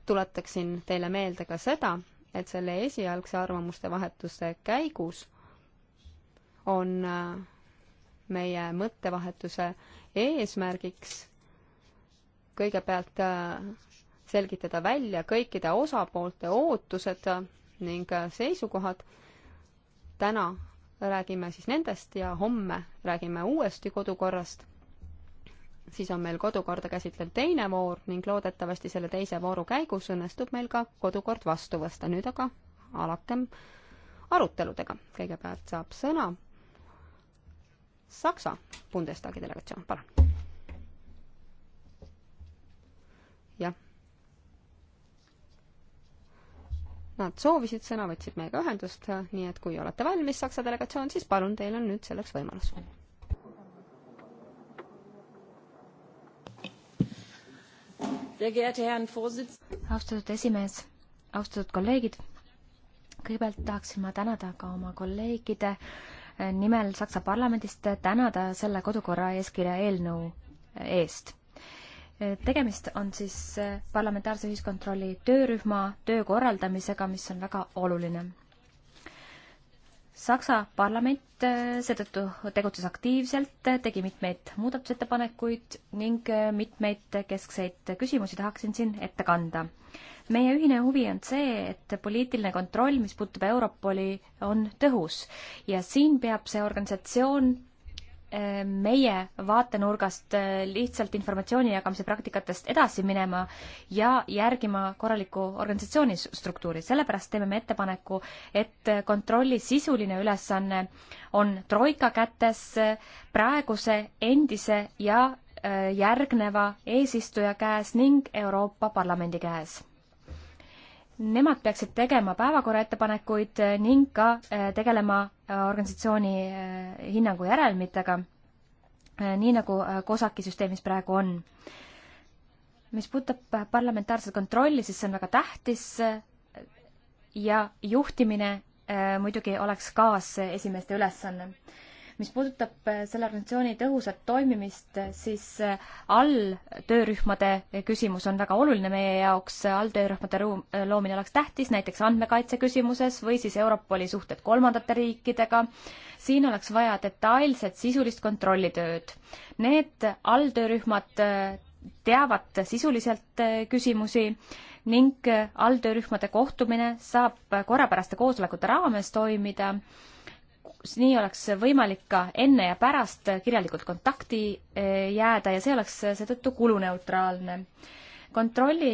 tuletaksin teile meelde ka seda, et selle esialgse arvamuste vahetuse käigus on meie mõttevahetuse eesmärgiks kõigepealt äh, selgitada välja kõikide osapoolte ootused ning äh, seisukohad. täna räägime siis nendest ja homme räägime uuesti kodukorrast. siis on meil kodukorda käsitlev teine voor ning loodetavasti selle teise vooru käigus õnnestub meil ka kodukord vastu võsta. nüüd aga alakem aruteludega. kõigepealt saab sõna Saksa Bundestagi delegatsioon, palun jah. Nad soovisid sõna, võtsid meiega ühendust, nii et kui olete valmis, Saksa delegatsioon, siis palun, teil on nüüd selleks võimalus. austatud esimees, austatud kolleegid, kõigepealt tahaksin ma tänada ka oma kolleegide nimel Saksa parlamendist tänada selle kodukorra eeskirja eelnõu eest tegemist on siis eh, parlamentaarse ühiskontrolli töörühma töö korraldamisega, mis on väga oluline. Saksa parlament eh, seetõttu tegutses aktiivselt, eh, tegi mitmeid muudatusettepanekuid ning mitmeid keskseid küsimusi tahaksin siin ette kanda. meie ühine huvi on see, et poliitiline kontroll, mis puutub Europoli, on tõhus ja siin peab see organisatsioon meie vaatenurgast äh, lihtsalt informatsiooni jagamise praktikatest edasi minema ja järgima korraliku organisatsiooni struktuuri. sellepärast teeme me ettepaneku, et kontrolli sisuline ülesanne on Troika kätes praeguse, endise ja äh, järgneva eesistuja käes ning Euroopa Parlamendi käes. Nemad peaksid tegema päevakorraettepanekuid ning ka äh, tegelema Äh, organisatsiooni äh, hinnangu järelmitega, äh, nii nagu COSAC-i süsteemis praegu on. mis puudutab parlamentaarset kontrolli, siis see on väga tähtis ja juhtimine muidugi oleks kaasesimeeste ülesanne mis puudutab äh, selle organisatsiooni tõhusat toimimist, äh, siis äh, alltöörühmade küsimus on väga oluline meie jaoks, alltöörühmade ruum, loomine oleks tähtis, näiteks andmekaitse küsimuses või siis Europoli suhted kolmandate riikidega. siin oleks vaja detailset sisulist kontrollitööd. Need alltöörühmad teavad sisuliselt küsimusi ning alltöörühmade kohtumine saab korrapäraste koosolekute raames toimida nii oleks võimalik ka enne ja pärast kirjalikult kontakti eh, jääda ja see oleks seetõttu kuluneutraalne kontrolli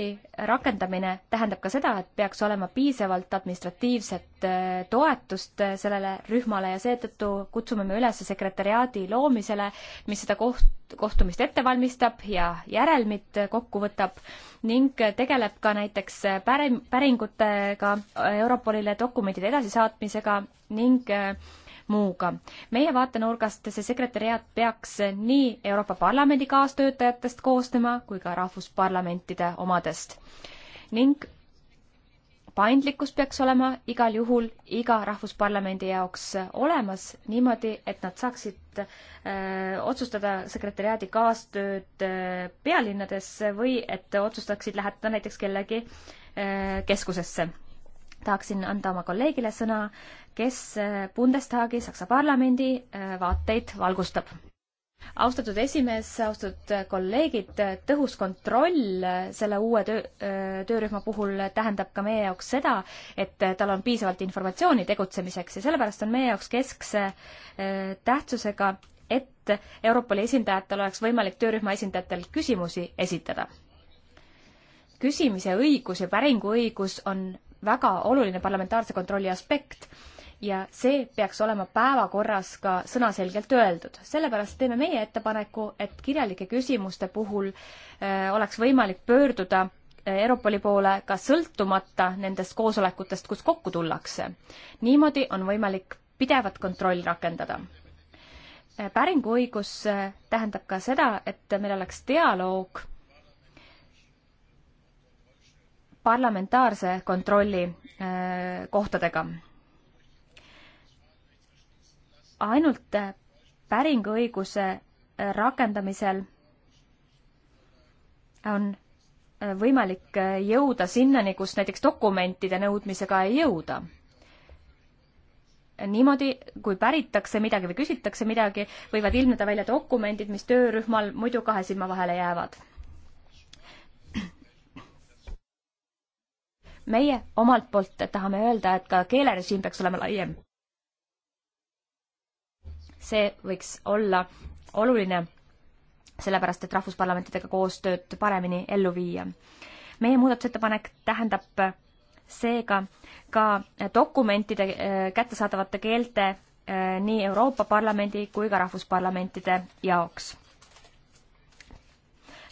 rakendamine tähendab ka seda, et peaks olema piisavalt administratiivset äh, toetust äh, sellele rühmale ja seetõttu kutsume me üles sekretäriaadi loomisele, mis seda koht, kohtumist ette valmistab ja järelmid äh, kokku võtab ning tegeleb ka näiteks pärim-, päringutega, Europolile dokumentide edasisaatmisega ning äh, muuga. meie vaatenurgast see sekretäriaat peaks nii Euroopa Parlamendi kaastöötajatest koosnema kui ka rahvusparlamentide omadest. ning paindlikkus peaks olema igal juhul iga rahvusparlamendi jaoks olemas niimoodi, et nad saaksid öö, äh, otsustada sekretäriaadi kaastööd öö, äh, pealinnades või et otsustaksid lähetada näiteks kellegi öö, äh, keskusesse tahaksin anda oma kolleegile sõna, kes äh, Bundestagi, Saksa parlamendi äh, vaateid valgustab. austatud esimees, austatud äh, kolleegid, tõhus kontroll selle uue töö, töörühma puhul tähendab ka meie jaoks seda, et tal on piisavalt informatsiooni tegutsemiseks ja sellepärast on meie jaoks keskse tähtsusega, et Europoli esindajatel oleks võimalik töörühma esindajatel küsimusi esitada küsimise õigus ja päringuõigus on väga oluline parlamentaarse kontrolli aspekt ja see peaks olema päevakorras ka sõnaselgelt öeldud. sellepärast teeme meie ettepaneku, et kirjalike küsimuste puhul äh, oleks võimalik pöörduda äh, Europoli poole ka sõltumata nendest koosolekutest, kus kokku tullakse. niimoodi on võimalik pidevat kontrolli rakendada. Äh, päringuõigus äh, tähendab ka seda, et meil oleks dialoog parlamentaarse kontrolli äh, kohtadega. ainult äh, päringuõiguse äh, rakendamisel on võimalik jõuda sinnani, kus näiteks dokumentide nõudmisega ei jõuda. niimoodi, kui päritakse midagi või küsitakse midagi, võivad ilmneda välja dokumendid, mis töörühmal muidu kahe silma vahele jäävad meie omalt poolt tahame öelda, et ka keelerežiim peaks olema laiem. see võiks olla oluline, sellepärast et rahvusparlamentidega koostööd paremini ellu viia. meie muudatusettepanek tähendab seega ka dokumentide äh, kättesaadavate keelte äh, nii Euroopa Parlamendi kui ka rahvusparlamentide jaoks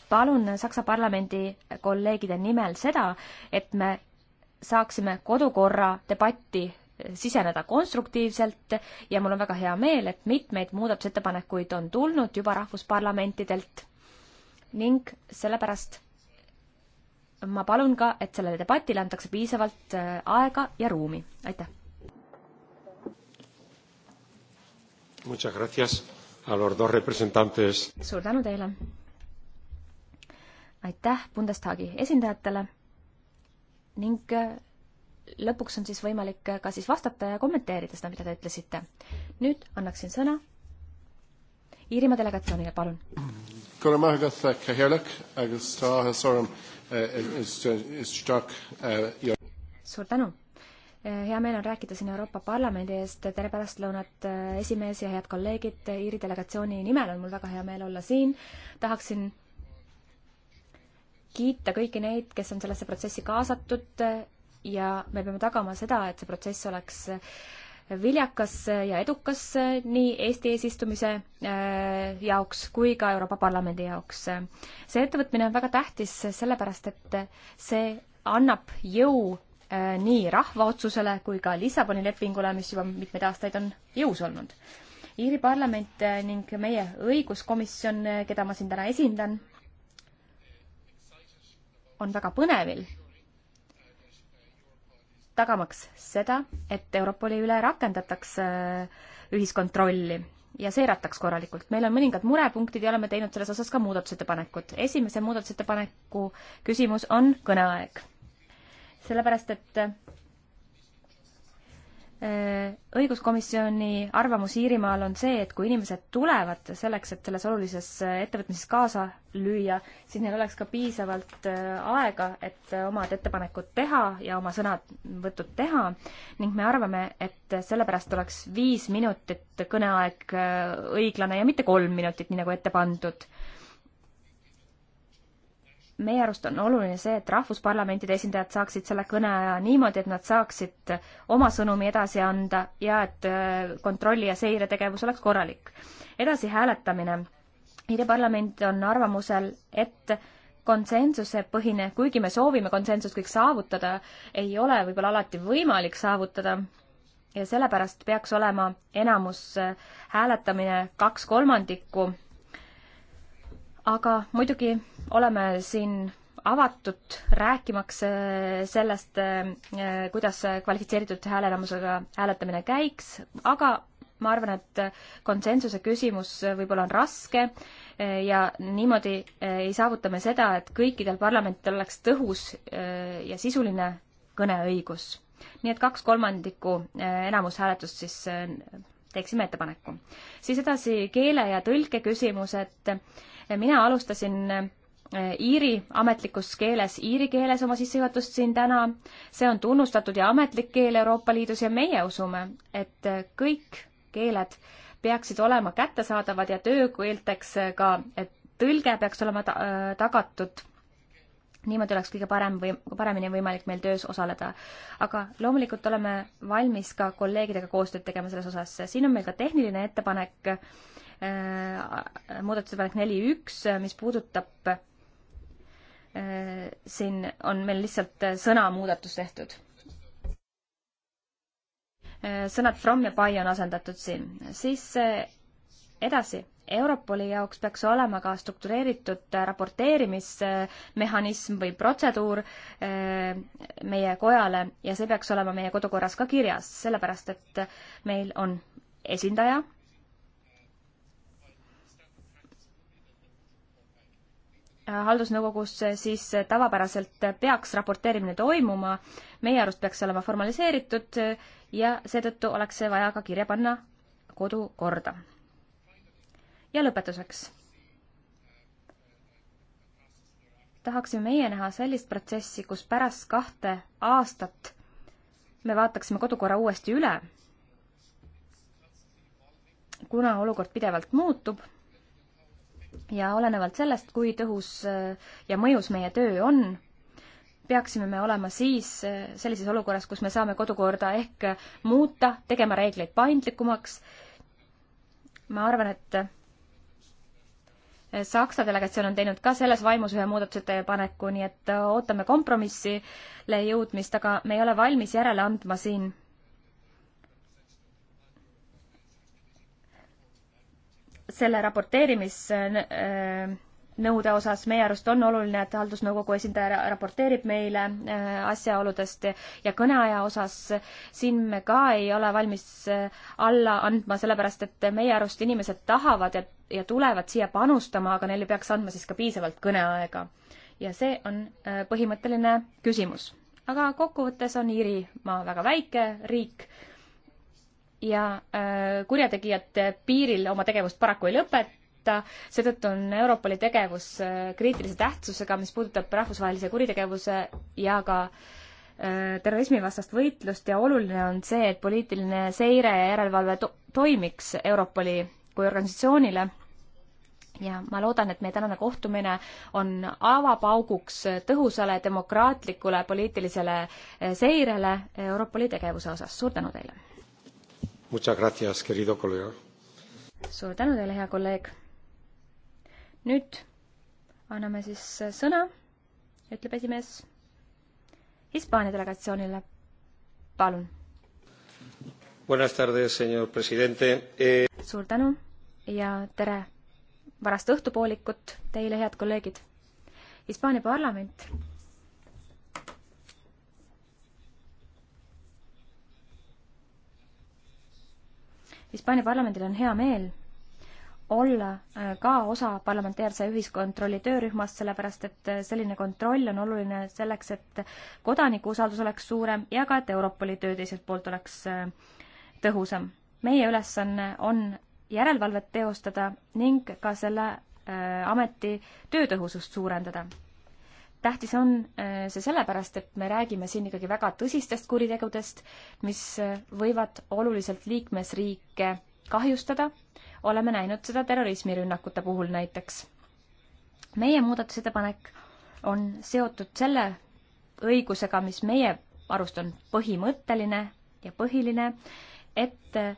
palun Saksa parlamendi kolleegide nimel seda, et me saaksime kodukorra debatti siseneda konstruktiivselt ja mul on väga hea meel, et mitmeid muudatusettepanekuid on tulnud juba rahvusparlamentidelt ning sellepärast ma palun ka, et sellele debatile antakse piisavalt äh, aega ja ruumi, aitäh. suur tänu teile. aitäh Bundestagi esindajatele ning äh, lõpuks on siis võimalik äh, ka siis vastata ja kommenteerida seda, mida te ütlesite. nüüd annaksin sõna Iirimaa delegatsioonile, palun. suur tänu. Eh, hea meel on rääkida siin Euroopa Parlamendi eest, tere pärastlõunat, eh, esimees ja head kolleegid, Iiri delegatsiooni nimel on mul väga hea meel olla siin. tahaksin kiita kõiki neid, kes on sellesse protsessi kaasatud äh, ja me peame tagama seda, et see protsess oleks äh, viljakas äh, ja edukas nii Eesti eesistumise jaoks kui ka Euroopa Parlamendi jaoks. see ettevõtmine on väga tähtis, sellepärast et see annab jõu nii rahvaotsusele kui ka Lissaboni lepingule, mis juba mitmeid aastaid on jõus olnud. Iiri parlament ning meie õiguskomisjon, keda ma siin täna esindan, on väga põnevil, tagamaks seda, et Europoli üle rakendataks äh, ühiskontrolli ja seirataks korralikult. meil on mõningad murepunktid ja oleme teinud selles osas ka muudatusettepanekud. esimese muudatusettepaneku küsimus on kõneaeg. sellepärast, et Äh, õiguskomisjoni arvamus Iirimaal on see, et kui inimesed tulevad selleks, et selles olulises äh, ettevõtmises kaasa lüüa, siis neil oleks ka piisavalt äh, aega, et omad ettepanekud teha ja oma sõnavõtud teha ning me arvame, et sellepärast oleks viis minutit kõneaeg õiglane ja mitte kolm minutit, nii nagu ette pandud meie arust on oluline see, et rahvusparlamentide esindajad saaksid selle kõne aja niimoodi, et nad saaksid oma sõnumi edasi anda ja et äh, kontrolli- ja seiretegevus oleks korralik. edasi hääletamine. Iiri parlament on arvamusel, et konsensusepõhine, kuigi me soovime konsensust kõik saavutada, ei ole võib-olla alati võimalik saavutada ja sellepärast peaks olema enamus äh, hääletamine kaks kolmandikku aga muidugi oleme siin avatud rääkimaks äh, sellest, äh, kuidas kvalifitseeritud hääleelamusega hääletamine käiks, aga ma arvan, et konsensuse küsimus võib-olla on raske äh, ja niimoodi ei saavuta me seda, et kõikidel parlamentidel oleks tõhus ja sisuline kõneõigus. nii et kaks kolmandikku enamushääletust siis teeksime ettepaneku. siis edasi keele ja tõlke küsimus, et mina alustasin eh, Iiri ametlikus keeles, iiri keeles oma sissejuhatust siin täna. see on tunnustatud ja ametlik keel Euroopa Liidus ja meie usume, et eh, kõik keeled peaksid olema kättesaadavad ja töökeelteks eh, ka, et tõlge peaks olema ta tagatud niimoodi oleks kõige parem või paremini võimalik meil töös osaleda. aga loomulikult oleme valmis ka kolleegidega koostööd tegema selles osas. siin on meil ka tehniline ettepanek äh, Äh, muudatusettepanek neli üks, äh, mis puudutab, äh, siin on meil lihtsalt sõnamuudatus tehtud. sõnad from ja by on asendatud siin, siis edasi Europoli jaoks peaks olema ka struktureeritud raporteerimismehhanism või protseduur meie kojale ja see peaks olema meie kodukorras ka kirjas, sellepärast et meil on esindaja Äh, haldusnõukogus, siis äh, tavapäraselt peaks raporteerimine toimuma, meie arust peaks see olema formaliseeritud äh, ja seetõttu oleks see vaja ka kirja panna kodukorda. ja lõpetuseks. tahaksime meie näha sellist protsessi, kus pärast kahte aastat me vaataksime kodukorra uuesti üle, kuna olukord pidevalt muutub ja olenevalt sellest, kui tõhus äh, ja mõjus meie töö on, peaksime me olema siis äh, sellises olukorras, kus me saame kodukorda ehk muuta, tegema reegleid paindlikumaks. ma arvan, et äh, Saksa delegatsioon on teinud ka selles vaimus ühe muudatusettepaneku, nii et ootame kompromissile jõudmist, aga me ei ole valmis järele andma siin selle raporteerimisnõude äh, osas meie arust on oluline, et haldusnõukogu esindaja raporteerib meile äh, asjaoludest ja kõneaja osas siin me ka ei ole valmis äh, alla andma, sellepärast et meie arust inimesed tahavad ja, ja tulevad siia panustama, aga neile peaks andma siis ka piisavalt kõneaega. ja see on põhimõtteline küsimus. aga kokkuvõttes on Iirimaa väga väike riik ja äh, kurjategijad piiril oma tegevust paraku ei lõpeta, seetõttu on Europoli tegevus äh, kriitilise tähtsusega, mis puudutab rahvusvahelise kuritegevuse ja ka äh, terrorismivastast võitlust ja oluline on see, et poliitiline seire ja järelevalve to toimiks Europoli kui organisatsioonile. ja ma loodan, et meie tänane kohtumine on avapauguks tõhusale demokraatlikule poliitilisele seirele Europoli tegevuse osas. suur tänu teile! Muchas gracias, querido kolleeg. suur tänu teile, hea kolleeg. nüüd anname siis sõna, ütleb esimees, Hispaania delegatsioonile. palun. Buenas tardes, senor presidente e.... suur tänu ja tere varast õhtupoolikut teile, head kolleegid. Hispaania parlament Hispaania parlamendil on hea meel olla äh, ka osa parlamentaarse ühiskontrolli töörühmast, sellepärast et äh, selline kontroll on oluline selleks, et kodaniku usaldus oleks suurem ja ka, et Europoli töö teiselt poolt oleks äh, tõhusam. meie ülesanne on, on järelevalvet teostada ning ka selle ameti töötõhusust suurendada tähtis on äh, see sellepärast, et me räägime siin ikkagi väga tõsistest kuritegudest, mis äh, võivad oluliselt liikmesriike kahjustada. oleme näinud seda terrorismirünnakute puhul näiteks. meie muudatusettepanek on seotud selle õigusega, mis meie arust on põhimõtteline ja põhiline, et äh,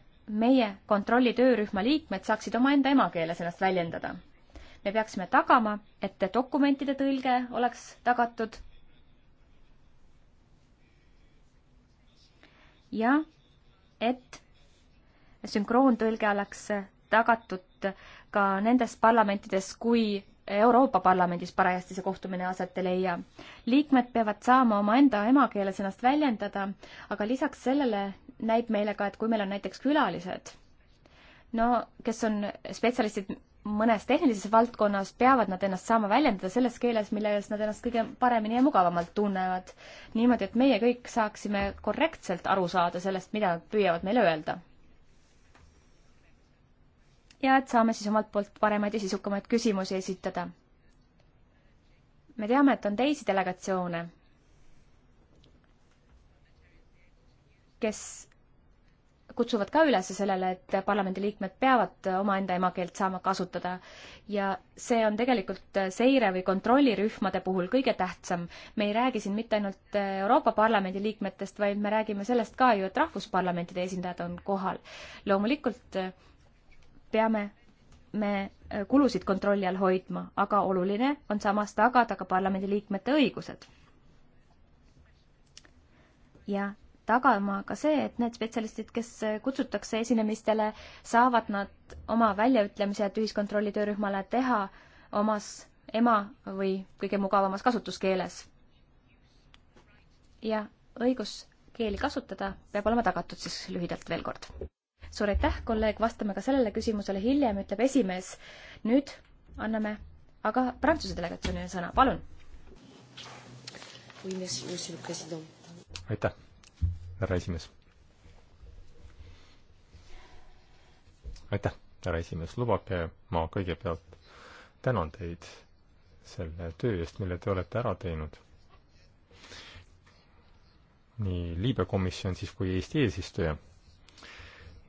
meie kontrolli töörühma liikmed saaksid omaenda emakeeles ennast väljendada me peaksime tagama, et dokumentide tõlge oleks tagatud. ja et sünkroontõlge oleks tagatud ka nendes parlamentides, kui Euroopa Parlamendis parajasti see kohtumine aset ei leia. liikmed peavad saama omaenda emakeeles ennast väljendada, aga lisaks sellele näib meile ka, et kui meil on näiteks külalised, no kes on spetsialistid mõnes tehnilises valdkonnas peavad nad ennast saama väljendada selles keeles, milles nad ennast kõige paremini ja mugavamalt tunnevad. niimoodi, et meie kõik saaksime korrektselt aru saada sellest, mida nad püüavad meile öelda. ja et saame siis omalt poolt paremaid ja sisukamaid küsimusi esitada. me teame, et on teisi delegatsioone, kes kutsuvad ka üles sellele, et parlamendiliikmed peavad omaenda emakeelt saama kasutada. ja see on tegelikult seire- või kontrollirühmade puhul kõige tähtsam. me ei räägi siin mitte ainult Euroopa Parlamendi liikmetest, vaid me räägime sellest ka ju, et rahvusparlamentide esindajad on kohal. loomulikult peame me kulusid kontrolli all hoidma, aga oluline on samas tagada ka parlamendiliikmete õigused. ja tagama ka see, et need spetsialistid, kes kutsutakse esinemistele, saavad nad oma väljaütlemised ühiskontrolli töörühmale teha omas ema või kõige mugavamas kasutuskeeles. ja õigus keeli kasutada peab olema tagatud siis lühidalt veel kord. suur aitäh, kolleeg, vastame ka sellele küsimusele hiljem, ütleb esimees. nüüd anname aga Prantsuse delegatsioonile sõna, palun. aitäh härra esimees. aitäh, härra esimees, lubage, ma kõigepealt tänan teid selle töö eest, mille te olete ära teinud. nii liibekomisjon siis kui Eesti eesistuja.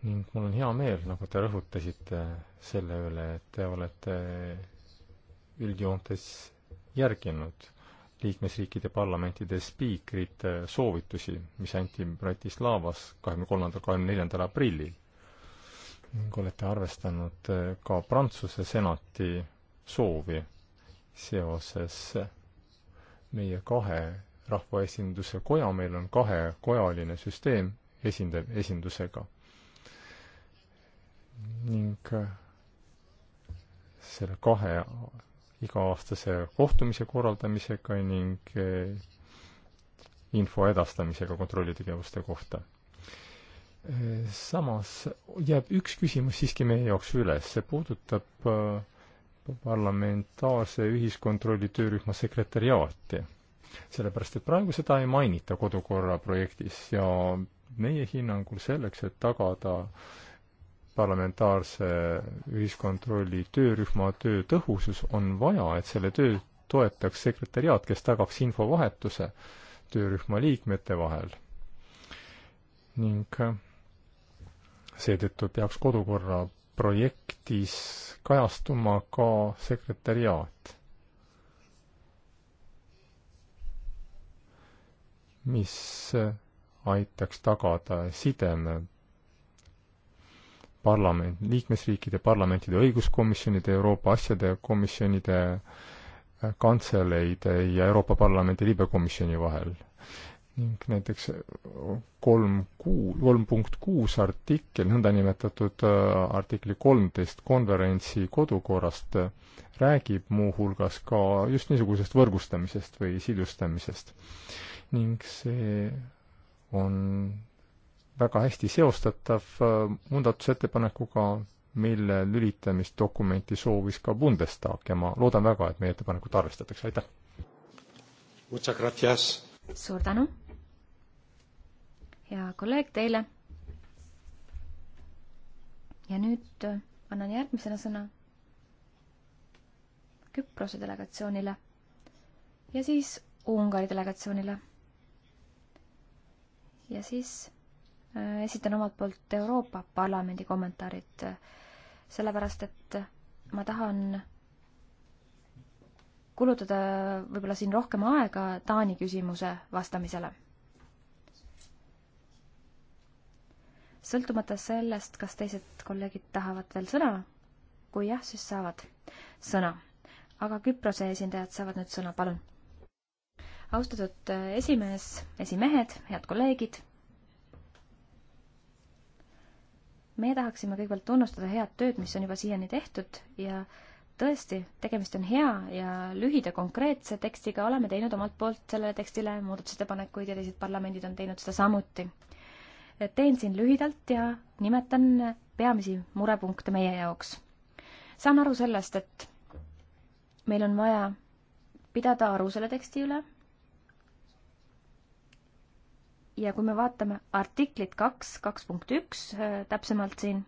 ning mul on hea meel, nagu te rõhutasite selle üle, et te olete üldjoontes järginud liikmesriikide parlamentide spiikrite eh, soovitusi, mis anti Bratislavas kahekümne kolmandal, kahekümne neljandal aprillil. ning olete arvestanud eh, ka Prantsuse senati soovi seoses meie kahe rahvaesinduse koja, meil on kahekojaline süsteem esindav, esindusega. ning eh, selle kahe iga-aastase kohtumise korraldamisega ning eh, info edastamisega kontrollitegevuste kohta. samas jääb üks küsimus siiski meie jaoks üles, see puudutab eh, parlamentaarse ühiskontrolli töörühma sekretäriaati. sellepärast, et praegu seda ei mainita kodukorra projektis ja meie hinnangul selleks, et tagada äh, parlamentaarse ühiskontrolli töörühma töö tõhusus, on vaja, et selle töö toetaks sekretäriaat, kes tagaks infovahetuse töörühma liikmete vahel. ning äh, seetõttu peaks kodukorra projektis kajastuma ka sekretäriaat. mis äh, aitaks tagada sideme parlament, liikmesriikide parlamentide õiguskomisjonide, Euroopa asjade komisjonide äh, kantseleide ja Euroopa Parlamendi libekomisjoni vahel. ning näiteks äh, kolm kuu, kolm punkt kuus artikkel, nõndanimetatud äh, artikli kolmteist konverentsi kodukorrast, räägib muuhulgas ka just niisugusest võrgustamisest või sidustamisest. ning see on väga hästi seostatav äh, muudatusettepanekuga, mille lülitamist dokumenti soovis ka Bundestag ja ma loodan väga, et meie ettepanekut arvestatakse, aitäh! suur tänu! hea kolleeg teile! ja nüüd äh, annan järgmisena sõna Küprose delegatsioonile ja siis Ungari delegatsioonile. ja siis Äh, esitan omalt poolt Euroopa Parlamendi kommentaarid, äh, sellepärast et ma tahan kulutada võib-olla siin rohkem aega Taani küsimuse vastamisele. sõltumata sellest, kas teised kolleegid tahavad veel sõna, kui jah, siis saavad sõna. aga Küprose esindajad saavad nüüd sõna, palun. austatud äh, esimees, esimehed, head kolleegid meie tahaksime kõigepealt tunnustada head tööd, mis on juba siiani tehtud ja tõesti, tegemist on hea ja lühida konkreetse tekstiga, oleme teinud omalt poolt sellele tekstile muudatusettepanekuid ja teised parlamendid on teinud seda samuti. teen siin lühidalt ja nimetan peamisi murepunkte meie jaoks. saan aru sellest, et meil on vaja pidada aru selle teksti üle ja kui me vaatame artiklit kaks, kaks punkt üks äh, täpsemalt siin,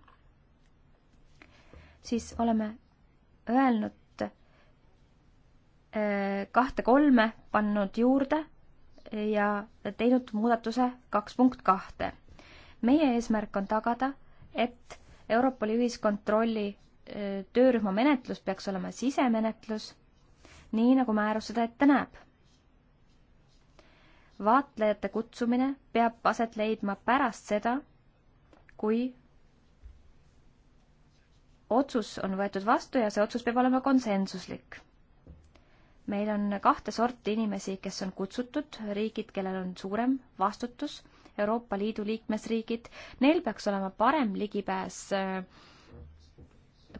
siis oleme öelnud äh, kahte-kolme pannud juurde ja teinud muudatuse kaks punkt kahte. meie eesmärk on tagada, et Europoli ühiskontrolli äh, töörühma menetlus peaks olema sisemenetlus, nii nagu määrus seda ette näeb vaatlejate kutsumine peab aset leidma pärast seda, kui otsus on võetud vastu ja see otsus peab olema konsensuslik. meil on kahte sorti inimesi, kes on kutsutud, riigid, kellel on suurem vastutus, Euroopa Liidu liikmesriigid, neil peaks olema parem ligipääs äh,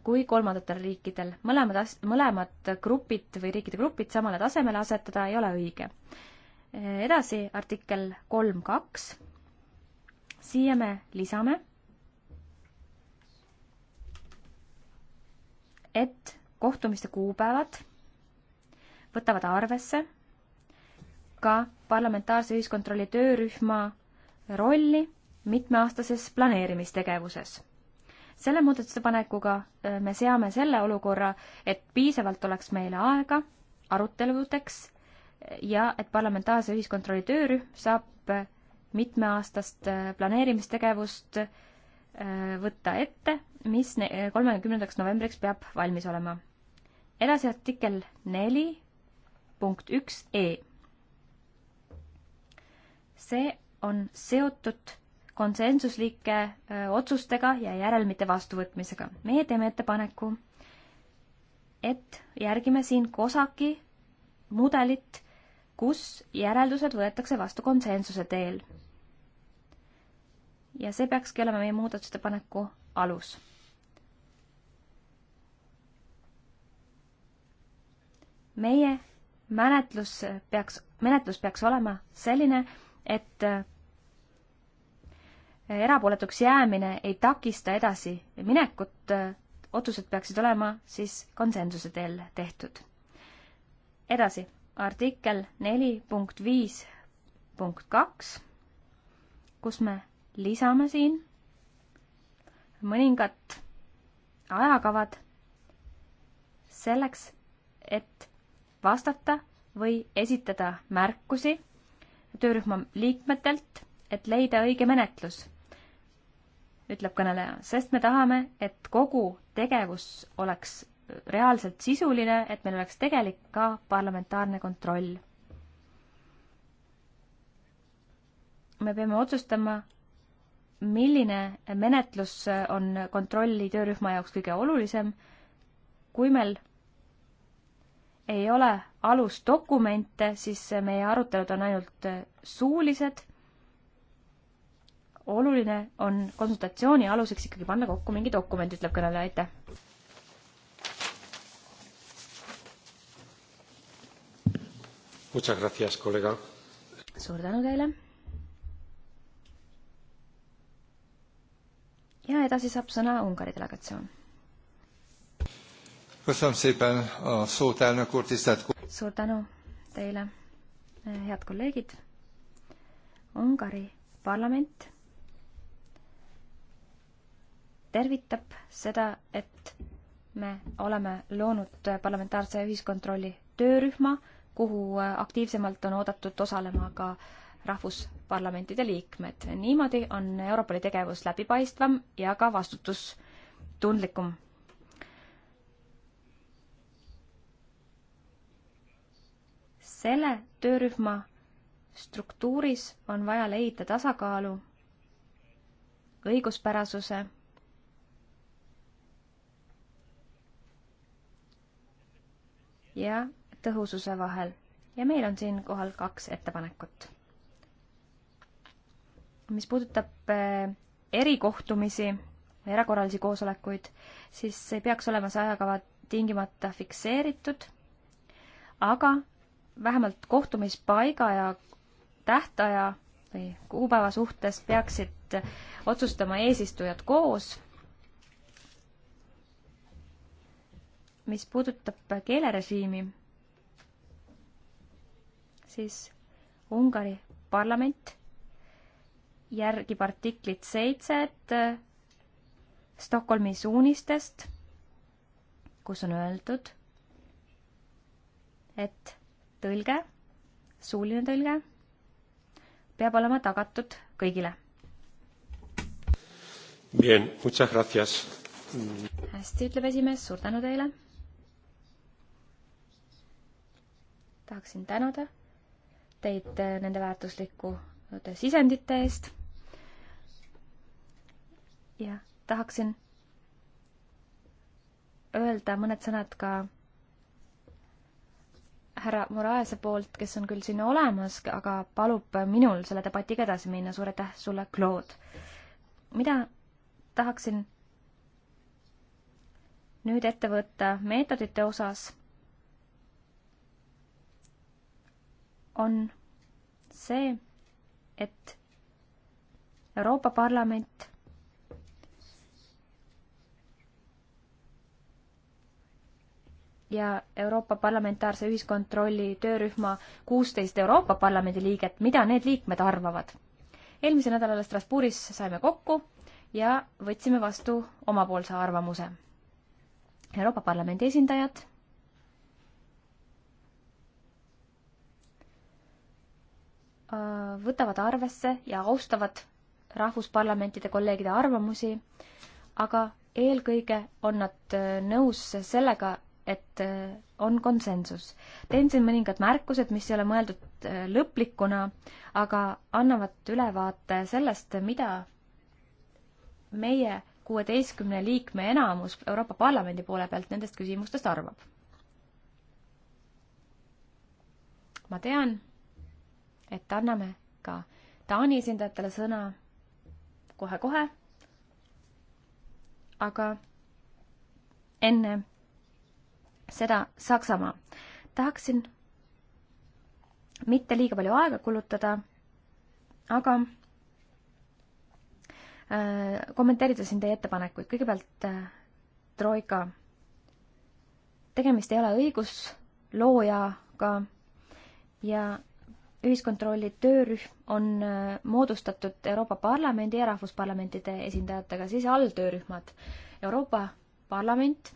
kui kolmandatel riikidel. mõlemad as-, mõlemad grupid või riikide grupid samale tasemele asetada ei ole õige edasi artikkel kolm kaks. siia me lisame, et kohtumiste kuupäevad võtavad arvesse ka parlamentaarse ühiskontrolli töörühma rolli mitmeaastases planeerimistegevuses. selle muudatusettepanekuga äh, me seame selle olukorra, et piisavalt oleks meile aega aruteludeks ja et parlamentaarse ühiskontrolli töörühm saab mitmeaastast äh, planeerimistegevust äh, võtta ette, mis kolmekümnendaks novembriks peab valmis olema. edasi artikkel neli punkt üks E. see on seotud konsensuslike äh, otsustega ja järelmite vastuvõtmisega. meie teeme ettepaneku, et järgime siin COSAC-i mudelit kus järeldused võetakse vastu konsensuse teel. ja see peakski olema meie muudatusettepaneku alus. meie menetlus peaks, menetlus peaks olema selline, et erapooletuks jäämine ei takista edasi minekut, otsused peaksid olema siis konsensuse teel tehtud. edasi artikkel neli punkt viis punkt kaks, kus me lisame siin mõningad ajakavad selleks, et vastata või esitada märkusi töörühma liikmetelt, et leida õige menetlus, ütleb kõneleja, sest me tahame, et kogu tegevus oleks reaalselt sisuline, et meil oleks tegelik ka parlamentaarne kontroll. me peame otsustama, milline menetlus on kontrolli töörühma jaoks kõige olulisem, kui meil ei ole alusdokumente, siis meie arutelud on ainult suulised. oluline on konsultatsiooni aluseks ikkagi panna kokku mingi dokument, ütleb kõneleja, aitäh! Muchas gracias, kolleega. suur tänu teile. ja edasi saab sõna Ungari delegatsioon. suur tänu teile, head kolleegid. Ungari parlament tervitab seda, et me oleme loonud parlamentaarse ühiskontrolli töörühma kuhu äh, aktiivsemalt on oodatud osalema ka rahvusparlamentide liikmed. niimoodi on Europoli tegevus läbipaistvam ja ka vastutustundlikum. selle töörühma struktuuris on vaja leida tasakaalu õiguspärasuse ja tõhususe vahel ja meil on siinkohal kaks ettepanekut. mis puudutab eh, erikohtumisi, erakorralisi koosolekuid, siis ei peaks olema see ajakava tingimata fikseeritud, aga vähemalt kohtumispaiga ja tähtaja või kuupäeva suhtes peaksid otsustama eesistujad koos. mis puudutab keelerežiimi siis Ungari parlament järgib artiklit seitset äh, Stockholmi suunistest, kus on öeldud, et tõlge, suuline tõlge, peab olema tagatud kõigile. Bien, muchas gracias. hästi, ütleb esimees, suur tänu teile. tahaksin tänada teid äh, nende väärtuslikude sisendite eest. ja tahaksin öelda mõned sõnad ka härra Moraese poolt, kes on küll siin olemas, aga palub minul selle debatiga edasi minna. suur aitäh sulle, Claude. mida tahaksin nüüd ette võtta meetodite osas on see, et Euroopa Parlament ja Euroopa Parlamentaarse Ühiskontrolli töörühma kuusteist Euroopa Parlamendi liiget, mida need liikmed arvavad. eelmisel nädalal Strasbourgis saime kokku ja võtsime vastu omapoolse arvamuse. Euroopa Parlamendi esindajad Äh, võtavad arvesse ja austavad rahvusparlamentide kolleegide arvamusi, aga eelkõige on nad äh, nõus sellega, et äh, on konsensus. teen siin mõningad märkused, mis ei ole mõeldud lõplikuna, aga annavad ülevaate sellest, mida meie kuueteistkümne liikme enamus Euroopa Parlamendi poole pealt nendest küsimustest arvab. ma tean et anname ka Taani esindajatele sõna kohe-kohe. aga enne seda Saksamaa. tahaksin mitte liiga palju aega kulutada, aga äh, kommenteerida siin teie ettepanekuid. kõigepealt äh, Troika. tegemist ei ole õigusloojaga ja ühiskontrolli töörühm on äh, moodustatud Euroopa Parlamendi ja rahvusparlamentide esindajatega, siis alltöörühmad. Euroopa Parlament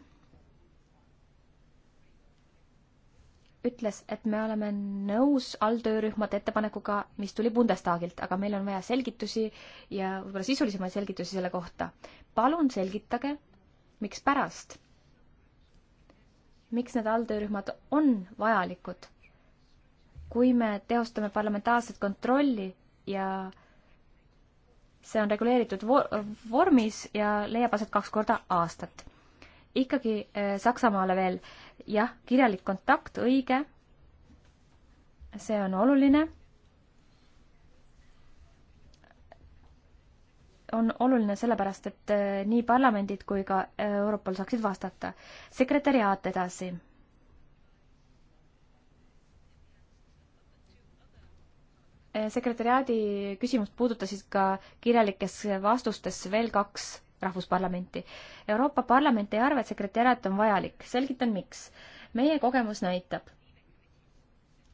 ütles, et me oleme nõus alltöörühmade ettepanekuga, mis tuli Bundestagilt, aga meil on vaja selgitusi ja võib-olla sisulisemaid selgitusi selle kohta. palun selgitage, mikspärast, miks need alltöörühmad on vajalikud kui me teostame parlamentaarset kontrolli ja see on reguleeritud vormis ja leiab aset kaks korda aastat. ikkagi äh, Saksamaale veel, jah, kirjalik kontakt, õige, see on oluline. on oluline sellepärast, et äh, nii parlamendid kui ka äh, Europol saaksid vastata. sekretäriaat edasi sekretäriaadi küsimust puudutasid ka kirjalikes vastustes veel kaks rahvusparlamenti. Euroopa Parlament ei arva, et sekretäriaat on vajalik. selgitan, miks. meie kogemus näitab,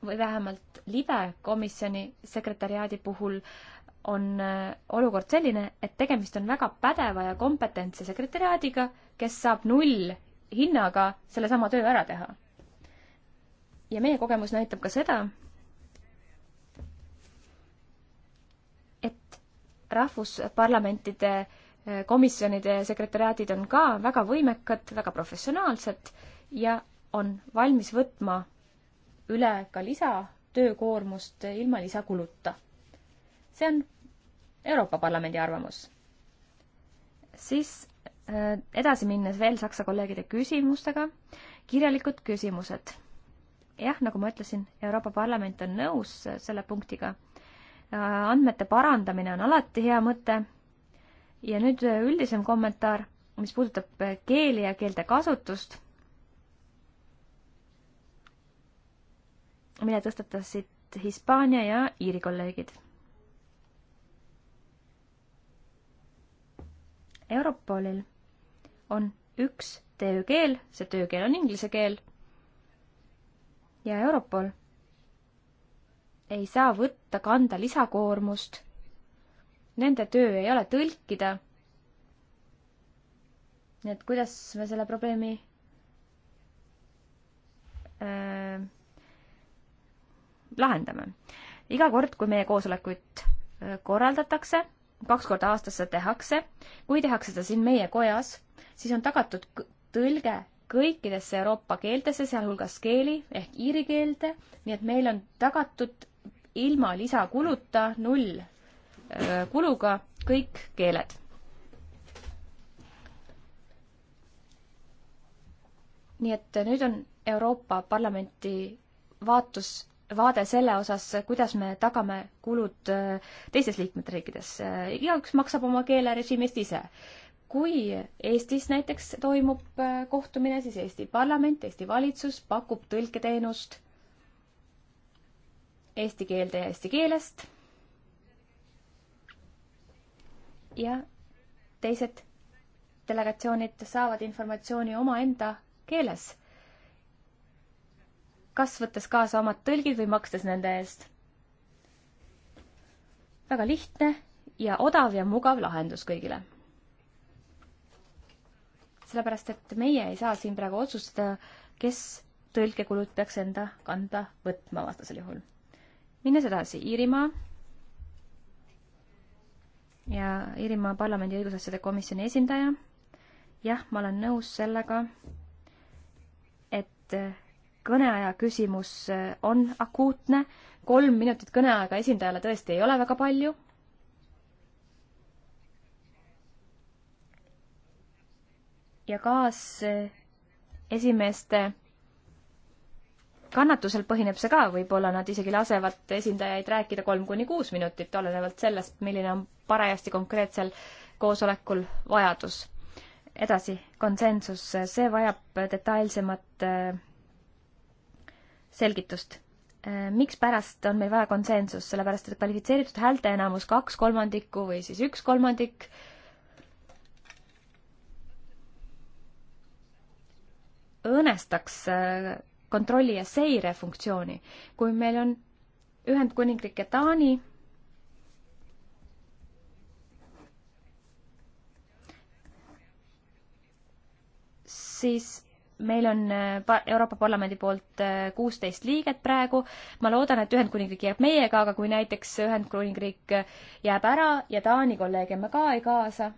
või vähemalt libe komisjoni sekretäriaadi puhul on äh, olukord selline, et tegemist on väga pädeva ja kompetentse sekretäriaadiga, kes saab null hinnaga sellesama töö ära teha. ja meie kogemus näitab ka seda, rahvusparlamentide eh, komisjonide sekretäriaadid on ka väga võimekad, väga professionaalsed ja on valmis võtma üle ka lisatöökoormust ilma lisakuluta. see on Euroopa Parlamendi arvamus. siis eh, edasi minnes veel saksa kolleegide küsimustega, kirjalikud küsimused. jah, nagu ma ütlesin, Euroopa Parlament on nõus selle punktiga Äh, andmete parandamine on alati hea mõte. ja nüüd äh, üldisem kommentaar, mis puudutab äh, keeli ja keelte kasutust, mille tõstatasid Hispaania ja Iiri kolleegid. Europolil on üks töökeel, see töökeel on inglise keel ja Europol ei saa võtta kanda lisakoormust. Nende töö ei ole tõlkida. nii et kuidas me selle probleemi äh, lahendame? iga kord, kui meie koosolekuid äh, korraldatakse, kaks korda aastas seda tehakse, kui tehakse seda siin meie kojas, siis on tagatud tõlge kõikidesse Euroopa keeltesse, sealhulgas keeli ehk iiri keelde, nii et meil on tagatud ilma lisakuluta, null kuluga kõik keeled. nii et nüüd on Euroopa Parlamenti vaatus, vaade selle osas, kuidas me tagame kulud teistes liikmesriikides. igaüks maksab oma keelerežiimist ise. kui Eestis näiteks toimub kohtumine, siis Eesti parlament, Eesti valitsus pakub tõlketeenust eesti keelde ja eesti keelest. ja teised delegatsioonid saavad informatsiooni omaenda keeles, kas võttes kaasa omad tõlgid või makstes nende eest. väga lihtne ja odav ja mugav lahendus kõigile. sellepärast, et meie ei saa siin praegu otsustada, kes tõlkekulud peaks enda kanda võtma vastasel juhul minnes edasi, Iirimaa ja Iirimaa parlamendi õigusasjade komisjoni esindaja. jah, ma olen nõus sellega, et kõneaja küsimus on akuutne, kolm minutit kõneaega esindajale tõesti ei ole väga palju. ja kaasesimeeste kannatusel põhineb see ka, võib-olla nad isegi lasevad esindajaid rääkida kolm kuni kuus minutit, olenevalt sellest, milline on parajasti konkreetsel koosolekul vajadus. edasi, konsensus, see vajab detailsemat äh, selgitust. Äh, mikspärast on meil vaja konsensust, sellepärast et kvalifitseeritud häälteenamus kaks kolmandikku või siis üks kolmandik õõnestaks äh, kontrolli ja seire funktsiooni. kui meil on Ühendkuningriik ja Taani, siis meil on äh, Euroopa Parlamendi poolt äh, kuusteist liiget praegu, ma loodan, et Ühendkuningriik jääb meiega, aga kui näiteks Ühendkuningriik äh, jääb ära ja Taani kolleege me ka ei kaasa,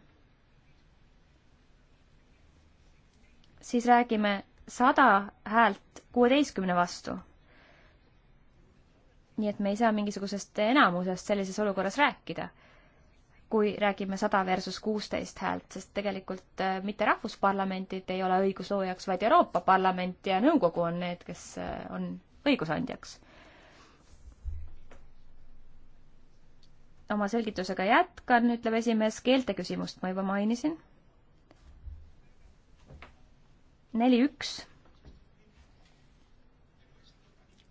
siis räägime sada häält kuueteistkümne vastu. nii et me ei saa mingisugusest enamusest sellises olukorras rääkida, kui räägime sada versus kuusteist häält, sest tegelikult äh, mitte rahvusparlamendid ei ole õigusloojaks, vaid Euroopa Parlament ja nõukogu on need, kes äh, on õigusandjaks. oma selgitusega jätkan, ütleb esimees, keelte küsimust ma juba mainisin neli üks,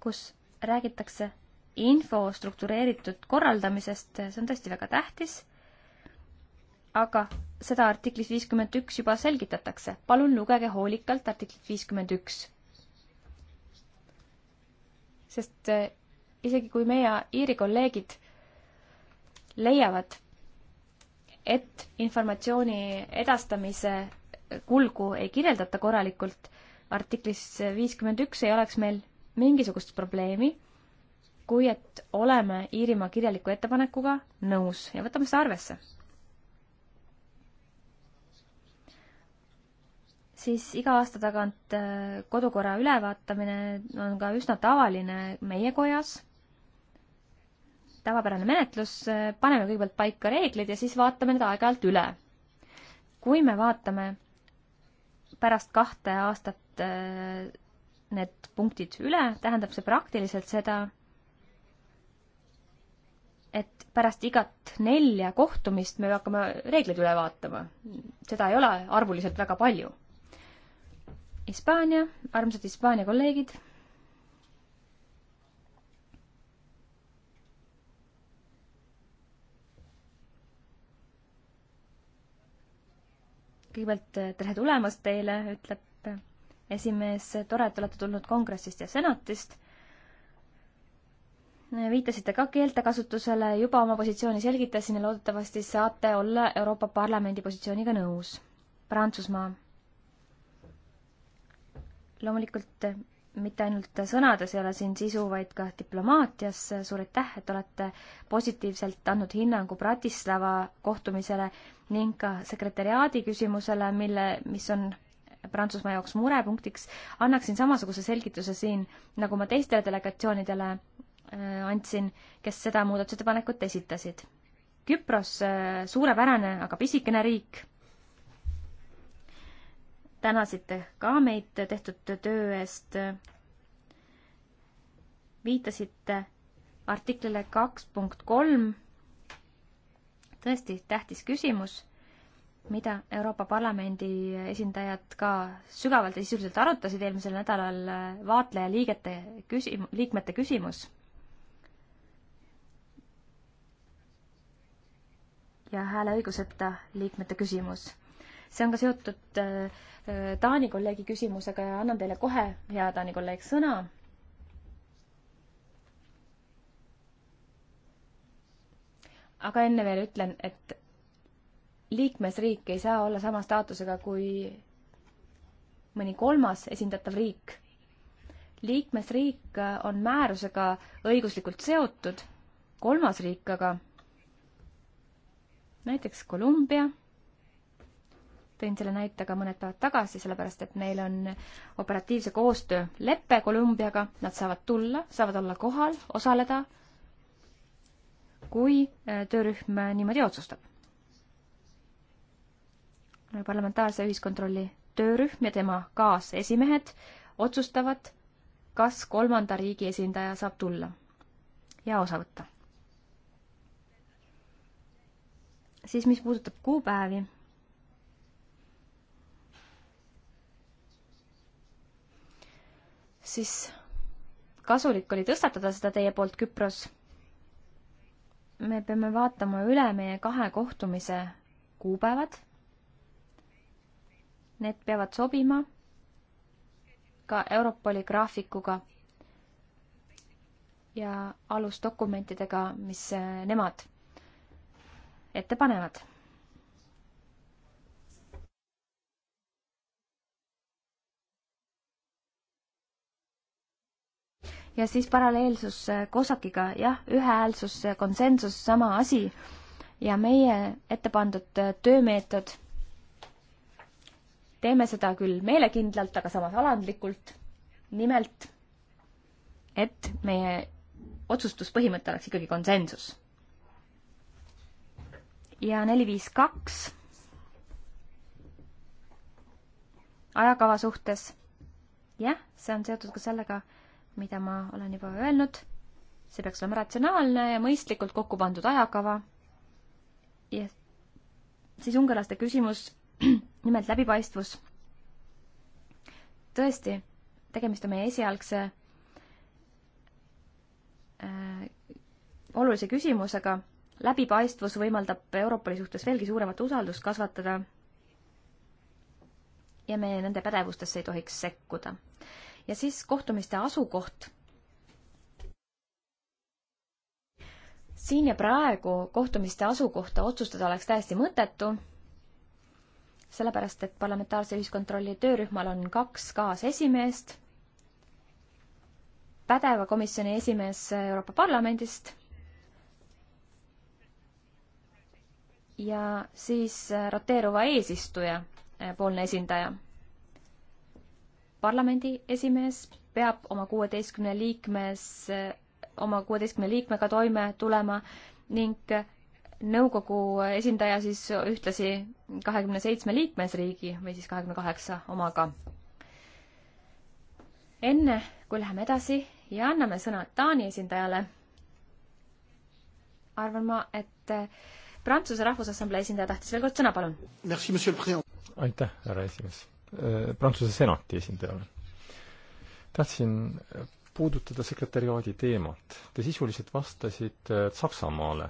kus räägitakse info struktureeritud korraldamisest, see on tõesti väga tähtis, aga seda artiklis viiskümmend üks juba selgitatakse. palun lugege hoolikalt artiklit viiskümmend üks. sest äh, isegi kui meie Iiri kolleegid leiavad, et informatsiooni edastamise kulgu ei kirjeldata korralikult, artiklis viiskümmend üks ei oleks meil mingisugust probleemi, kui et oleme Iirimaa kirjaliku ettepanekuga nõus ja võtame seda arvesse. siis iga aasta tagant äh, kodukorra ülevaatamine on ka üsna tavaline meie kojas tavapärane menetlus, äh, paneme kõigepealt paika reeglid ja siis vaatame need aeg-ajalt üle. kui me vaatame pärast kahte aastat äh, need punktid üle, tähendab see praktiliselt seda, et pärast igat nelja kohtumist me hakkame reegleid üle vaatama. seda ei ole arvuliselt väga palju. Hispaania, armsad Hispaania kolleegid kõigepealt eh, tere tulemast teile, ütleb esimees, tore, et olete tulnud kongressist ja senatist. viitasite ka keelte kasutusele, juba oma positsiooni selgitasin ja loodetavasti saate olla Euroopa Parlamendi positsiooniga nõus. Prantsusmaa. loomulikult eh, mitte ainult sõnades ei ole siin sisu, vaid ka diplomaatias. suur aitäh, et olete positiivselt andnud hinnangu Bratislava kohtumisele ning ka sekretäriaadi küsimusele, mille, mis on Prantsusmaa jaoks murepunktiks, annaksin samasuguse selgituse siin, nagu ma teistele delegatsioonidele äh, andsin, kes seda muudatusettepanekut esitasid. Küpros, äh, suurepärane, aga pisikene riik. tänasite ka meid tehtud töö eest. viitasite artiklile kaks punkt kolm tõesti tähtis küsimus, mida Euroopa Parlamendi esindajad ka sügavalt ja sisuliselt arutasid eelmisel nädalal, äh, vaatlejaliigete küsim-, liikmete küsimus. ja hääleõiguseta liikmete küsimus see on ka seotud äh, äh, Taani kolleegi küsimusega ja annan teile kohe, hea Taani kolleeg, sõna aga enne veel ütlen, et liikmesriik ei saa olla sama staatusega kui mõni kolmas esindatav riik. liikmesriik on määrusega õiguslikult seotud, kolmas riik aga, näiteks Kolumbia, tõin selle näite ka mõned päevad tagasi, sellepärast et neil on operatiivse koostöö lepe Kolumbiaga, nad saavad tulla, saavad olla kohal, osaleda kui äh, töörühm äh, niimoodi otsustab. parlamentaarse ühiskontrolli töörühm ja tema kaasesimehed otsustavad, kas kolmanda riigi esindaja saab tulla ja osa võtta. siis, mis puudutab kuupäevi, siis kasulik oli tõstatada seda teie poolt Küpros me peame vaatama üle meie kahe kohtumise kuupäevad. Need peavad sobima ka Europoli graafikuga ja alusdokumentidega, mis nemad ette panevad ja siis paralleelsus äh, Kosakiga, jah, ühehäälsus, äh, konsensus, sama asi ja meie ette pandud äh, töömeetod, teeme seda küll meelekindlalt, aga samas alandlikult, nimelt, et meie otsustuspõhimõte oleks ikkagi konsensus. ja neli, viis, kaks ajakava suhtes, jah, see on seotud ka sellega, mida ma olen juba öelnud. see peaks olema ratsionaalne ja mõistlikult kokku pandud ajakava. ja siis ungarlaste küsimus, nimelt läbipaistvus. tõesti, tegemist on meie esialgse äh, olulise küsimusega. läbipaistvus võimaldab Europoli suhtes veelgi suuremat usaldust kasvatada. ja me nende pädevustesse ei tohiks sekkuda ja siis kohtumiste asukoht. siin ja praegu kohtumiste asukohta otsustada oleks täiesti mõttetu, sellepärast et parlamentaarse ühiskontrolli töörühmal on kaks kaasesimeest, pädeva komisjoni esimees Euroopa Parlamendist ja siis roteeruva eesistuja eh, poolne esindaja parlamendi esimees peab oma kuueteistkümne liikmes, oma kuueteistkümne liikmega toime tulema ning nõukogu esindaja siis ühtlasi kahekümne seitsme liikmesriigi või siis kahekümne kaheksa omaga. enne kui läheme edasi ja anname sõna Taani esindajale, arvan ma, et eh, Prantsuse Rahvusassamblee esindaja tahtis veel kord sõna, palun. aitäh, härra esimees Äh, Prantsuse senati esindajale. tahtsin puudutada sekretäriaadi teemat. Te sisuliselt vastasite Saksamaale,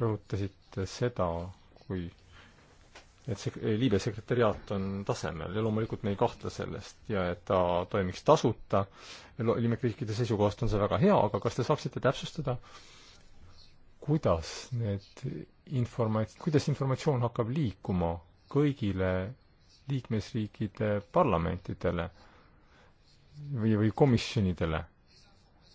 rõhutasite seda, kui et see eh, Liibüa sekretäriaat on tasemel ja loomulikult me ei kahtle sellest ja et ta toimiks tasuta, liikmesriikide seisukohast on see väga hea, aga kas te saaksite täpsustada, kuidas need informat-, kuidas informatsioon hakkab liikuma kõigile liikmesriikide parlamentidele või, või komisjonidele,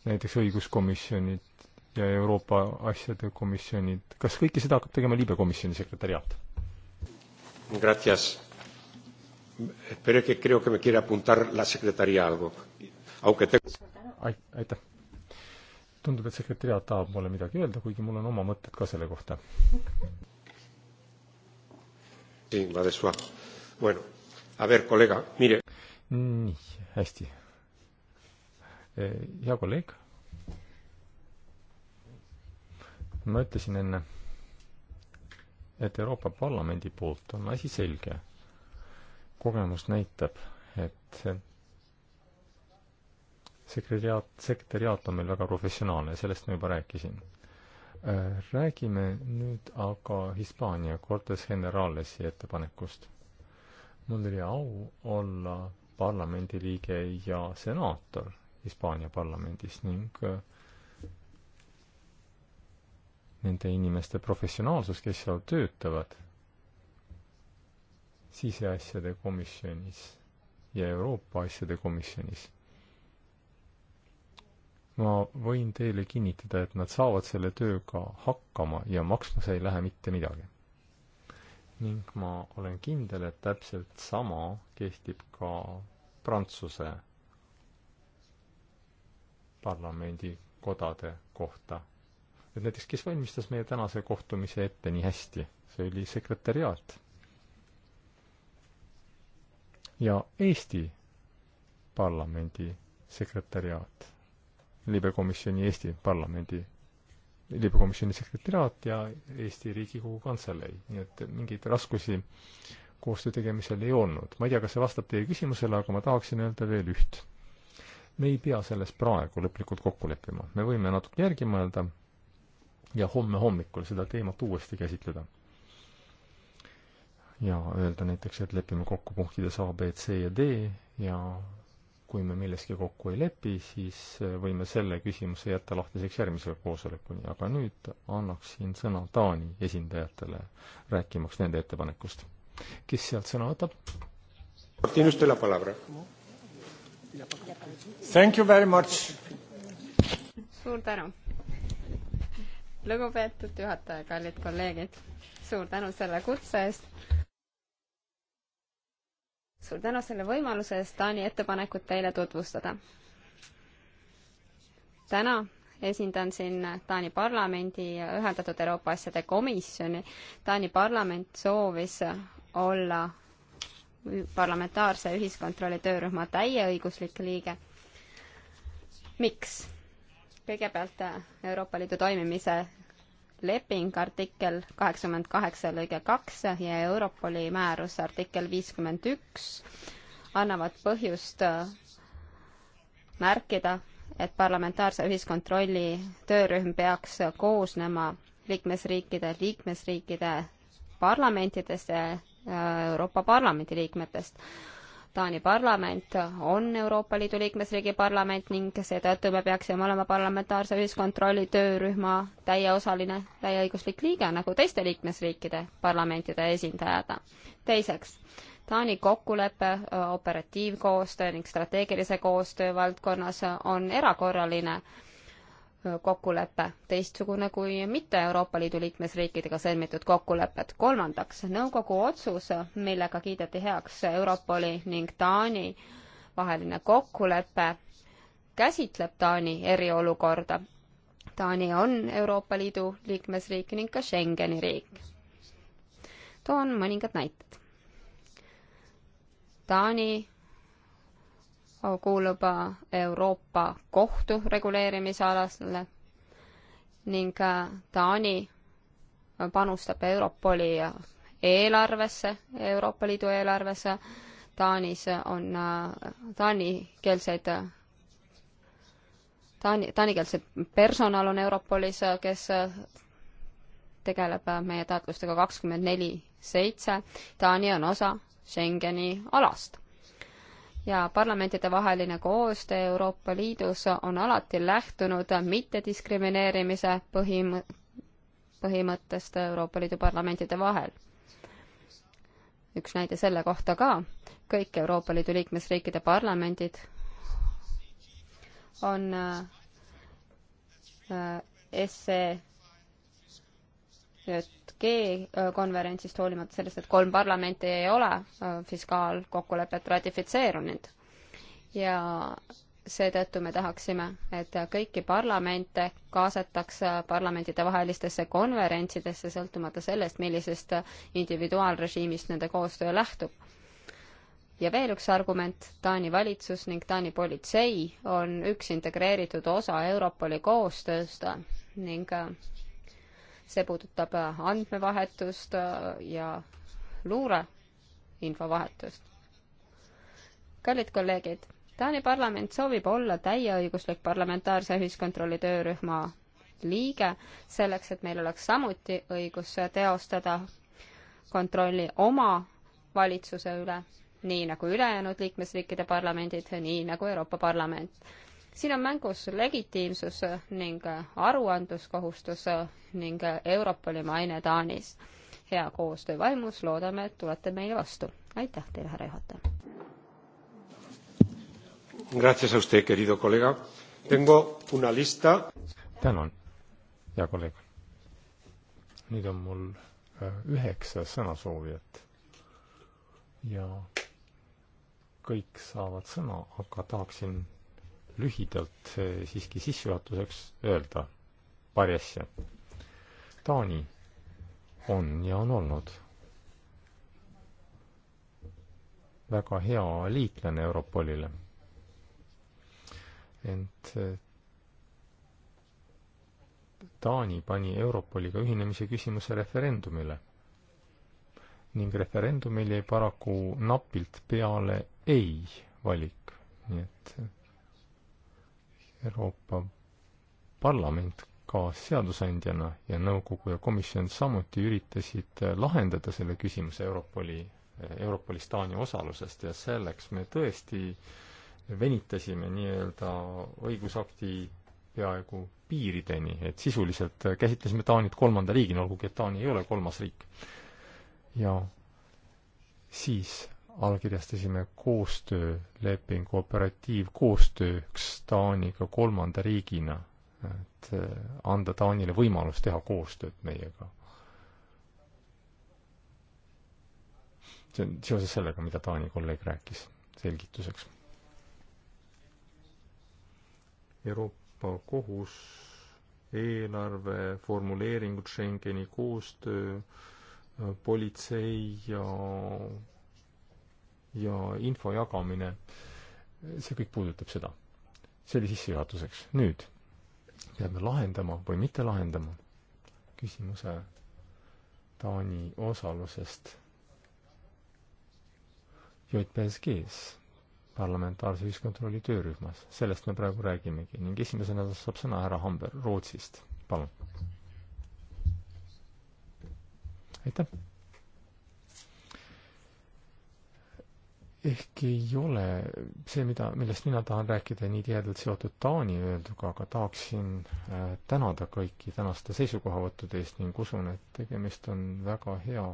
näiteks õiguskomisjonid ja Euroopa asjade komisjonid, kas kõike seda hakkab tegema Liibe komisjoni sekretäriaat? Gracias. Pero es que creo que me quiere apuntar la secretaría algo. Aunque te... aitäh. tundub, et sekretäriaat tahab mulle midagi öelda, kuigi mul on oma mõtted ka selle kohta. Sí, va de suave Bueno, a ver, kolleega, mire. nii, hästi. E, hea kolleeg. ma ütlesin enne, et Euroopa Parlamendi poolt on asi selge. kogemus näitab, et sekretäriaat, sekretäriaat on meil väga professionaalne, sellest ma juba rääkisin. E, räägime nüüd aga Hispaania Cortes Generalesi ettepanekust mul oli au olla parlamendiliige ja senaator Hispaania parlamendis ning äh, nende inimeste professionaalsus, kes seal töötavad, siseasjade komisjonis ja Euroopa asjade komisjonis. ma võin teile kinnitada, et nad saavad selle tööga hakkama ja maksma see ei lähe mitte midagi ning ma olen kindel, et täpselt sama kehtib ka Prantsuse parlamendikodade kohta. et näiteks, kes valmistas meie tänase kohtumise ette nii hästi, see oli sekretäriaat. ja Eesti parlamendi sekretäriaat, libekomisjoni Eesti parlamendi liibekomisjoni sekretäraat ja Eesti Riigikogu Kantselei, nii et mingeid raskusi koostöö tegemisel ei olnud. ma ei tea, kas see vastab teie küsimusele, aga ma tahaksin öelda veel üht. me ei pea selles praegu lõplikult kokku leppima, me võime natuke järgi mõelda ja homme hommikul seda teemat uuesti käsitleda. ja öelda näiteks, et lepime kokku punktides A, B, C ja D ja kui me milleski kokku ei lepi, siis äh, võime selle küsimuse jätta lahtiseks järgmise koosolekuni, aga nüüd annaksin sõna Taani esindajatele, rääkimaks nende ettepanekust. kes sealt sõna võtab? suur tänu! lugupeetud juhataja, kallid kolleegid, suur tänu selle kutse eest suur tänu selle võimaluse eest Taani ettepanekut teile tutvustada. täna esindan siin Taani parlamendi Ühendatud Euroopa Asjade Komisjoni. Taani parlament soovis olla parlamentaarse ühiskontrolli töörühma täieõiguslik liige. miks? kõigepealt Euroopa Liidu toimimise leping artikkel kaheksakümmend kaheksa lõige kaks ja Europoli määrus artikkel viiskümmend üks annavad põhjust äh, märkida, et parlamentaarse ühiskontrolli töörühm peaks koosnema liikmesriikide, liikmesriikide parlamentidest ja äh, Euroopa Parlamendi liikmetest Taani parlament on Euroopa Liidu liikmesriigi parlament ning seetõttu me peaksime olema parlamentaarse ühiskontrolli töörühma täieosaline, täieõiguslik liige, nagu teiste liikmesriikide parlamentide esindajad. teiseks, Taani kokkulepe operatiivkoostöö ning strateegilise koostöö valdkonnas on erakorraline kokkulepe, teistsugune kui mitte Euroopa Liidu liikmesriikidega sõlmitud kokkulepped. kolmandaks, nõukogu otsus, millega kiideti heaks Europoli ning Taani vaheline kokkulepe, käsitleb Taani eriolukorda. Taani on Euroopa Liidu liikmesriik ning ka Schengeni riik. toon mõningad näited. Taani kuulub äh, Euroopa Kohtu reguleerimisalasele ning äh, Taani panustab Europoli äh, eelarvesse, Euroopa Liidu eelarvesse. Taanis on taanikeelseid, taani, taanikeelset personal on Europolis, kes tegeleb meie taotlustega kakskümmend neli seitse. Taani on osa Schengeni alast ja parlamentidevaheline koostöö Euroopa Liidus on alati lähtunud mittediskrimineerimise põhim-, põhimõttest Euroopa Liidu parlamentide vahel. üks näide selle kohta ka, kõik Euroopa Liidu liikmesriikide parlamendid on äh, äh, SE et G konverentsist, hoolimata sellest, et kolm parlamenti ei ole äh, fiskaalkokkulepet ratifitseerunud. ja seetõttu me tahaksime, et kõiki parlamente kaasataks parlamentidevahelistesse konverentsidesse, sõltumata sellest, millisest individuaalrežiimist nende koostöö lähtub. ja veel üks argument, Taani valitsus ning Taani politsei on üks integreeritud osa Europoli koostööst ning äh, see puudutab äh, andmevahetust äh, ja luure infovahetust. kallid kolleegid, Taani parlament soovib olla täieõiguslik parlamentaarse ühiskontrolli töörühma liige, selleks et meil oleks samuti õigus teostada kontrolli oma valitsuse üle, nii nagu ülejäänud liikmesriikide parlamendid, nii nagu Euroopa Parlament siin on mängus legitiimsus ning aruandluskohustus ning Europoli maine Taanis. hea koostöö vaimus, loodame, et tulete meile vastu. aitäh teile, härra juhataja. Gracias a usted, querido colega. Tengo una lista. tänan, hea kolleeg. nüüd on mul äh, üheksa sõnasoovijat ja kõik saavad sõna, aga tahaksin lühidalt eh, siiski sissejuhatuseks öelda paari asja. Taani on ja on olnud väga hea liitlane Europolile. ent eh, Taani pani Europoliga ühinemise küsimuse referendumile ning referendumil jäi paraku napilt peale ei valik, nii et eh, Euroopa Parlament kaasseadusandjana ja nõukogu ja komisjon samuti üritasid lahendada selle küsimuse Europoli, Europolis Taani osalusest ja selleks me tõesti venitasime nii-öelda õigusakti peaaegu piirideni, et sisuliselt käsitlesime Taanit kolmanda riigina, olgugi et Taani ei ole kolmas riik. ja siis allkirjastasime koostöölepingu operatiivkoostööks Taaniga kolmanda riigina, et eh, anda Taanile võimalus teha koostööd meiega. see on seoses sellega, mida Taani kolleeg rääkis selgituseks. Euroopa Kohus, eelarve formuleeringud, Schengeni koostöö, politsei ja ja info jagamine, see kõik puudutab seda. see oli sissejuhatuseks. nüüd peame lahendama või mitte lahendama küsimuse Taani osalusest JPSG-s, parlamentaarse ühiskontrolli töörühmas. sellest me praegu räägimegi ning esimesena saab sõna härra Hamber Rootsist, palun. aitäh! ehkki ei ole see, mida, millest mina tahan rääkida, nii tihedalt seotud Taani öelduga, aga tahaksin äh, tänada kõiki tänaste seisukohavõttude eest ning usun, et tegemist on väga hea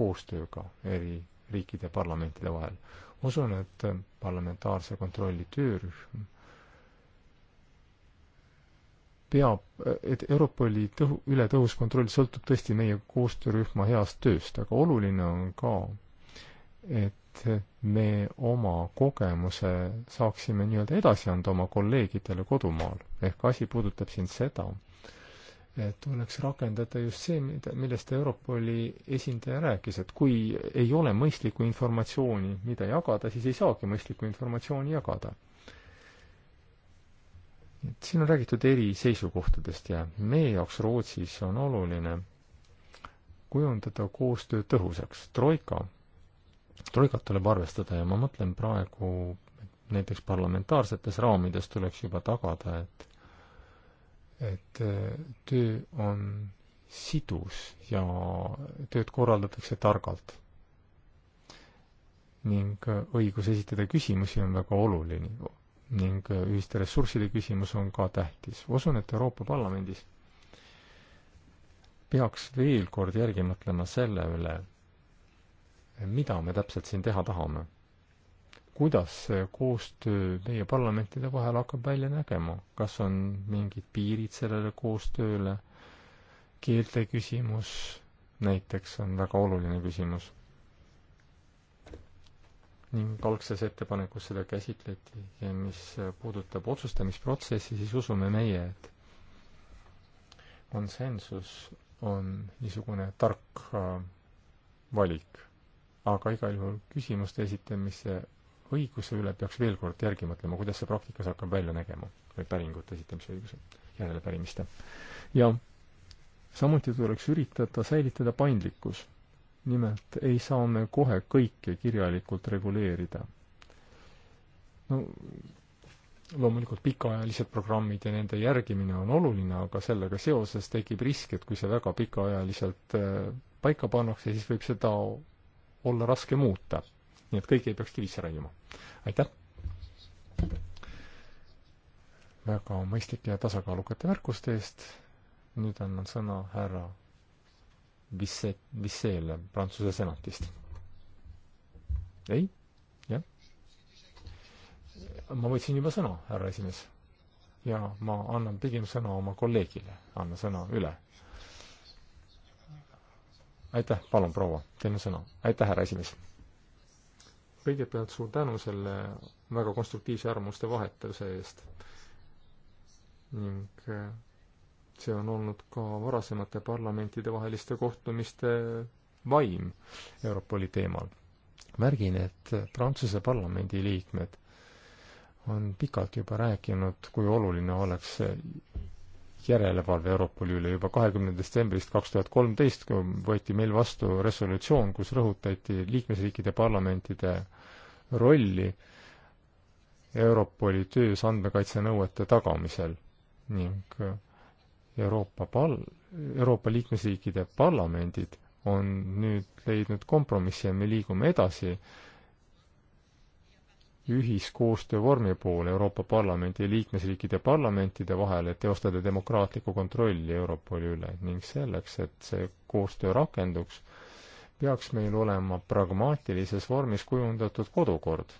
koostööga eri riikide parlamentide vahel. usun, et äh, parlamentaarse kontrolli töörühm peab, äh, et Europoli tõhu, üle tõhus kontroll sõltub tõesti meie koostöörühma heast tööst, aga oluline on ka, et et me oma kogemuse saaksime nii-öelda edasi anda oma kolleegidele kodumaal. ehk asi puudutab siin seda, et tuleks rakendada just see, mida, millest Europoli esindaja rääkis, et kui ei ole mõistlikku informatsiooni, mida jagada, siis ei saagi mõistlikku informatsiooni jagada. et siin on räägitud eri seisukohtadest ja meie jaoks Rootsis on oluline kujundada koostöö tõhusaks. Troika troikat tuleb arvestada ja ma mõtlen praegu, et näiteks parlamentaarsetes raamides tuleks juba tagada, et et eh, töö on sidus ja tööd korraldatakse targalt. ning eh, õigus esitada küsimusi on väga oluline ning eh, ühiste ressursside küsimus on ka tähtis. usun, et Euroopa Parlamendis peaks veel kord järgi mõtlema selle üle, mida me täpselt siin teha tahame. kuidas see koostöö meie parlamentide vahel hakkab välja nägema, kas on mingid piirid sellele koostööle, keelte küsimus näiteks on väga oluline küsimus. ning algses ettepanekus seda käsitleti ja mis puudutab otsustamisprotsessi, siis usume meie, et konsensus on niisugune tark äh, valik aga igal juhul küsimuste esitamise õiguse üle peaks veel kord järgi mõtlema, kuidas see praktikas hakkab välja nägema, või päringute esitamise õiguse, järelepärimiste. ja samuti tuleks üritada säilitada paindlikkus. nimelt ei saa me kohe kõike kirjalikult reguleerida. no loomulikult pikaajalised programmid ja nende järgimine on oluline, aga sellega seoses tekib risk, et kui see väga pikaajaliselt äh, paika pannakse, siis võib seda olla raske muuta. nii et kõike ei peaks kivisse raiuma. aitäh! väga mõistlike ja tasakaalukate märkuste eest. nüüd annan sõna härra Visse-, Visseele Prantsuse senatist. ei? jah? ma võtsin juba sõna, härra esimees. ja ma annan pigem sõna oma kolleegile, anna sõna üle aitäh, palun proua, teil on sõna. aitäh, härra esimees! kõigepealt suur tänu selle väga konstruktiivse arvamuste vahetuse eest ning äh, see on olnud ka varasemate parlamentidevaheliste kohtumiste vaim Europoli teemal. märgin, et Prantsuse parlamendi liikmed on pikalt juba rääkinud, kui oluline oleks järelevalve Europoli üle. juba kahekümnendast detsembrist kaks tuhat kolmteist võeti meil vastu resolutsioon, kus rõhutati liikmesriikide parlamentide rolli Europoli töös andmekaitsenõuete tagamisel ning Euroopa pal-, Euroopa liikmesriikide parlamendid on nüüd leidnud kompromissi ja me liigume edasi äh, ühiskoostöö vormi poole Euroopa Parlamendi ja liikmesriikide parlamentide vahel, et teostada demokraatlikku kontrolli Europoli üle ning selleks, et see koostöö rakenduks, peaks meil olema pragmaatilises vormis kujundatud kodukord.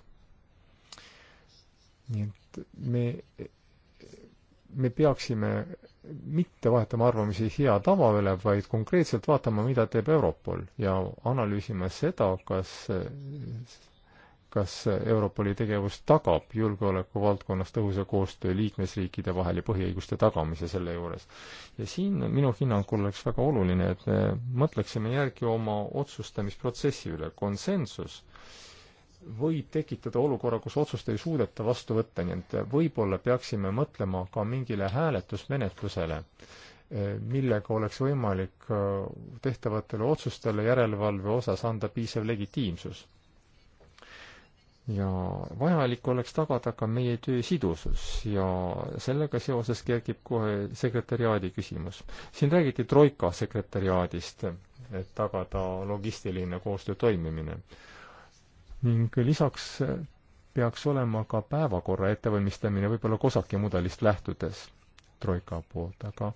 nii et me, me peaksime mitte vahetama arvamusi hea tava üle, vaid konkreetselt vaatama, mida teeb Europol ja analüüsima seda, kas kas Europoli tegevus tagab julgeoleku valdkonnas tõhusa koostöö liikmesriikide vahel ja põhiõiguste tagamise selle juures. ja siin minu hinnangul oleks väga oluline, et me mõtleksime järgi oma otsustamisprotsessi üle. konsensus võib tekitada olukorra, kus otsust ei suudeta vastu võtta, nii et võib-olla peaksime mõtlema ka mingile hääletusmenetlusele, millega oleks võimalik äh, tehtavatele otsustele järelevalve osas anda piisav legitiimsus ja vajalik oleks tagada ka meie töö sidusus ja sellega seoses kerkib kohe sekretäriaadi küsimus. siin räägiti Troika sekretäriaadist, et tagada logistiline koostöö toimimine. ning lisaks peaks olema ka päevakorra ettevalmistamine võib-olla kosaki mudelist lähtudes Troika poolt, aga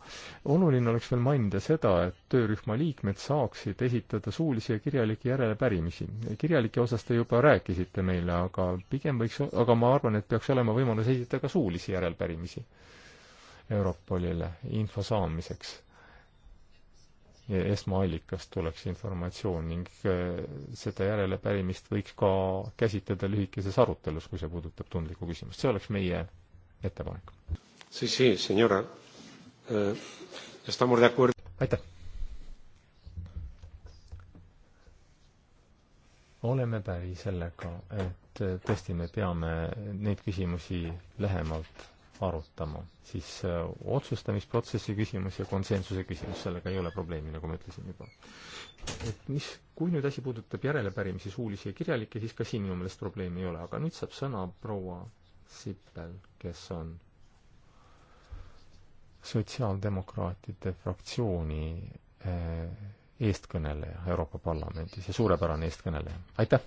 oluline oleks veel mainida seda, et töörühma liikmed saaksid esitada suulisi ja kirjalikke järelepärimisi. kirjalike osas te juba rääkisite meile, aga pigem võiks, aga ma arvan, et peaks olema võimalus esitada ka suulisi järelepärimisi Europolile info saamiseks esmaallikast tuleks informatsioon ning äh, seda järelepärimist võiks ka käsitleda lühikeses arutelus, kui see puudutab tundlikku küsimust. see oleks meie ettepanek siis, siis, senora äh,, eh, estamos de acuerdo. aitäh. oleme päri sellega, et tõesti me peame neid küsimusi lähemalt arutama, siis eh, otsustamisprotsessi küsimus ja konsensuse küsimus, sellega ei ole probleemi, nagu ma ütlesin juba. et mis, kui nüüd asi puudutab järelepärimisi suulisi ja kirjalikke, siis ka siin minu meelest probleemi ei ole, aga nüüd saab sõna proua Sippel, kes on sotsiaaldemokraatide fraktsiooni eh, eestkõneleja Euroopa Parlamendis ja suurepärane eestkõneleja. aitäh!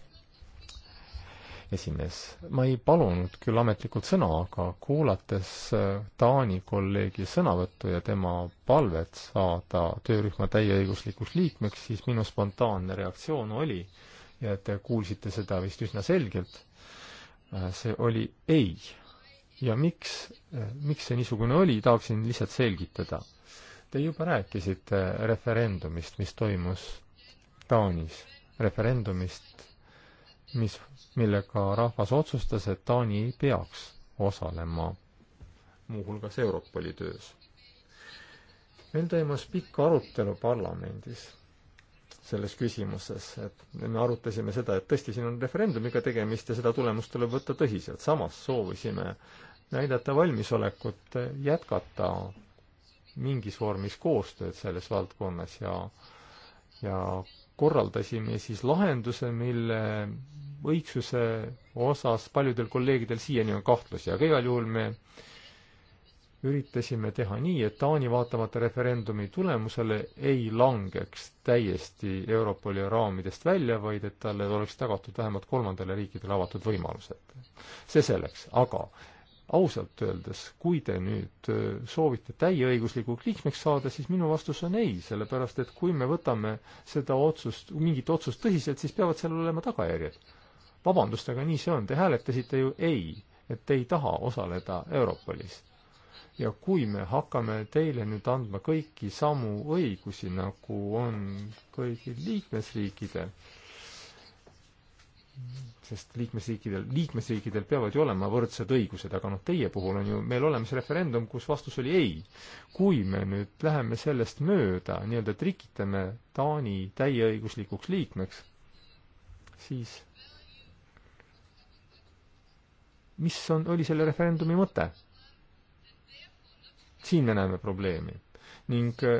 esimees, ma ei palunud küll ametlikult sõna, aga kuulates eh, Taani kolleegi sõnavõttu ja tema palvet saada töörühma täieõiguslikuks liikmeks, siis minu spontaanne reaktsioon oli, ja te kuulsite seda vist üsna selgelt, eh, see oli ei ja miks, eh, miks see niisugune oli, tahaksin lihtsalt selgitada. Te juba rääkisite referendumist, mis toimus Taanis, referendumist, mis, millega rahvas otsustas, et Taani ei peaks osalema muuhulgas Euroopa Liidu töös. meil toimus pikk arutelu parlamendis selles küsimuses, et me arutasime seda, et tõesti, siin on referendumiga tegemist ja seda tulemust tuleb võtta tõsiselt, samas soovisime äh, näidata valmisolekut jätkata mingis vormis koostööd selles valdkonnas ja, ja korraldasime siis lahenduse, mille õigsuse osas paljudel kolleegidel siiani on kahtlusi, aga igal juhul me üritasime teha nii, et Taani vaatamata referendumi tulemusele ei langeks täiesti Europoli raamidest välja, vaid et talle oleks tagatud vähemalt kolmandale riikidele avatud võimalused. see selleks, aga ausalt öeldes, kui te nüüd äh, soovite täieõiguslikuks liikmeks saada, siis minu vastus on ei, sellepärast et kui me võtame seda otsust, mingit otsust tõsiselt, siis peavad seal olema tagajärjed. vabandust, aga nii see on, te hääletasite ju ei, et te ei taha osaleda Europolis. ja kui me hakkame teile nüüd andma kõiki samu õigusi, nagu on kõigil liikmesriikidel, sest liikmesriikidel, liikmesriikidel peavad ju olema võrdsed õigused, aga noh, teie puhul on ju meil olemas referendum, kus vastus oli ei. kui me nüüd läheme sellest mööda, nii-öelda trikitame Taani täieõiguslikuks liikmeks, siis mis on, oli selle referendumi mõte? siin me näeme probleemi ning äh,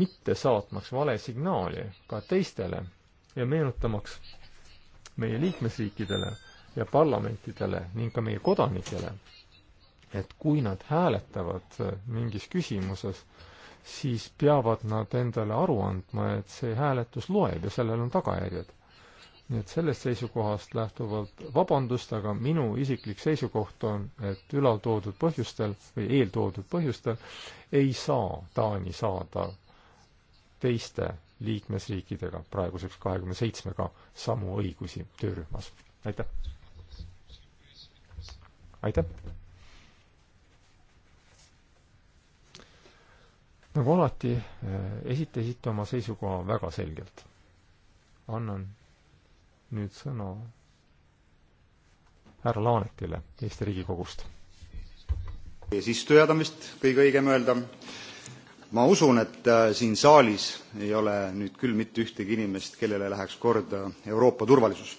mitte saatmaks vale signaali ka teistele ja meenutamaks meie liikmesriikidele ja parlamentidele ning ka meie kodanikele, et kui nad hääletavad äh, mingis küsimuses, siis peavad nad endale aru andma, et see hääletus loeb ja sellel on tagajärjed. nii et sellest seisukohast lähtuvalt vabandust, aga minu isiklik seisukoht on, et ülaltoodud põhjustel või eeltoodud põhjustel ei saa Taani saada teiste liikmesriikidega, praeguseks kahekümne seitsmega, samu õigusi töörühmas. aitäh! aitäh! nagu alati, eh, esitasite oma seisukoha väga selgelt. annan nüüd sõna härra Laanetile Eesti Riigikogust. eesistuja, ta on vist kõige õigem öelda ma usun, et äh, siin saalis ei ole nüüd küll mitte ühtegi inimest, kellele läheks korda Euroopa turvalisus.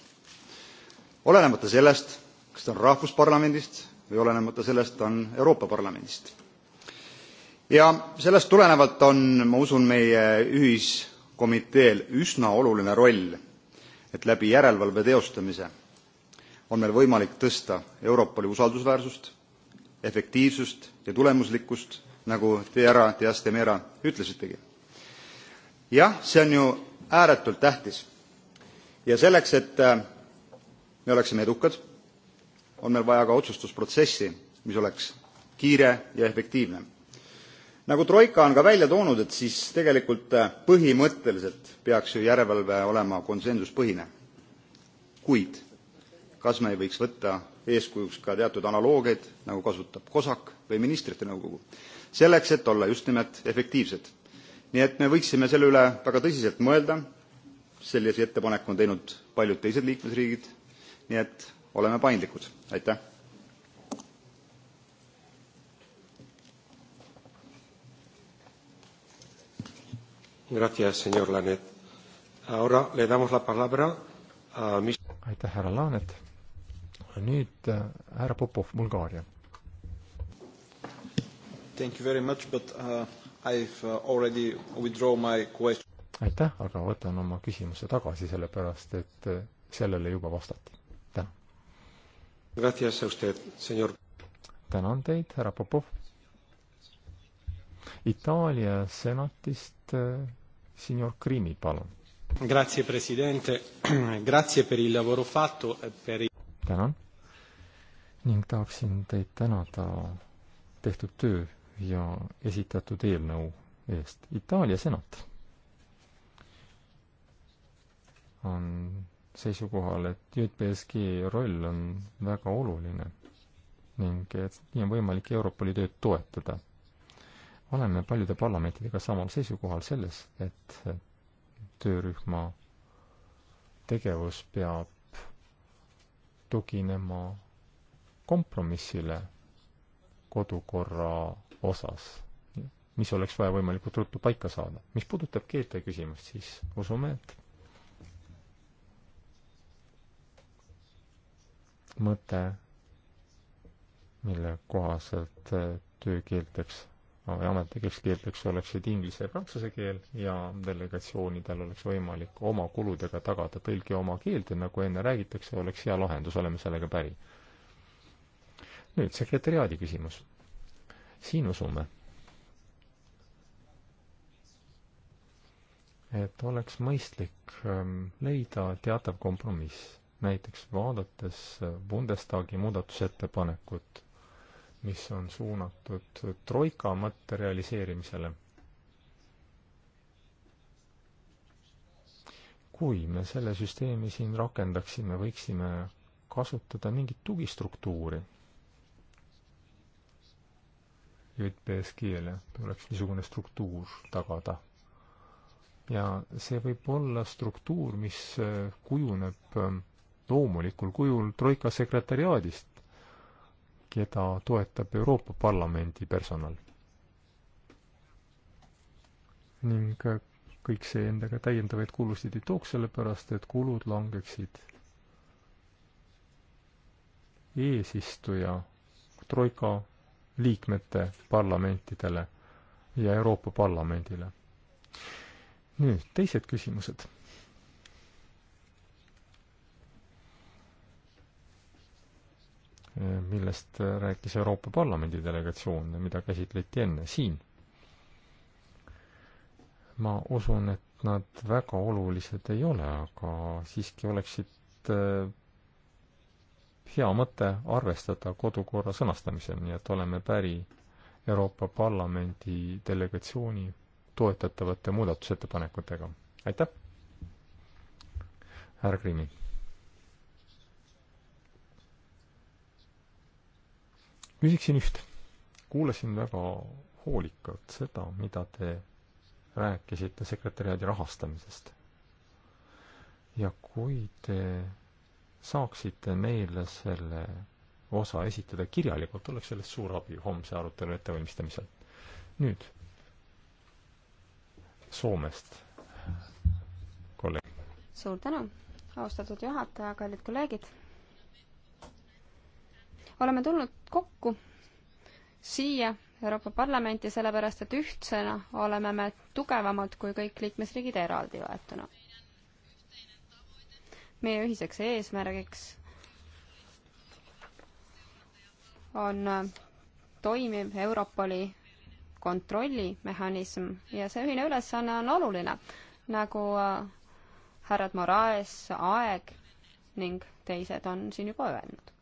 olenemata sellest, kas ta on Rahvusparlamendist või olenemata sellest, ta on Euroopa Parlamendist. ja sellest tulenevalt on, ma usun, meie ühiskomiteel üsna oluline roll, et läbi järelevalve teostamise on meil võimalik tõsta Europoli usaldusväärsust, efektiivsust ja tulemuslikkust nagu te härra Dias de Mera ütlesitegi. jah, see on ju ääretult tähtis. ja selleks, et äh, me oleksime edukad, on meil vaja ka otsustusprotsessi, mis oleks kiire ja efektiivne. nagu Troika on ka välja toonud, et siis tegelikult äh, põhimõtteliselt peaks ju järelevalve olema konsensuspõhine. kuid kas me ei võiks võtta eeskujuks ka teatud analoogiaid, nagu kasutab COSAC või ministrite nõukogu, selleks et olla just nimelt efektiivsed. nii et me võiksime selle üle väga tõsiselt mõelda sellise ettepaneku on teinud paljud teised liikmesriigid nii et oleme paindlikud aitäh Gracias, señor Lanet. Ahora le damos la palabra a mis... aitäh, härra Laanet. nüüd äh, härra Popov, Bulgaaria Thank you very much, but uh, I've uh, already withdraw my question. aitäh, aga võtan oma küsimuse tagasi, sellepärast et uh, sellele juba vastati. tänan. tänan teid, härra Popov. Itaalia senatist uh, signor Crimi, palun. Grazie Presidente, grazie per il lavoro fatto e per il... tänan ning tahaksin teid tänada tehtud töö ja esitatud eelnõu eest. Itaalia senat on seisukohal, et JPSG roll on väga oluline ning et nii on võimalik Euroopa Liidu tööd toetada. oleme paljude parlamentidega samal seisukohal selles, et töörühma tegevus peab tuginema kompromissile kodukorra osas, mis oleks vaja võimalikult ruttu paika saada. mis puudutab keelte küsimust, siis usume, et mõte, mille kohaselt töökeelteks või ametlikeks keelteks oleksid inglise ja prantsuse keel ja delegatsioonidel oleks võimalik oma kuludega tagada tõlge oma keelde, nagu enne räägitakse, oleks hea lahendus, oleme sellega päri nüüd sekretäriaadi küsimus. siin usume, et oleks mõistlik ähm, leida teatav kompromiss, näiteks vaadates äh, Bundestagi muudatusettepanekut, mis on suunatud troika mõtte realiseerimisele kui me selle süsteemi siin rakendaksime, võiksime kasutada mingit tugistruktuuri, JPS-keele, tuleks niisugune struktuur tagada. ja see võib olla struktuur, mis äh, kujuneb ähm, loomulikul kujul Troika sekretäriaadist, keda toetab Euroopa Parlamendi personal. ning äh, kõik see endaga täiendavaid kulusid ei tooks, sellepärast et kulud langeksid eesistuja Troika liikmete parlamentidele ja Euroopa Parlamendile. nüüd teised küsimused. millest rääkis Euroopa Parlamendi delegatsioon ja mida käsitleti enne siin. ma usun, et nad väga olulised ei ole, aga siiski oleksid hea mõte arvestada kodukorra sõnastamisel, nii et oleme päri Euroopa Parlamendi delegatsiooni toetatavate muudatusettepanekutega. aitäh! härra Krimmi. küsiksin üht. kuulasin väga hoolikalt seda, mida te rääkisite sekretäriaadi rahastamisest. ja kui te saaksite meile selle osa esitada kirjalikult, oleks sellest suur abi homse arutelu ettevalmistamisel. nüüd Soomest kolleeg. suur tänu, austatud juhataja, kallid kolleegid. oleme tulnud kokku siia Euroopa Parlamenti sellepärast, et ühtsena oleme me tugevamad kui kõik liikmesriigid eraldi võetuna meie ühiseks eesmärgiks on toimiv Europoli kontrollimehhanism ja see ühine ülesanne on oluline, nagu äh, härrad Moraes, Aeg ning teised on siin juba öelnud.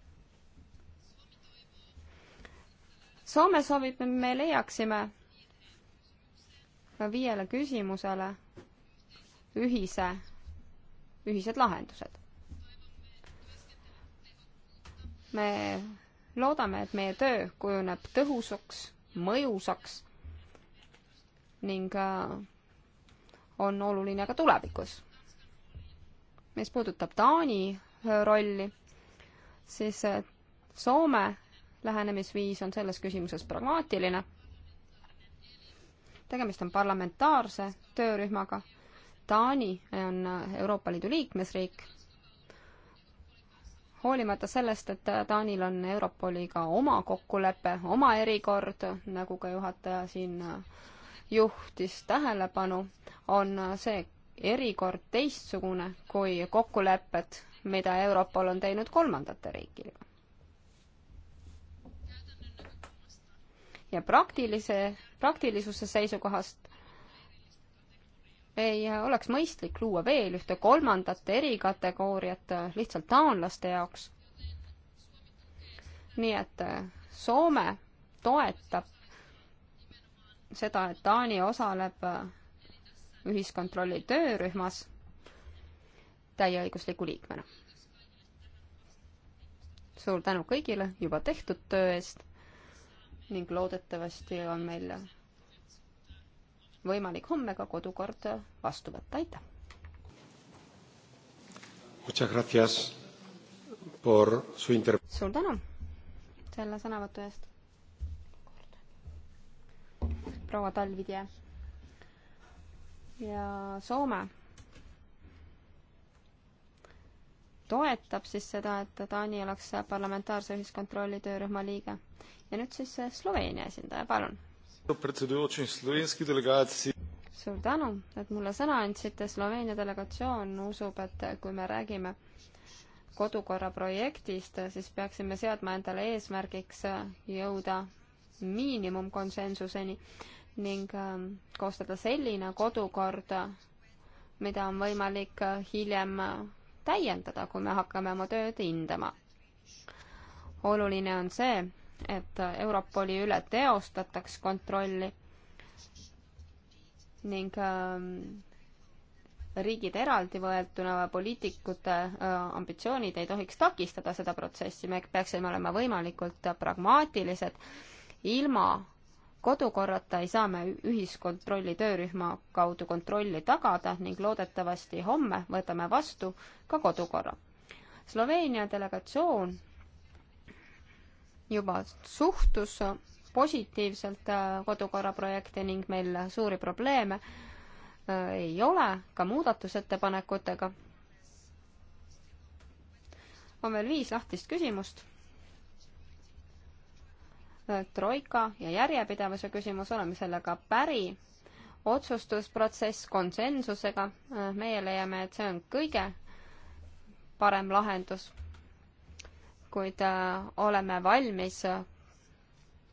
Soome soovib, et me leiaksime viiele küsimusele ühise ühised lahendused. me loodame, et meie töö kujuneb tõhusaks, mõjusaks ning äh, on oluline ka tulevikus. mis puudutab Taani äh, rolli, siis äh, Soome lähenemisviis on selles küsimuses pragmaatiline. tegemist on parlamentaarse töörühmaga Taani on Euroopa Liidu liikmesriik, hoolimata sellest, et Taanil on Europoliga oma kokkulepe, oma erikord, nagu ka juhataja siin juhtis tähelepanu, on see erikord teistsugune kui kokkulepped, mida Europol on teinud kolmandate riikidega. ja praktilise, praktilisuse seisukohast ei äh, oleks mõistlik luua veel ühte kolmandat erikategooriat äh, lihtsalt taanlaste jaoks. nii et äh, Soome toetab seda, et Taani osaleb ühiskontrolli töörühmas täieõigusliku liikmena. suur tänu kõigile juba tehtud töö eest ning loodetavasti on meil võimalik homme ka kodukord vastu võtta, aitäh! suur tänu selle sõnavõtu eest. proua Talvitje ja Soome toetab siis seda, et Taani oleks parlamentaarse ühiskontrolli töörühma liige. ja nüüd siis Sloveenia esindaja, palun suur tänu, et mulle sõna andsite, Sloveenia delegatsioon usub, et kui me räägime kodukorra projektist, siis peaksime seadma endale eesmärgiks jõuda miinimumkonsensuseni ning ähm, koostada selline kodukord, mida on võimalik hiljem täiendada, kui me hakkame oma tööd hindama. oluline on see, et Europoli üle teostataks kontrolli ning ähm, riigid eraldi võetuna poliitikute äh, ambitsioonid ei tohiks takistada seda protsessi, me peaksime olema võimalikult pragmaatilised. ilma kodukorrata ei saa me ühiskontrolli töörühma kaudu kontrolli tagada ning loodetavasti homme võtame vastu ka kodukorra. Sloveenia delegatsioon juba suhtus positiivselt äh, kodukorra projekti ning meil suuri probleeme äh, ei ole ka muudatusettepanekutega. on veel viis lahtist küsimust. Äh, troika ja järjepidevuse küsimus, oleme sellega päri. otsustusprotsess konsensusega, meie leiame, et see on kõige parem lahendus kuid äh, oleme valmis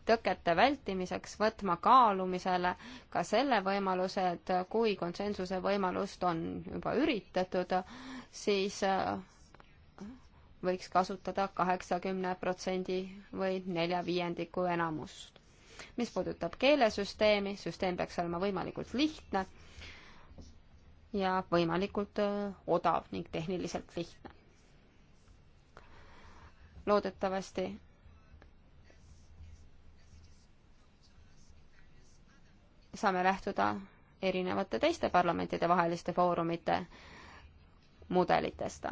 tõkete vältimiseks võtma kaalumisele ka selle võimaluse, et kui konsensuse võimalust on juba üritatud, siis äh, võiks kasutada kaheksakümne protsendi või nelja viiendiku enamust. mis puudutab keelesüsteemi, süsteem peaks olema võimalikult lihtne ja võimalikult äh, odav ning tehniliselt lihtne loodetavasti saame lähtuda erinevate teiste parlamentide vaheliste foorumite mudelitest.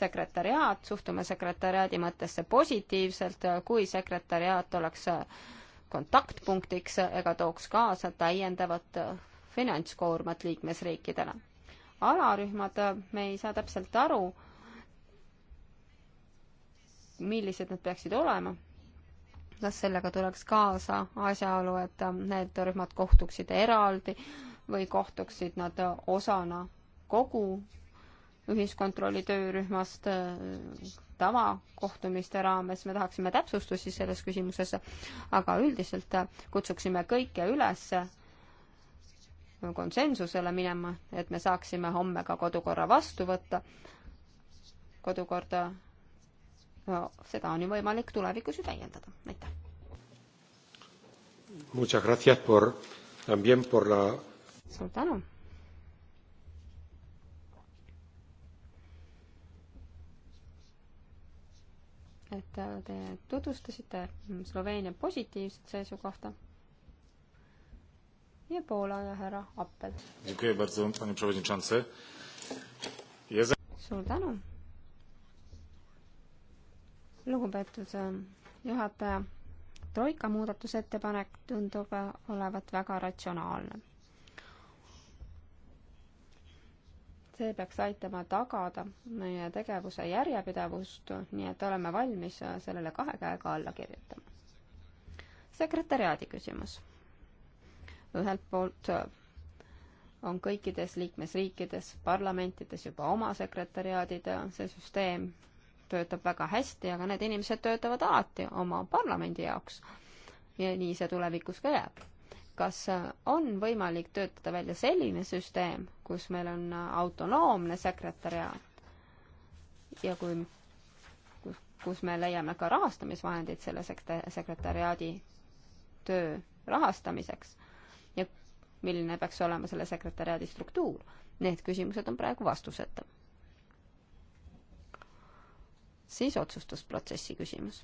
sekretäriaat, suhtume sekretäriaadi mõttesse positiivselt, kui sekretäriaat oleks kontaktpunktiks ega tooks kaasa täiendavat finantskoormat liikmesriikidele. alarühmad, me ei saa täpselt aru, millised need peaksid olema, kas sellega tuleks kaasa asjaolu, et need rühmad kohtuksid eraldi või kohtuksid nad osana kogu ühiskontrolli töörühmast äh, tavakohtumiste raames, me tahaksime täpsustusi selles küsimuses, aga üldiselt kutsuksime kõike üles konsensusele minema, et me saaksime homme ka kodukorra vastu võtta, kodukorda seda on ju võimalik tulevikus ju täiendada, aitäh. Muchas gracias por, también por la. suur tänu. et äh, te tutvustasite Sloveenia positiivset seisukohta. ja Poola ja härra Appel. suur tänu lugupeetud äh, juhataja, Troika muudatusettepanek tundub äh, olevat väga ratsionaalne. see peaks aitama tagada meie tegevuse järjepidevust, nii et oleme valmis äh, sellele kahe käega alla kirjutama. sekretäriaadi küsimus. ühelt poolt on kõikides liikmesriikides, parlamentides juba oma sekretäriaadid, see süsteem töötab väga hästi, aga need inimesed töötavad alati oma parlamendi jaoks. ja nii see tulevikus ka jääb. kas äh, on võimalik töötada välja selline süsteem, kus meil on äh, autonoomne sekretäriaat ja kui, kus, kus me leiame ka rahastamisvahendid selle sekte-, sekretäriaadi töö rahastamiseks ja milline peaks olema selle sekretäriaadi struktuur? Need küsimused on praegu vastuseta siis otsustusprotsessi küsimus.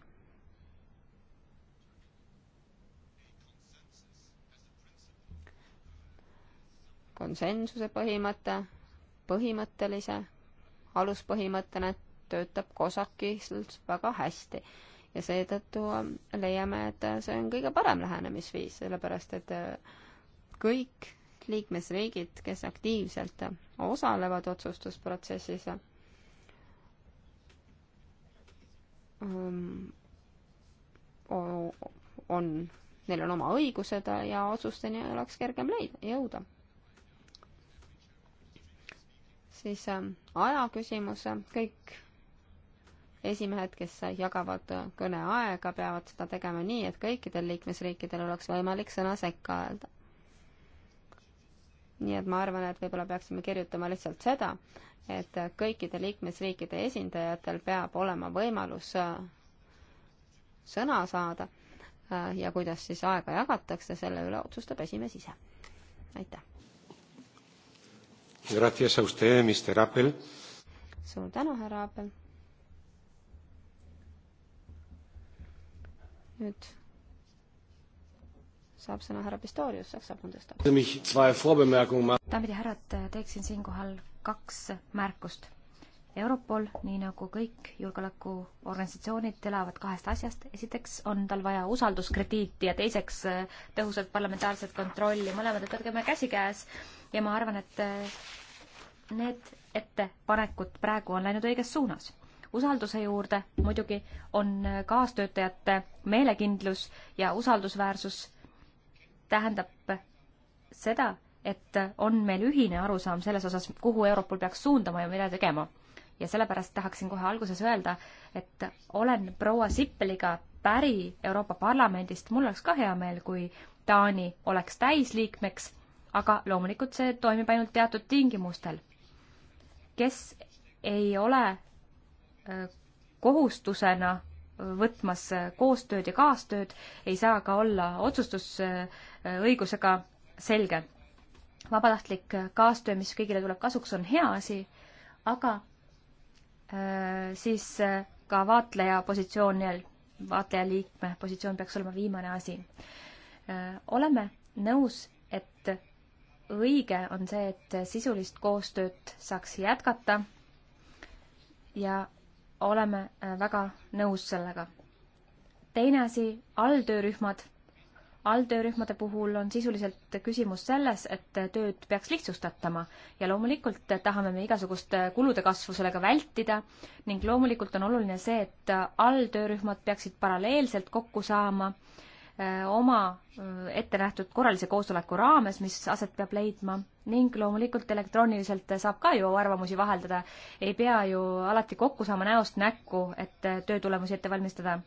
konsensuse põhimõte, põhimõttelise aluspõhimõttena töötab COSAC-is väga hästi ja seetõttu leiame, et see on kõige parem lähenemisviis, sellepärast et kõik liikmesriigid, kes aktiivselt osalevad otsustusprotsessis, on, neil on oma õigused ja otsusteni oleks kergem leida, jõuda. siis aja küsimus, kõik esimehed, kes jagavad kõneaega, peavad seda tegema nii, et kõikidel liikmesriikidel oleks võimalik sõna sekka öelda nii et ma arvan, et võib-olla peaksime kirjutama lihtsalt seda, et kõikide liikmesriikide esindajatel peab olema võimalus äh, sõna saada äh, ja kuidas siis aega jagatakse, selle üle otsustab esimees ise. aitäh. Gracias a usted, Mr Apel. suur tänu, härra Apel. nüüd saab sõna härra Pistorius Saksa Bundestagist. daamid ja härrad, teeksin siinkohal kaks märkust. Europol, nii nagu kõik julgeolekuorganisatsioonid, elavad kahest asjast. esiteks on tal vaja usalduskrediiti ja teiseks äh, tõhusat parlamentaarset kontrolli. mõlemad tõrgeme käsikäes ja ma arvan, et äh, need ettepanekud praegu on läinud õiges suunas usalduse juurde muidugi on äh, kaastöötajate meelekindlus ja usaldusväärsus tähendab seda, et on meil ühine arusaam selles osas, kuhu Europol peaks suundama ja mida tegema. ja sellepärast tahaksin kohe alguses öelda, et olen proua Sippeliga päri Euroopa Parlamendist, mul oleks ka hea meel, kui Taani oleks täisliikmeks, aga loomulikult see toimib ainult teatud tingimustel. kes ei ole äh, kohustusena võtmas äh, koostööd ja kaastööd, ei saa ka olla otsustus äh, õigusega selge. vabatahtlik kaastöö, mis kõigile tuleb kasuks, on hea asi, aga äh, siis äh, ka vaatleja positsioon ja vaatleja liikme positsioon peaks olema viimane asi. Äh, oleme nõus, et õige on see, et sisulist koostööd saaks jätkata ja oleme väga nõus sellega. teine asi, alltöörühmad alltöörühmade puhul on sisuliselt küsimus selles, et tööd peaks lihtsustatama ja loomulikult tahame me igasugust kulude kasvu sellega vältida ning loomulikult on oluline see, et alltöörühmad peaksid paralleelselt kokku saama oma ettenähtud korralise koosoleku raames, mis aset peab leidma ning loomulikult elektrooniliselt saab ka ju arvamusi vaheldada. ei pea ju alati kokku saama näost näkku, et töö tulemusi ette valmistada.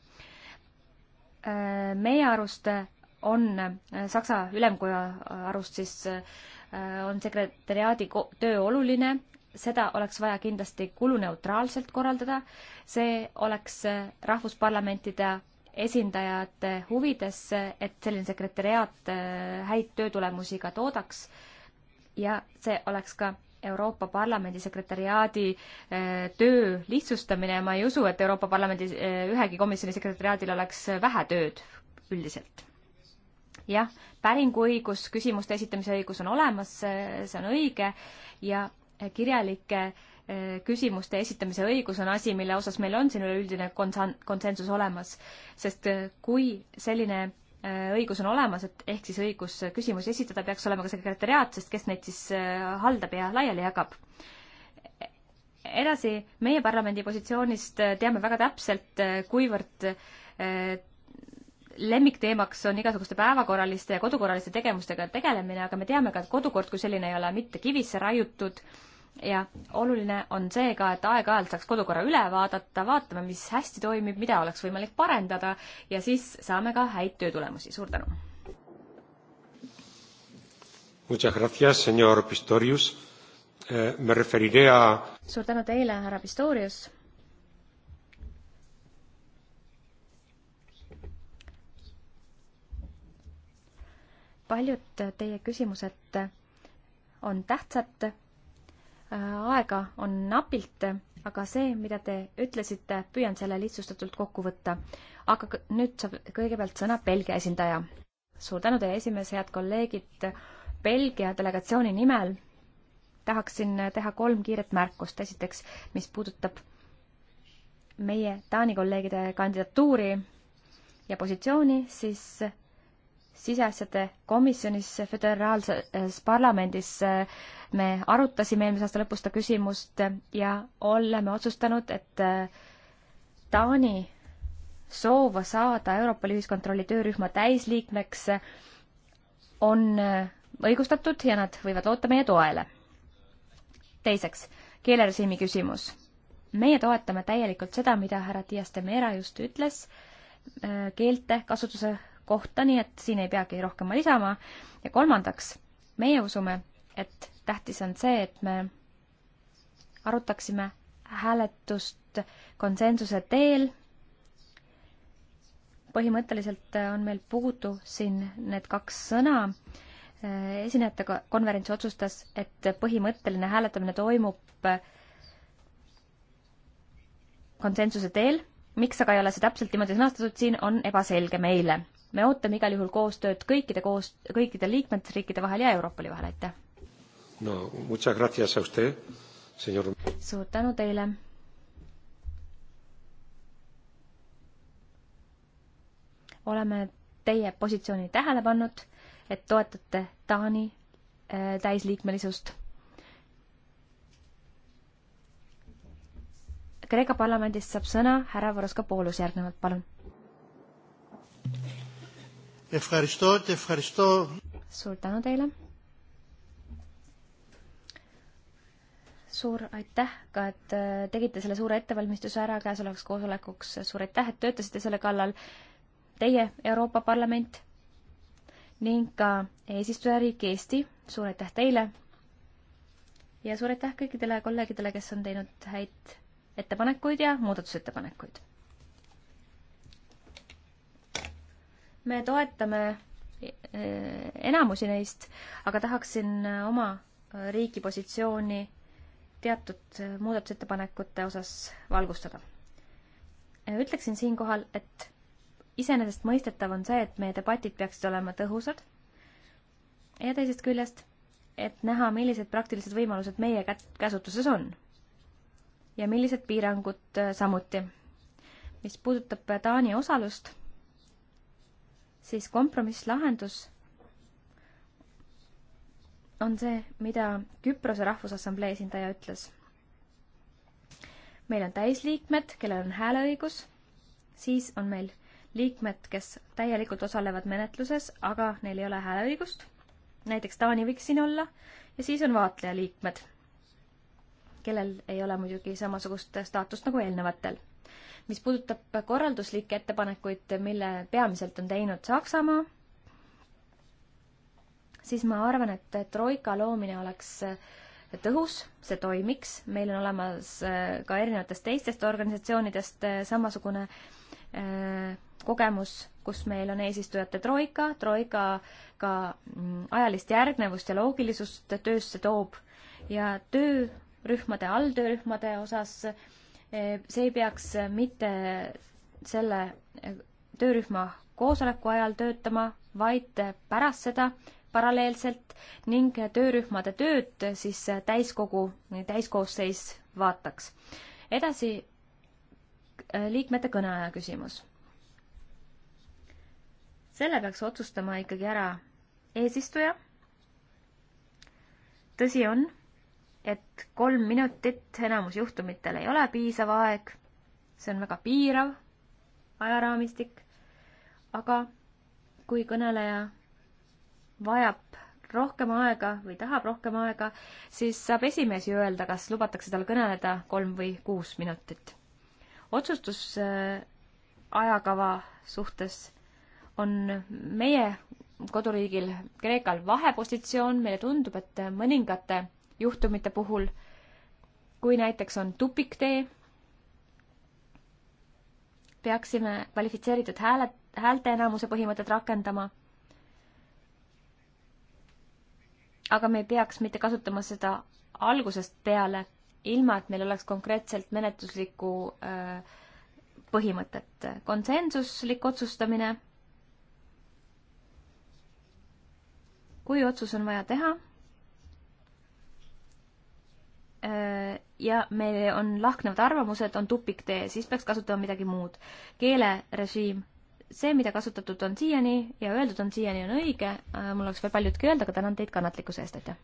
meie arust on äh, Saksa ülemkoja arust siis äh, on sekretäriaadi töö oluline, seda oleks vaja kindlasti kuluneutraalselt korraldada, see oleks äh, rahvusparlamentide esindajate huvides, et selline sekretäriaat häid töötulemusi ka toodaks ja see oleks ka Euroopa Parlamendi sekretäriaadi töö lihtsustamine ja ma ei usu, et Euroopa Parlamendi ühegi komisjoni sekretäriaadil oleks vähe tööd üldiselt jah, päringuõigus, küsimuste esitamise õigus on olemas, see on õige ja eh, kirjalike eh, küsimuste esitamise õigus on asi, mille osas meil on siin üleüldine konsan-, konsensus olemas. sest eh, kui selline õigus on olemas, et ehk siis õigus küsimusi esitada peaks olema ka sekretäriaat, sest kes neid siis haldab ja laiali jagab. E-, edasi, meie parlamendi positsioonist teame väga täpselt, kuivõrd lemmikteemaks on igasuguste päevakorraliste ja kodukorraliste tegevustega tegelemine, aga me teame ka, et kodukord kui selline ei ole mitte kivisse raiutud ja oluline on see ka, et aeg-ajalt saaks kodukorra üle vaadata, vaatame, mis hästi toimib, mida oleks võimalik parendada ja siis saame ka häid töötulemusi, suur tänu! Muchas gracias, senor Pistorius. Eh, me referiré a suur tänu teile, härra Pistorius paljud teie küsimused on tähtsad. aega on napilt, aga see, mida te ütlesite, püüan selle lihtsustatult kokku võtta. aga nüüd saab kõigepealt sõna Belgia esindaja. suur tänu teie esimees, head kolleegid. Belgia delegatsiooni nimel tahaksin teha kolm kiiret märkust. esiteks, mis puudutab meie Taani kolleegide kandidatuuri ja positsiooni, siis siseasjade komisjonis föderaalses parlamendis eh, me arutasime eelmise aasta lõpus seda küsimust ja oleme otsustanud, et eh, Taani soov saada Euroopa Liidu ühiskontrolli töörühma täisliikmeks eh, on õigustatud ja nad võivad loota meie toele. teiseks, keelerežiimi küsimus. meie toetame täielikult seda, mida härra Dias de Mera just ütles, keelte kasutuse kohta, nii et siin ei peagi rohkem ma lisama. ja kolmandaks, meie usume, et tähtis on see, et me arutaksime hääletust konsensuse teel. põhimõtteliselt on meil puudu siin need kaks sõna. esinejate konverents otsustas, et põhimõtteline hääletamine toimub konsensuse teel. miks aga ei ole see täpselt niimoodi sõnastatud, siin on ebaselge meile me ootame igal juhul koostööd kõikide koos, kõikide liikmesriikide vahel ja Europoli vahel, aitäh! no muchas gracias a usted, señor. suur tänu teile. oleme teie positsiooni tähele pannud, et toetate Taani äh, täisliikmelisust. Kreeka parlamendist saab sõna härra Voroskopoulos järgnevalt, palun suur tänu teile. suur aitäh ka, et äh, tegite selle suure ettevalmistuse ära käesolevaks koosolekuks, suur aitäh, et töötasite selle kallal. Teie, Euroopa Parlament ning ka eesistujariik Eesti, suur aitäh teile. ja suur aitäh kõikidele kolleegidele, kes on teinud häid ettepanekuid ja muudatusettepanekuid me toetame eh, enamusi neist, aga tahaksin oma riigi positsiooni teatud muudatusettepanekute osas valgustada. Eh, ütleksin siinkohal, et iseenesestmõistetav on see, et meie debatid peaksid olema tõhusad ja teisest küljest, et näha, millised praktilised võimalused meie kät-, käsutuses on. ja millised piirangud eh, samuti. mis puudutab Taani osalust siis kompromisslahendus on see, mida Küprose Rahvusassamblee esindaja ütles. meil on täisliikmed, kellel on hääleõigus, siis on meil liikmed, kes täielikult osalevad menetluses, aga neil ei ole hääleõigust, näiteks Taani võiks siin olla, ja siis on vaatlejaliikmed, kellel ei ole muidugi samasugust staatust nagu eelnevatel mis puudutab korralduslikke ettepanekuid, mille peamiselt on teinud Saksamaa, siis ma arvan, et troika loomine oleks tõhus, see toimiks, meil on olemas äh, ka erinevatest teistest organisatsioonidest äh, samasugune äh, kogemus, kus meil on eesistujate troika, troika ka mm, ajalist järgnevust ja loogilisust töösse toob ja töörühmade, alltöörühmade osas äh, see ei peaks mitte selle töörühma koosoleku ajal töötama, vaid pärast seda paralleelselt ning töörühmade tööd siis täiskogu, täiskoosseis vaataks. edasi liikmete kõneaja küsimus. selle peaks otsustama ikkagi ära eesistuja. tõsi on et kolm minutit enamus juhtumitel ei ole piisav aeg. see on väga piirav ajaraamistik. aga kui kõneleja vajab rohkem aega või tahab rohkem aega, siis saab esimees ju öelda, kas lubatakse tal kõneleda kolm või kuus minutit. otsustus äh, ajakava suhtes on meie koduriigil Kreekal vahepositsioon, meile tundub, et mõningate juhtumite puhul, kui näiteks on tupiktee, peaksime kvalifitseeritud hääle, häälteenamuse põhimõtet rakendama. aga me ei peaks mitte kasutama seda algusest peale, ilma et meil oleks konkreetselt menetluslikku äh, põhimõtet. konsensuslik otsustamine. kui otsus on vaja teha Äh, ja meil on lahknevad arvamused, on tupiktee, siis peaks kasutama midagi muud. keelerežiim, see, mida kasutatud on siiani ja öeldud on siiani, on õige, äh, mul oleks veel paljutki öelda, aga tänan teid kannatlikkuse eest, aitäh!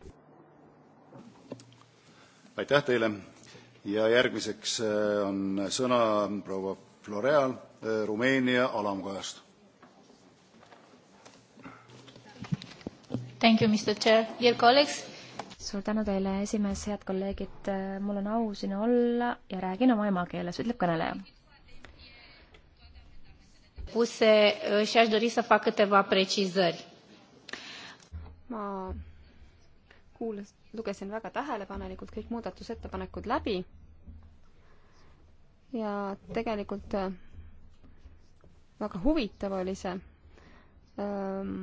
aitäh teile ja järgmiseks äh, on sõna proua Floreal Rumeenia alamkojast. Thank you, Mr Chair, dear colleagues suur tänu teile, esimees, head kolleegid, mul on au siin olla ja räägin oma emakeeles, ütleb kõneleja. ma kuulas, lugesin väga tähelepanelikult kõik muudatusettepanekud läbi ja tegelikult äh, väga huvitav oli see. Äh,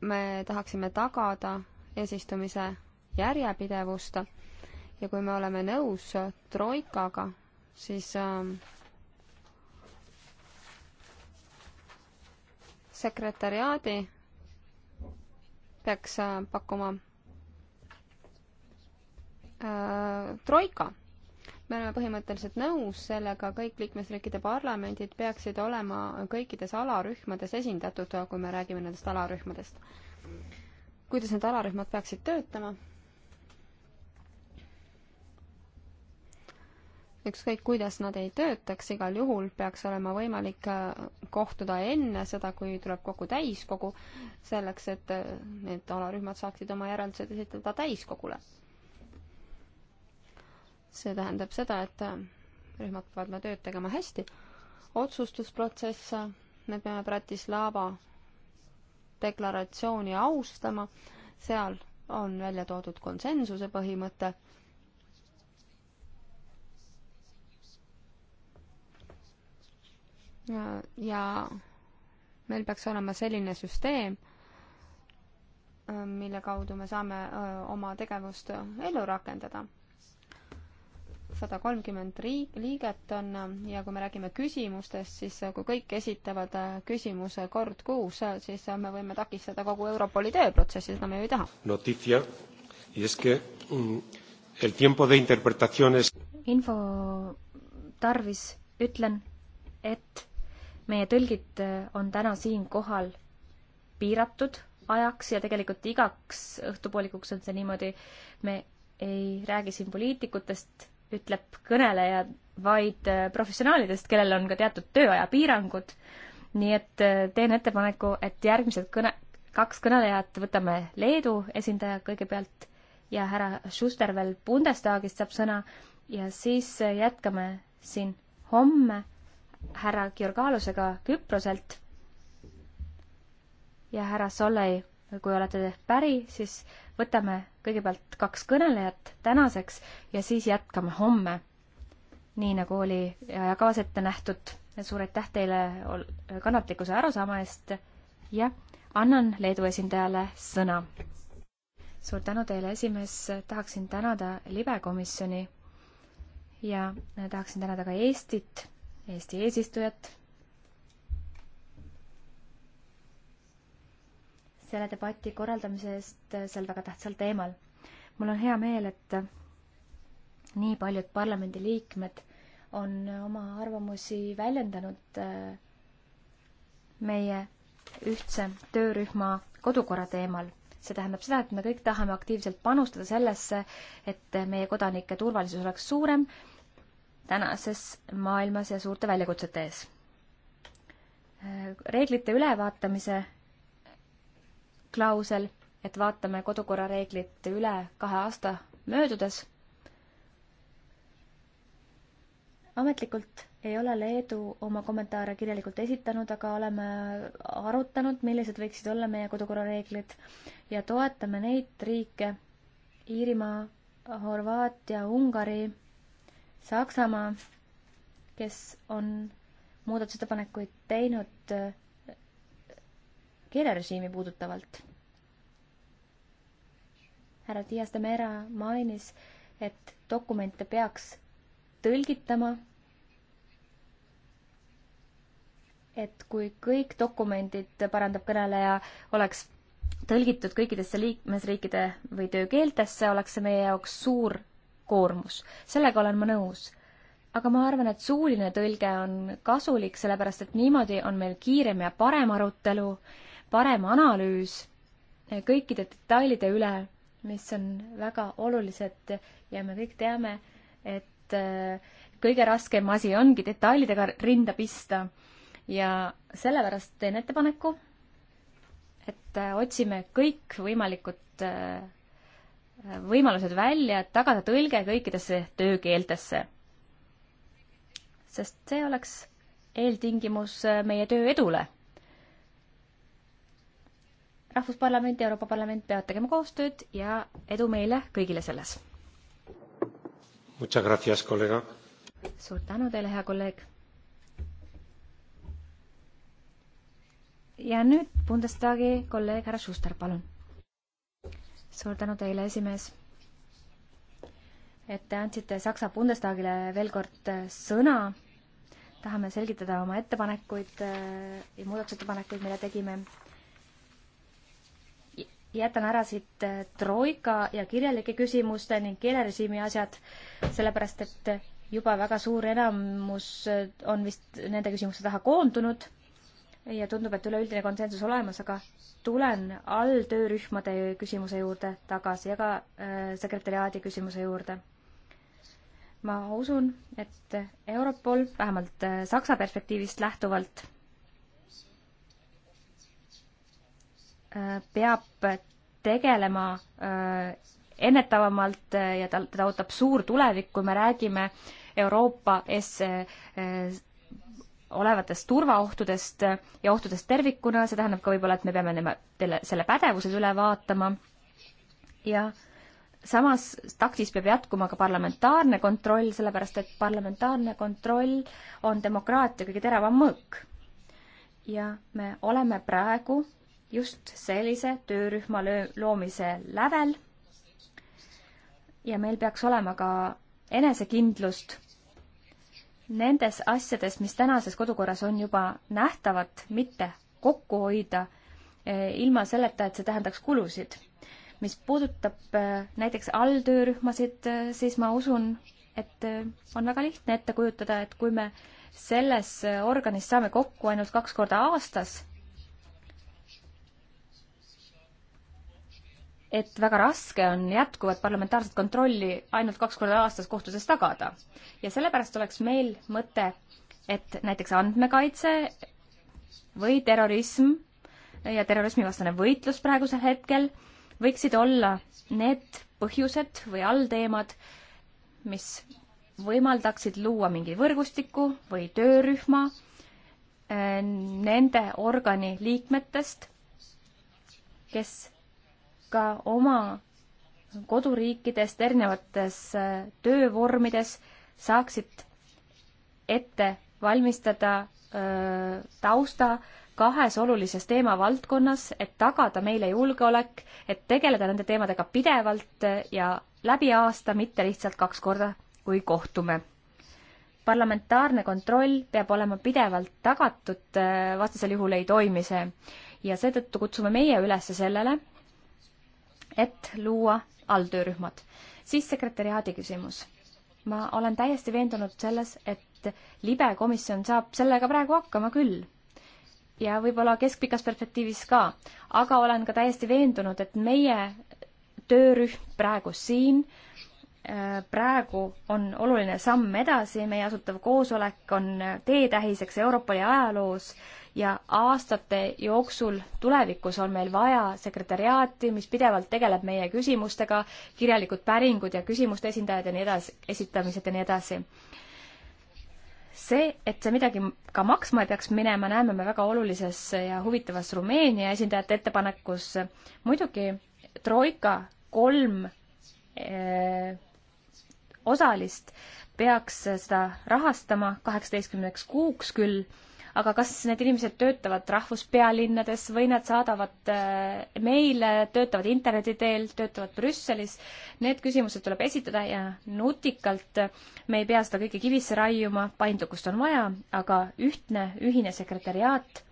me tahaksime tagada eesistumise järjepidevust ja kui me oleme nõus troikaga, siis ähm, sekretäriaadi peaks äh, pakkuma äh, troika. me oleme põhimõtteliselt nõus sellega, kõik liikmesriikide parlamendid peaksid olema kõikides alarühmades esindatud, kui me räägime nendest alarühmadest. kuidas need alarühmad peaksid töötama? ükskõik kuidas nad ei töötaks, igal juhul peaks olema võimalik äh, kohtuda enne seda, kui tuleb kogu täiskogu, selleks et äh, need alarühmad saaksid oma järeldused esitada täiskogule. see tähendab seda, et äh, rühmad peavad oma tööd tegema hästi. otsustusprotsess, me peame Bratislava deklaratsiooni austama, seal on välja toodud konsensuse põhimõte ja meil peaks olema selline süsteem, äh, mille kaudu me saame äh, oma tegevust äh, ellu rakendada. sada kolmkümmend riik, liiget on ja kui me räägime küsimustest, siis kui kõik esitavad küsimuse kord kuus, siis me võime takistada kogu Europoli tööprotsessi, seda me ju ei taha. Noticia y es que mm, el tiempo de interpretaciones info tarvis ütlen, et meie tõlgid äh, on täna siinkohal piiratud ajaks ja tegelikult igaks õhtupoolikuks on see niimoodi, me ei räägi siin poliitikutest, ütleb kõneleja, vaid äh, professionaalidest, kellel on ka teatud tööaja piirangud. nii et äh, teen ettepaneku, et järgmised kõne, kaks kõnelejat võtame Leedu esindaja kõigepealt ja härra Schuster veel Bundestagist saab sõna ja siis jätkame siin homme härra Georgalusega Küproselt ja härra Solei, kui olete päri, siis võtame kõigepealt kaks kõnelejat tänaseks ja siis jätkame homme. nii nagu oli kavas ette nähtud. suur aitäh teile kannatlikkuse ärasaama eest ja annan Leedu esindajale sõna. suur tänu teile, esimees, tahaksin tänada libekomisjoni ja tahaksin tänada ka Eestit Eesti eesistujat selle debati korraldamise eest sel väga tähtsal teemal. mul on hea meel, et nii paljud parlamendiliikmed on oma arvamusi väljendanud äh, meie ühtse töörühma kodukorra teemal. see tähendab seda, et me kõik tahame aktiivselt panustada sellesse, et meie kodanike turvalisus oleks suurem tänases maailmas ja suurte väljakutsete ees. reeglite ülevaatamise klausel, et vaatame kodukorra reeglid üle kahe aasta möödudes. ametlikult ei ole Leedu oma kommentaare kirjalikult esitanud, aga oleme arutanud, millised võiksid olla meie kodukorra reeglid ja toetame neid riike, Iirimaa, Horvaatia, Ungari Saksamaa, kes on muudatusettepanekuid teinud äh, keelerežiimi puudutavalt. härra Dias de Mera mainis, et dokumente peaks tõlgitama. et kui kõik dokumendid, parandab kõneleja, oleks tõlgitud kõikidesse liikmesriikide või töökeeltesse, oleks see meie jaoks suur koormus. sellega olen ma nõus. aga ma arvan, et suuline tõlge on kasulik, sellepärast et niimoodi on meil kiirem ja parem arutelu, parem analüüs kõikide detailide üle, mis on väga olulised ja me kõik teame, et äh, kõige raskem asi ongi detailidega rinda pista. ja sellepärast teen ettepaneku, et äh, otsime kõikvõimalikud äh, võimalused välja, et tagada tõlge kõikidesse töökeeltesse. sest see oleks eeltingimus äh, meie töö edule. rahvusparlament ja Euroopa Parlament peavad tegema koostööd ja edu meile kõigile selles. suur tänu teile, hea kolleeg. ja nüüd Bundestagi kolleeg härra Schuster, palun suur tänu teile, esimees, et te andsite Saksa Bundestagile veel kord äh, sõna. tahame selgitada oma ettepanekuid äh, ja muudatusettepanekuid, mille tegime. jätan ära siit äh, troika ja kirjalike küsimuste ning keelerežiimi asjad, sellepärast et juba väga suur enamus on vist nende küsimuste taha koondunud ja tundub, et üleüldine konsensus olemas, aga tulen alltöörühmade küsimuse juurde tagasi ja ka äh, sekretäriaadi küsimuse juurde. ma usun, et Europol vähemalt äh, Saksa perspektiivist lähtuvalt äh, peab tegelema äh, ennetavamalt äh, ja tal, teda ootab suur tulevik, kui me räägime Euroopa S äh, olevatest turvaohtudest ja ohtudest tervikuna, see tähendab ka võib-olla, et me peame nendele, selle pädevused üle vaatama ja samas taktis peab jätkuma ka parlamentaarne kontroll, sellepärast et parlamentaarne kontroll on demokraatia kõige teravam mõõk. ja me oleme praegu just sellise töörühma löö-, loomise lävel ja meil peaks olema ka enesekindlust nendes asjades, mis tänases kodukorras on juba nähtavad, mitte kokku hoida eh, ilma selleta, et see tähendaks kulusid. mis puudutab eh, näiteks alltöörühmasid, eh, siis ma usun, et on väga lihtne ette kujutada, et kui me selles organis saame kokku ainult kaks korda aastas, et väga raske on jätkuvat parlamentaarset kontrolli ainult kaks korda aastas kohtuses tagada. ja sellepärast oleks meil mõte, et näiteks andmekaitse või terrorism ja terrorismivastane võitlus praegusel hetkel võiksid olla need põhjused või allteemad, mis võimaldaksid luua mingi võrgustiku või töörühma eh, nende organi liikmetest, kes ka oma koduriikidest erinevates äh, töövormides saaksid ette valmistada öö, äh, tausta kahes olulises teemavaldkonnas, et tagada meile julgeolek, et tegeleda nende teemadega pidevalt äh, ja läbi aasta, mitte lihtsalt kaks korda, kui kohtume. parlamentaarne kontroll peab olema pidevalt tagatud, vastasel juhul ei toimi see. ja seetõttu kutsume meie üles sellele, et luua alltöörühmad. siis sekretäriaadi küsimus. ma olen täiesti veendunud selles, et libe komisjon saab sellega praegu hakkama küll ja võib-olla keskpikas perspektiivis ka, aga olen ka täiesti veendunud, et meie töörühm praegu siin äh, praegu on oluline samm edasi, meie asutav koosolek on teetähiseks Europoli ajaloos ja aastate jooksul tulevikus on meil vaja sekretäriaati, mis pidevalt tegeleb meie küsimustega, kirjalikud päringud ja küsimuste esindajad ja nii edasi, esitamised ja nii edasi. see, et see midagi ka maksma ei peaks minema, näeme me väga olulises ja huvitavas Rumeenia esindajate ettepanekus. muidugi Troika kolm äh, osalist peaks seda rahastama kaheksateistkümneks kuuks küll, aga kas need inimesed töötavad rahvuspealinnades või nad saadavad äh, meile, töötavad interneti teel, töötavad Brüsselis, need küsimused tuleb esitada ja nutikalt me ei pea seda kõike kivisse raiuma, paindlikkust on vaja, aga ühtne ühine sekretäriaat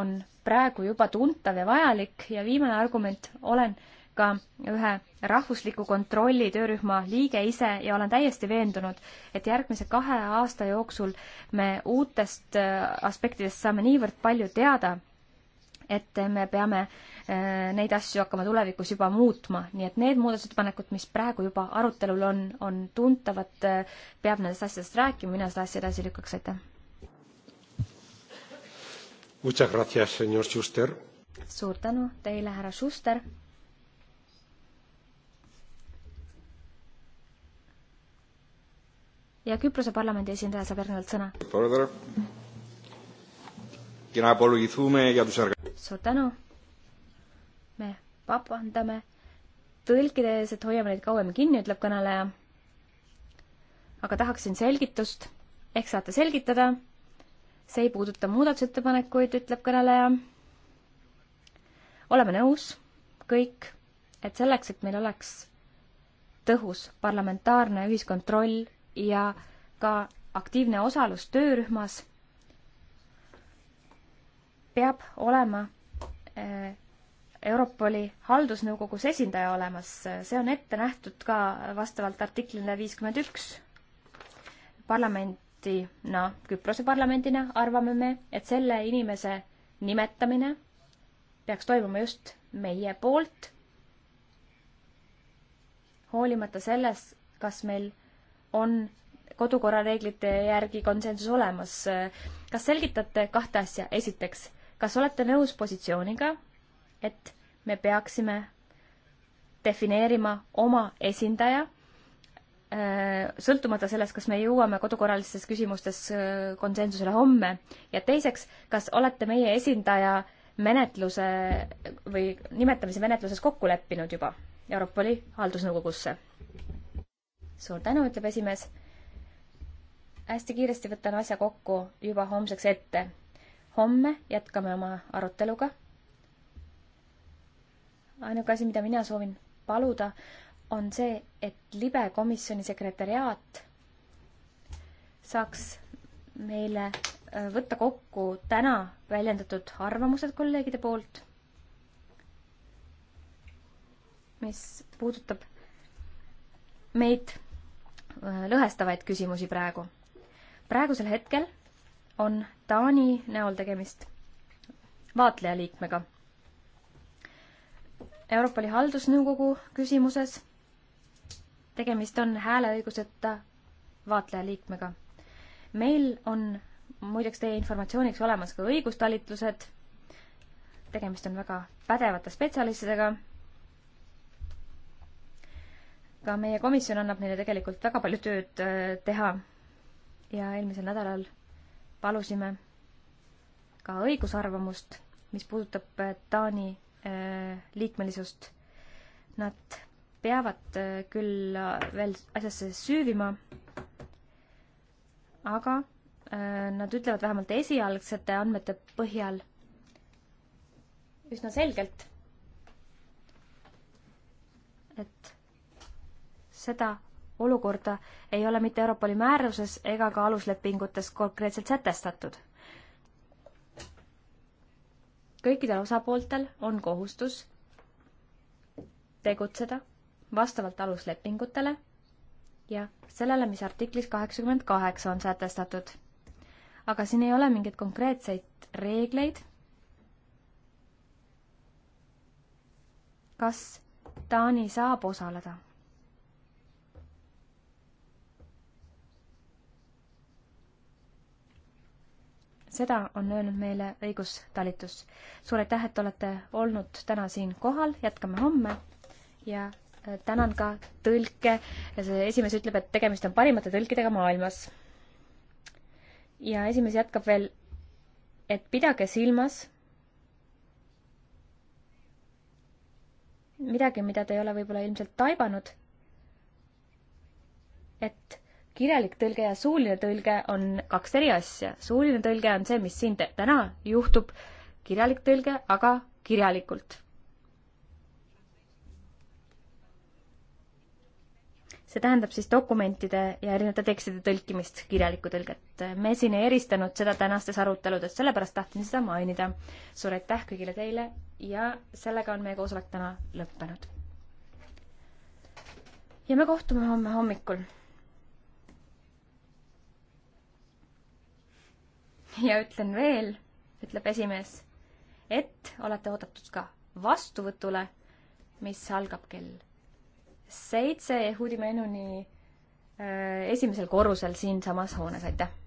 on praegu juba tuntav ja vajalik ja viimane argument, olen ka ühe rahvusliku kontrolli töörühma liige ise ja olen täiesti veendunud, et järgmise kahe aasta jooksul me uutest äh, aspektidest saame niivõrd palju teada, et me peame äh, neid asju hakkama tulevikus juba muutma, nii et need muudatusettepanekud, mis praegu juba arutelul on, on tuntavad, äh, peab nendest asjadest rääkima, mina seda asja edasi lükkaks, aitäh. suur tänu teile, härra Schuster ja Küprose parlamendi esindaja saab järgnevalt sõna. suur tänu. me vabandame tõlkide ees, et hoiame neid kauem kinni, ütleb kõneleja. aga tahaksin selgitust, ehk saate selgitada? see ei puuduta muudatusettepanekuid, ütleb kõneleja. oleme nõus, kõik, et selleks, et meil oleks tõhus parlamentaarne ühiskontroll ja ka aktiivne osalus töörühmas peab olema eh, Europoli haldusnõukogus esindaja olemas, see on ette nähtud ka vastavalt artiklile viiskümmend üks. parlamendina, Küprose parlamendina arvame me, et selle inimese nimetamine peaks toimuma just meie poolt, hoolimata selles, kas meil on kodukorrareeglite järgi konsensus olemas. kas selgitate kahte asja? esiteks, kas olete nõus positsiooniga, et me peaksime defineerima oma esindaja, äh, sõltumata sellest, kas me jõuame kodukorralistes küsimustes äh, konsensusele homme, ja teiseks, kas olete meie esindaja menetluse või nimetamise menetluses kokku leppinud juba Europoli haldusnõukogusse? suur tänu, ütleb esimees. hästi kiiresti võtan asja kokku juba homseks ette. homme jätkame oma aruteluga. ainuke asi, mida mina soovin paluda, on see, et libe komisjoni sekretäriaat saaks meile äh, võtta kokku täna väljendatud arvamused kolleegide poolt, mis puudutab meid Äh, lõhestavaid küsimusi praegu. praegusel hetkel on Taani näol tegemist vaatlejaliikmega. Europoli haldusnõukogu küsimuses tegemist on hääleõiguseta vaatlejaliikmega. meil on muideks teie informatsiooniks olemas ka õigustalitlused, tegemist on väga pädevate spetsialistidega ka meie komisjon annab neile tegelikult väga palju tööd äh, teha. ja eelmisel nädalal palusime ka õigusarvamust, mis puudutab äh, Taani äh, liikmelisust. Nad peavad küll veel asjasse süüvima, aga nad ütlevad vähemalt esialgsete andmete põhjal üsna selgelt, et seda olukorda ei ole mitte Euroopa Liidu määruses ega ka aluslepingutes konkreetselt sätestatud. kõikidel osapooltel on kohustus tegutseda vastavalt aluslepingutele ja sellele, mis artiklis kaheksakümmend kaheksa on sätestatud. aga siin ei ole mingeid konkreetseid reegleid. kas Taani saab osaleda? seda on öelnud meile õigustalitus. suur aitäh, et olete olnud täna siin kohal, jätkame homme ja äh, tänan ka tõlke. esimees ütleb, et tegemist on parimate tõlkidega maailmas. ja esimees jätkab veel, et pidage silmas midagi, mida te ei ole võib-olla ilmselt taibanud. et kirjalik tõlge ja suuline tõlge on kaks eri asja. suuline tõlge on see, mis siin täna juhtub, kirjalik tõlge aga kirjalikult. see tähendab siis dokumentide ja erinevate tekstide tõlkimist, kirjalikku tõlget. me siin ei eristanud seda tänastes aruteludes, sellepärast tahtsin seda mainida. suur aitäh kõigile teile ja sellega on meie koosolek täna lõppenud. ja me kohtume homme hommikul ja ütlen veel, ütleb esimees, et olete oodatud ka vastuvõtule, mis algab kell seitse Yehudi menuni äh, esimesel korrusel siinsamas hoones, aitäh!